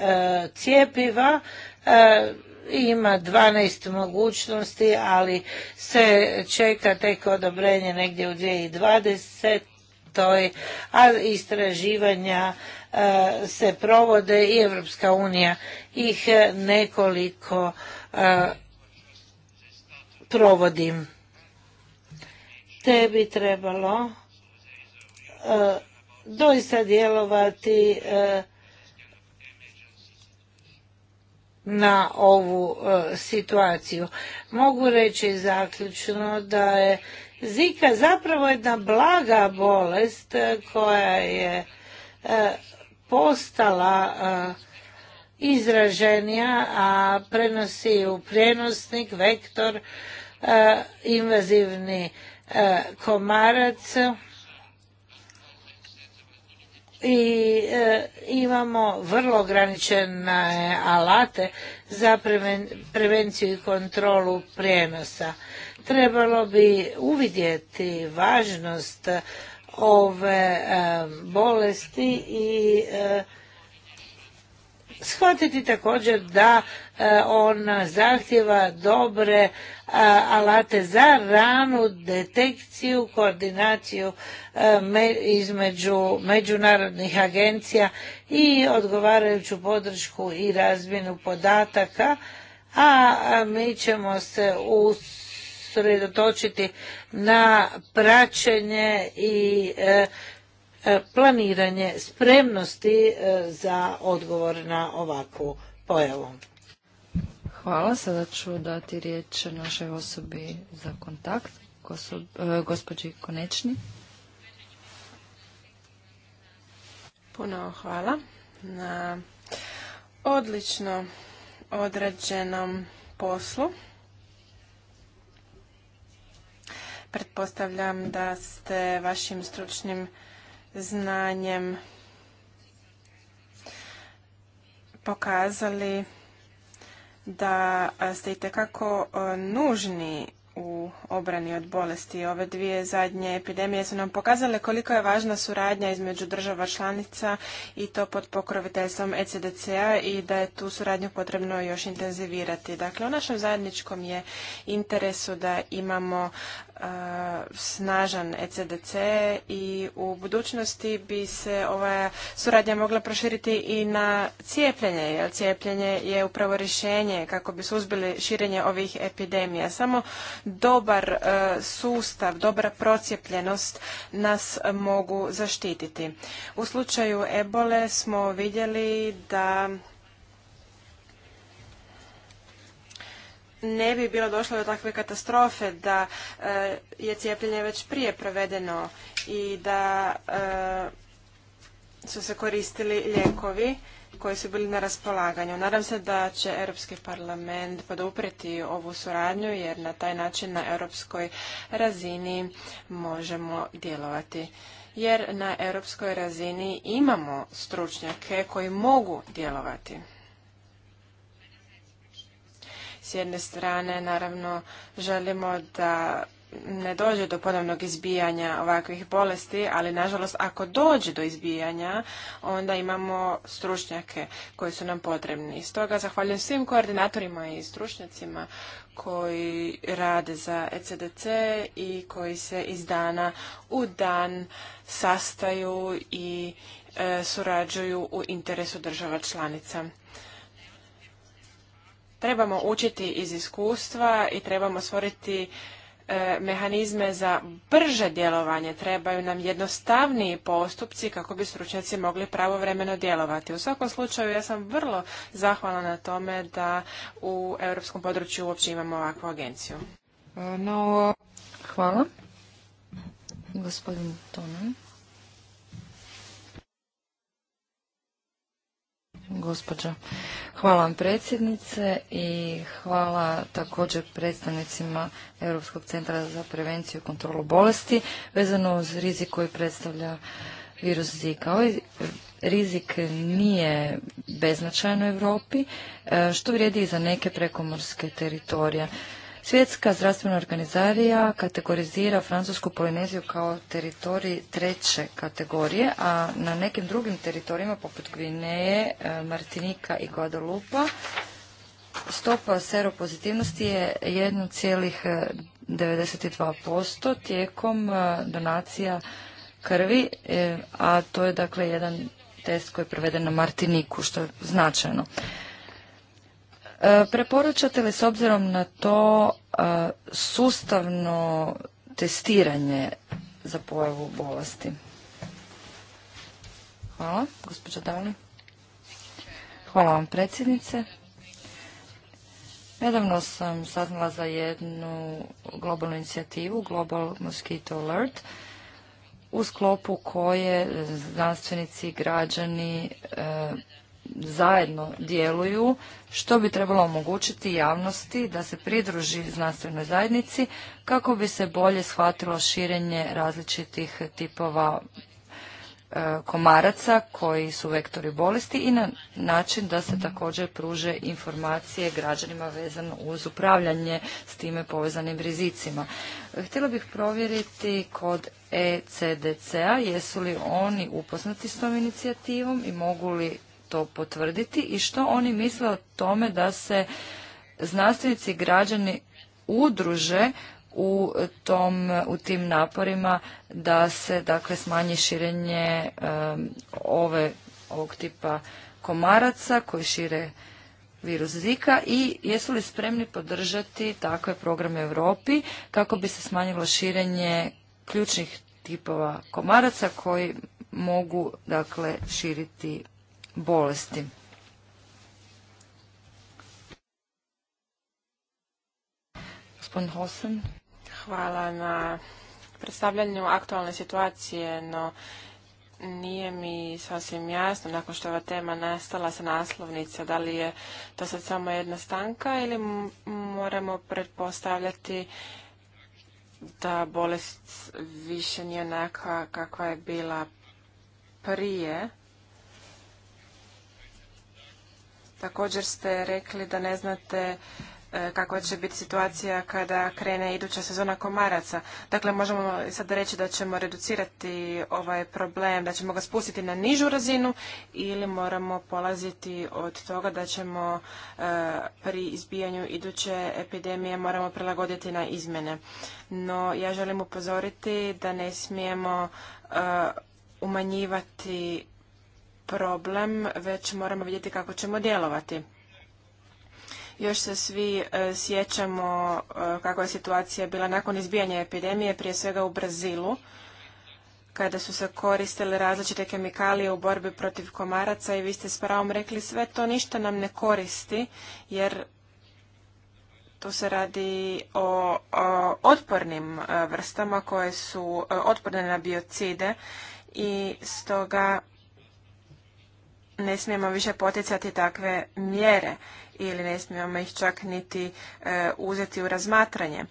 cijepiva, e, ima 12 mogućnosti, ali se čeka tek odobrenje negdje u 2020. Toj, a istraživanja e, se provode i Evropska unija ih nekoliko provodim. Te bi trebalo doista djelovati e, na ovu e, situaciju. Mogu reći zaključno da je Zika zapravo jedna blaga bolest e, koja je postala izraženija, a prenosi u prijenosnik, vektor, invazivni komarac i e, imamo vrlo ograničene alate za prevenciju i kontrolu prijenosa. Trebalo bi uvidjeti važnost ove e, bolesti i e, shvatiti također da e, on zahtjeva dobre e, alate za ranu detekciju, koordinaciju e, između međunarodnih agencija i odgovarajuću podršku i razmjenu podataka, a mi ćemo se usredotočiti na praćenje i E, planiranje spremnosti e, za odgovor na ovakvu pojavu. Hvala. Sada ću dati riječ našoj osobi za kontakt, e, gospođi Konečni. Puno hvala na odlično odrađenom poslu. Pretpostavljam da ste vašim stručnim znanjem pokazali da ste itekako e, nužni u obrani od bolesti. Ove dvije zadnje epidemije su nam pokazale koliko je važna suradnja između država članica i to pod pokroviteljstvom ECDC-a i da je tu suradnju potrebno još intenzivirati. Dakle, u našem zajedničkom je interesu da imamo e, snažan ECDC i u budućnosti bi se ova suradnja mogla proširiti i na cijepljenje, jer cijepljenje je upravo rješenje kako bi suzbili širenje ovih epidemija. Samo dobar e, sustav, dobra procijepljenost nas mogu zaštititi. U slučaju ebole smo vidjeli da ne bi bilo došlo do takve katastrofe da e, je cijepljenje već prije provedeno i da e, su se koristili lijekovi koji su bili na raspolaganju. Nadam se da će Europski parlament poduprijeti ovu suradnju jer na taj način na europskoj razini možemo djelovati. Jer na europskoj razini imamo stručnjake koji mogu djelovati. S jedne strane, naravno, želimo da ne dođe do ponovnog izbijanja ovakvih bolesti, ali nažalost ako dođe do izbijanja, onda imamo stručnjake koji su nam potrebni. Stoga zahvaljujem svim koordinatorima i stručnjacima koji rade za ECDC i koji se iz dana u dan sastaju i e, surađuju u interesu država članica. Trebamo učiti iz iskustva i trebamo stvoriti e, mehanizme za brže djelovanje. Trebaju nam jednostavniji postupci kako bi stručnjaci mogli pravovremeno djelovati. U svakom slučaju ja sam vrlo zahvalna na tome da u europskom području uopće imamo ovakvu agenciju. E, no, hvala. Gospodin Tonan. gospođo Hvala vam predsjednice i hvala također predstavnicima Europskog centra za prevenciju i kontrolu bolesti vezano uz rizik koji predstavlja virus Zika. Ovaj e, rizik nije beznačajan u Europi, e, što vrijedi i za neke prekomorske teritorije. Svjetska zdravstvena organizacija kategorizira Francusku Polineziju kao teritorij treće kategorije, a na nekim drugim teritorijima poput Gvineje, e, Martinika i Guadalupa stopa seropozitivnosti je 1,92% tijekom e, donacija krvi, e, a to je dakle jedan test koji je proveden na Martiniku, što je značajno. E, preporučate li s obzirom na to e, sustavno testiranje za pojavu bolesti? Hvala, gospođa Dali. Hvala vam, predsjednice. Nedavno sam saznala za jednu globalnu inicijativu, Global Mosquito Alert, u sklopu koje znanstvenici, građani, e, zajedno djeluju, što bi trebalo omogućiti javnosti da se pridruži znanstvenoj zajednici kako bi se bolje shvatilo širenje različitih tipova e, komaraca koji su vektori bolesti i na način da se također pruže informacije građanima vezano uz upravljanje s time povezanim rizicima. Htjela bih provjeriti kod ECDC-a jesu li oni upoznati s tom inicijativom i mogu li to potvrditi i što oni misle o tome da se znanstvenici i građani udruže u tom u tim naporima da se dakle smanji širenje ove ovog tipa komaraca koji šire virus Zika i jesu li spremni podržati takve programe u Europi kako bi se smanjilo širenje ključnih tipova komaraca koji mogu dakle širiti bolesti. Gospodin Hvala na predstavljanju aktualne situacije, no nije mi sasvim jasno nakon što je ova tema nastala sa naslovnica, da li je to sad samo jedna stanka ili moramo pretpostavljati da bolest više nije neka kakva je bila prije Također ste rekli da ne znate e, kakva će biti situacija kada krene iduća sezona komaraca. Dakle, možemo sad reći da ćemo reducirati ovaj problem, da ćemo ga spustiti na nižu razinu ili moramo polaziti od toga da ćemo e, pri izbijanju iduće epidemije moramo prilagoditi na izmjene. No, ja želim upozoriti da ne smijemo e, umanjivati problem, već moramo vidjeti kako ćemo djelovati. Još se svi e, sjećamo e, kako je situacija bila nakon izbijanja epidemije, prije svega u Brazilu, kada su se koristile različite kemikalije u borbi protiv komaraca i vi ste s pravom rekli sve to ništa nam ne koristi jer tu se radi o, o otpornim e, vrstama koje su otporne na biocide i stoga ne smijemo više poticati takve mjere ili ne smijemo ih čak niti e, uzeti u razmatranje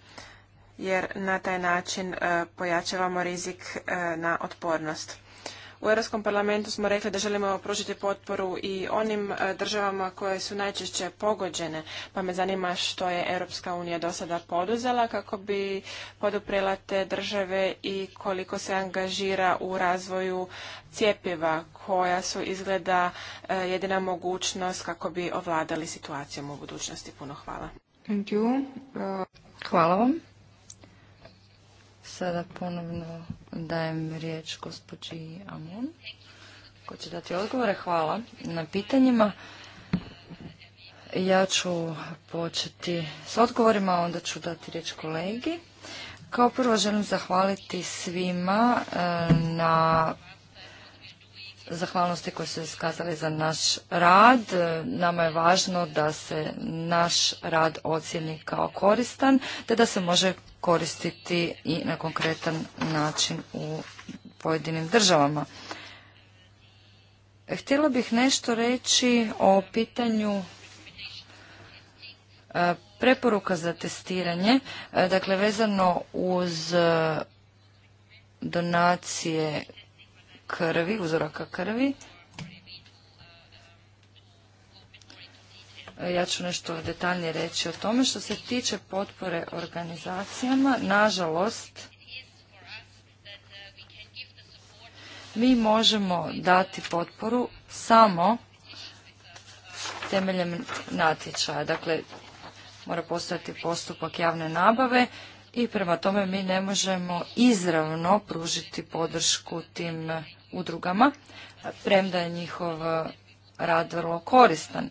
jer na taj način e, pojačavamo rizik e, na otpornost. U Europskom parlamentu smo rekli da želimo pružiti potporu i onim e, državama koje su najčešće pogođene, pa me zanima što je Europska unija do sada poduzela kako bi poduprela te države i koliko se angažira u razvoju cjepiva koja su izgleda e, jedina mogućnost kako bi ovladali situacijom u budućnosti. Puno hvala. Hvala vam. Sada ponovno dajem riječ gospođi Amun ko će dati odgovore. Hvala na pitanjima. Ja ću početi s odgovorima, onda ću dati riječ kolegi. Kao prvo želim zahvaliti svima eh, na zahvalnosti koje su iskazali za naš rad. Nama je važno da se naš rad ocjeni kao koristan, te da se može koristiti i na konkretan način u pojedinim državama. Htjela bih nešto reći o pitanju e, preporuka za testiranje, e, dakle vezano uz donacije krvi, uzoraka krvi. Ja ću nešto detaljnije reći o tome. Što se tiče potpore organizacijama, nažalost, mi možemo dati potporu samo temeljem natječaja. Dakle, mora postojati postupak javne nabave i prema tome mi ne možemo izravno pružiti podršku tim udrugama, premda je njihov rad vrlo koristan.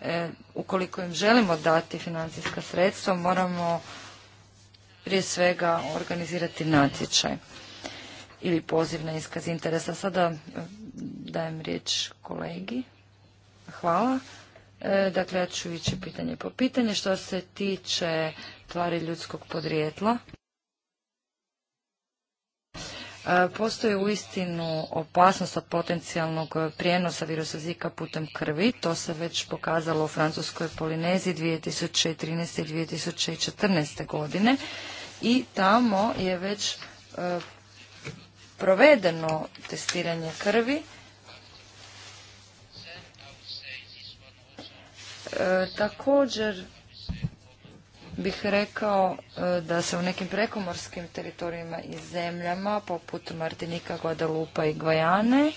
E, ukoliko im želimo dati financijska sredstva, moramo prije svega organizirati natječaj ili poziv na iskaz interesa. Sada e, dajem riječ kolegi. Hvala. E, dakle, ja ću ići pitanje po pitanje. Što se tiče tvari ljudskog podrijetla. E, postoji uistinu opasnost od potencijalnog prijenosa virusa zika putem krvi. To se već pokazalo u Francuskoj Polineziji 2013. i 2014. godine. I tamo je već e, provedeno testiranje krvi. E, također bih rekao e, da se u nekim prekomorskim teritorijima i zemljama poput Martinika, Guadalupa i Gvajane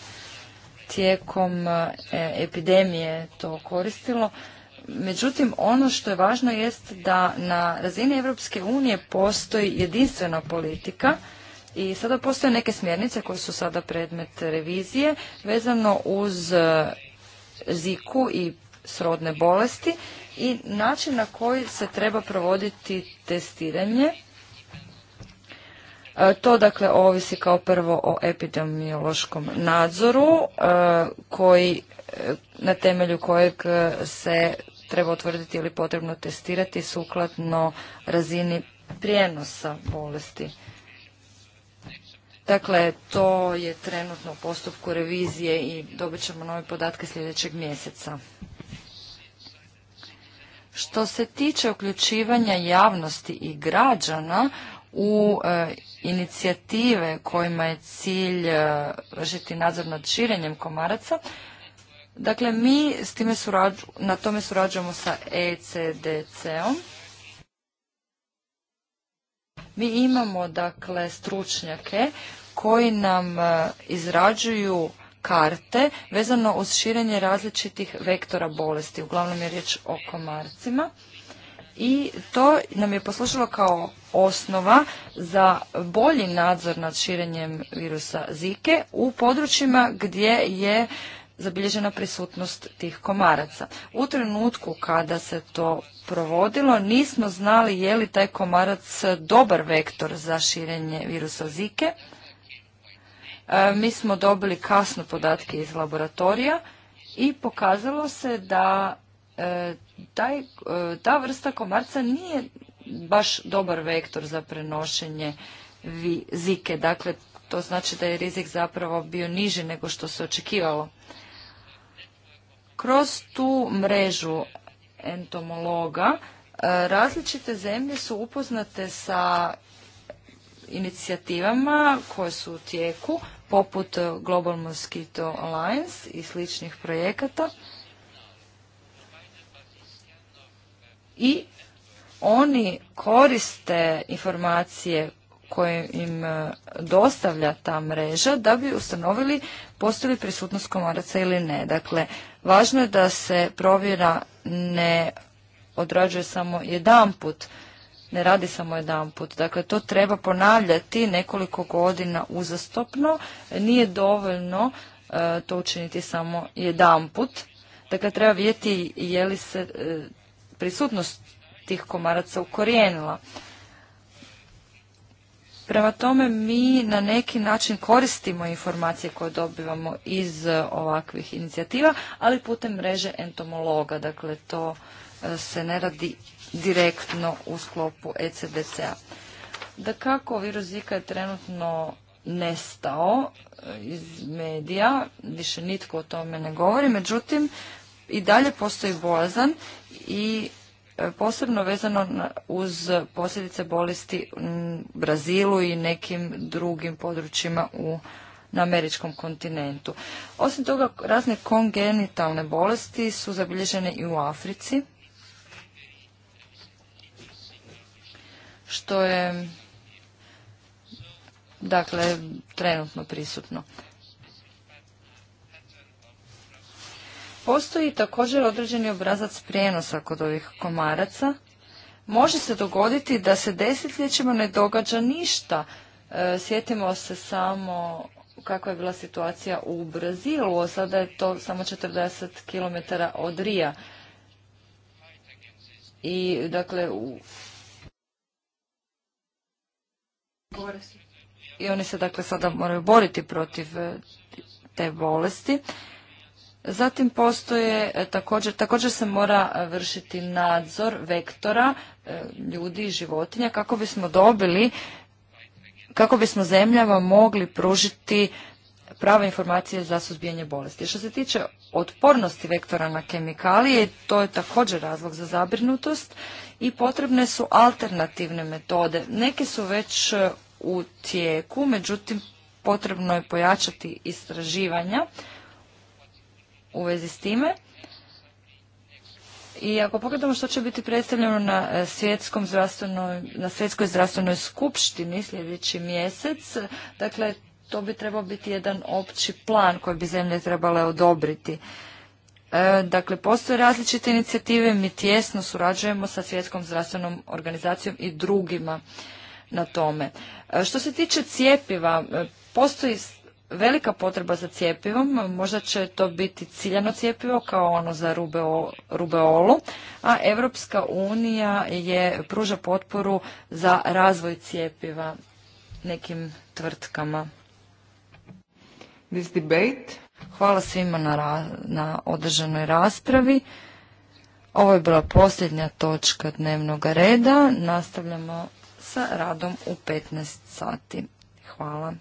tijekom e, epidemije to koristilo. Međutim, ono što je važno jest da na razini Europske unije postoji jedinstvena politika i sada postoje neke smjernice koje su sada predmet revizije vezano uz e, ziku i srodne bolesti i način na koji se treba provoditi testiranje. E, to dakle ovisi kao prvo o epidemiološkom nadzoru e, koji e, na temelju kojeg se treba utvrditi ili potrebno testirati sukladno razini prijenosa bolesti. Dakle, to je trenutno u postupku revizije i dobit ćemo nove podatke sljedećeg mjeseca. Što se tiče uključivanja javnosti i građana u e, inicijative kojima je cilj e, vršiti nadzor nad širenjem komaraca, dakle mi s na tome surađujemo sa ECDC-om. Mi imamo dakle stručnjake koji nam e, izrađuju karte vezano uz širenje različitih vektora bolesti. Uglavnom je riječ o komarcima. I to nam je poslužilo kao osnova za bolji nadzor nad širenjem virusa zike u područjima gdje je zabilježena prisutnost tih komaraca. U trenutku kada se to provodilo nismo znali je li taj komarac dobar vektor za širenje virusa zike E, mi smo dobili kasno podatke iz laboratorija i pokazalo se da e, e, ta vrsta komarca nije baš dobar vektor za prenošenje zike. Dakle, to znači da je rizik zapravo bio niži nego što se očekivalo. Kroz tu mrežu entomologa različite zemlje su upoznate sa inicijativama koje su u tijeku poput e, Global Mosquito Alliance i sličnih projekata. I oni koriste informacije koje im e, dostavlja ta mreža da bi ustanovili postoji li prisutnost komaraca ili ne. Dakle, važno je da se provjera ne odrađuje samo jedan put ne radi samo jedan put. Dakle, to treba ponavljati nekoliko godina uzastopno. Nije dovoljno e, to učiniti samo jedanput. Dakle, treba vidjeti je li se e, prisutnost tih komaraca ukorijenila. Prema tome mi na neki način koristimo informacije koje dobivamo iz e, ovakvih inicijativa, ali putem mreže entomologa. Dakle, to se ne radi direktno u sklopu ECDC-a. Da kako virus Zika je trenutno nestao e, iz medija, više nitko o tome ne govori, međutim i dalje postoji bojazan i e, posebno vezano uz posljedice bolesti u Brazilu i nekim drugim područjima u na američkom kontinentu. Osim toga, razne kongenitalne bolesti su zabilježene i u Africi. što je dakle trenutno prisutno. Postoji također određeni obrazac prijenosa kod ovih komaraca. Može se dogoditi da se desetljećima ne događa ništa. E, sjetimo se samo kakva je bila situacija u Brazilu, a sada je to samo 40 km od Rija. I dakle u i oni se dakle sada moraju boriti protiv e, te bolesti. Zatim postoje e, također, također se mora e, vršiti nadzor vektora ljudi i životinja kako bismo dobili, kako bismo zemljama mogli pružiti prave informacije za suzbijanje bolesti. Što se tiče otpornosti vektora na kemikalije, to je također razlog za zabrinutost i potrebne su alternativne metode. Neke su već u tijeku, međutim potrebno je pojačati istraživanja u vezi s time. I ako pogledamo što će biti predstavljeno na e, svjetskom zdravstvenoj, na svjetskoj zdravstvenoj skupštini sljedeći mjesec, dakle to bi trebao biti jedan opći plan koji bi zemlje trebale odobriti. E, dakle, postoje različite inicijative, mi tjesno surađujemo sa svjetskom zdravstvenom organizacijom i drugima na tome. E, što se tiče cijepiva, e, postoji velika potreba za cijepivom, možda će to biti ciljano cijepivo kao ono za rubeolu, a Europska unija je pruža potporu za razvoj cijepiva nekim tvrtkama. This debate. Hvala svima na, na održanoj raspravi. Ovo je bila posljednja točka dnevnog reda. Nastavljamo sa radom u 15 sati. Hvala.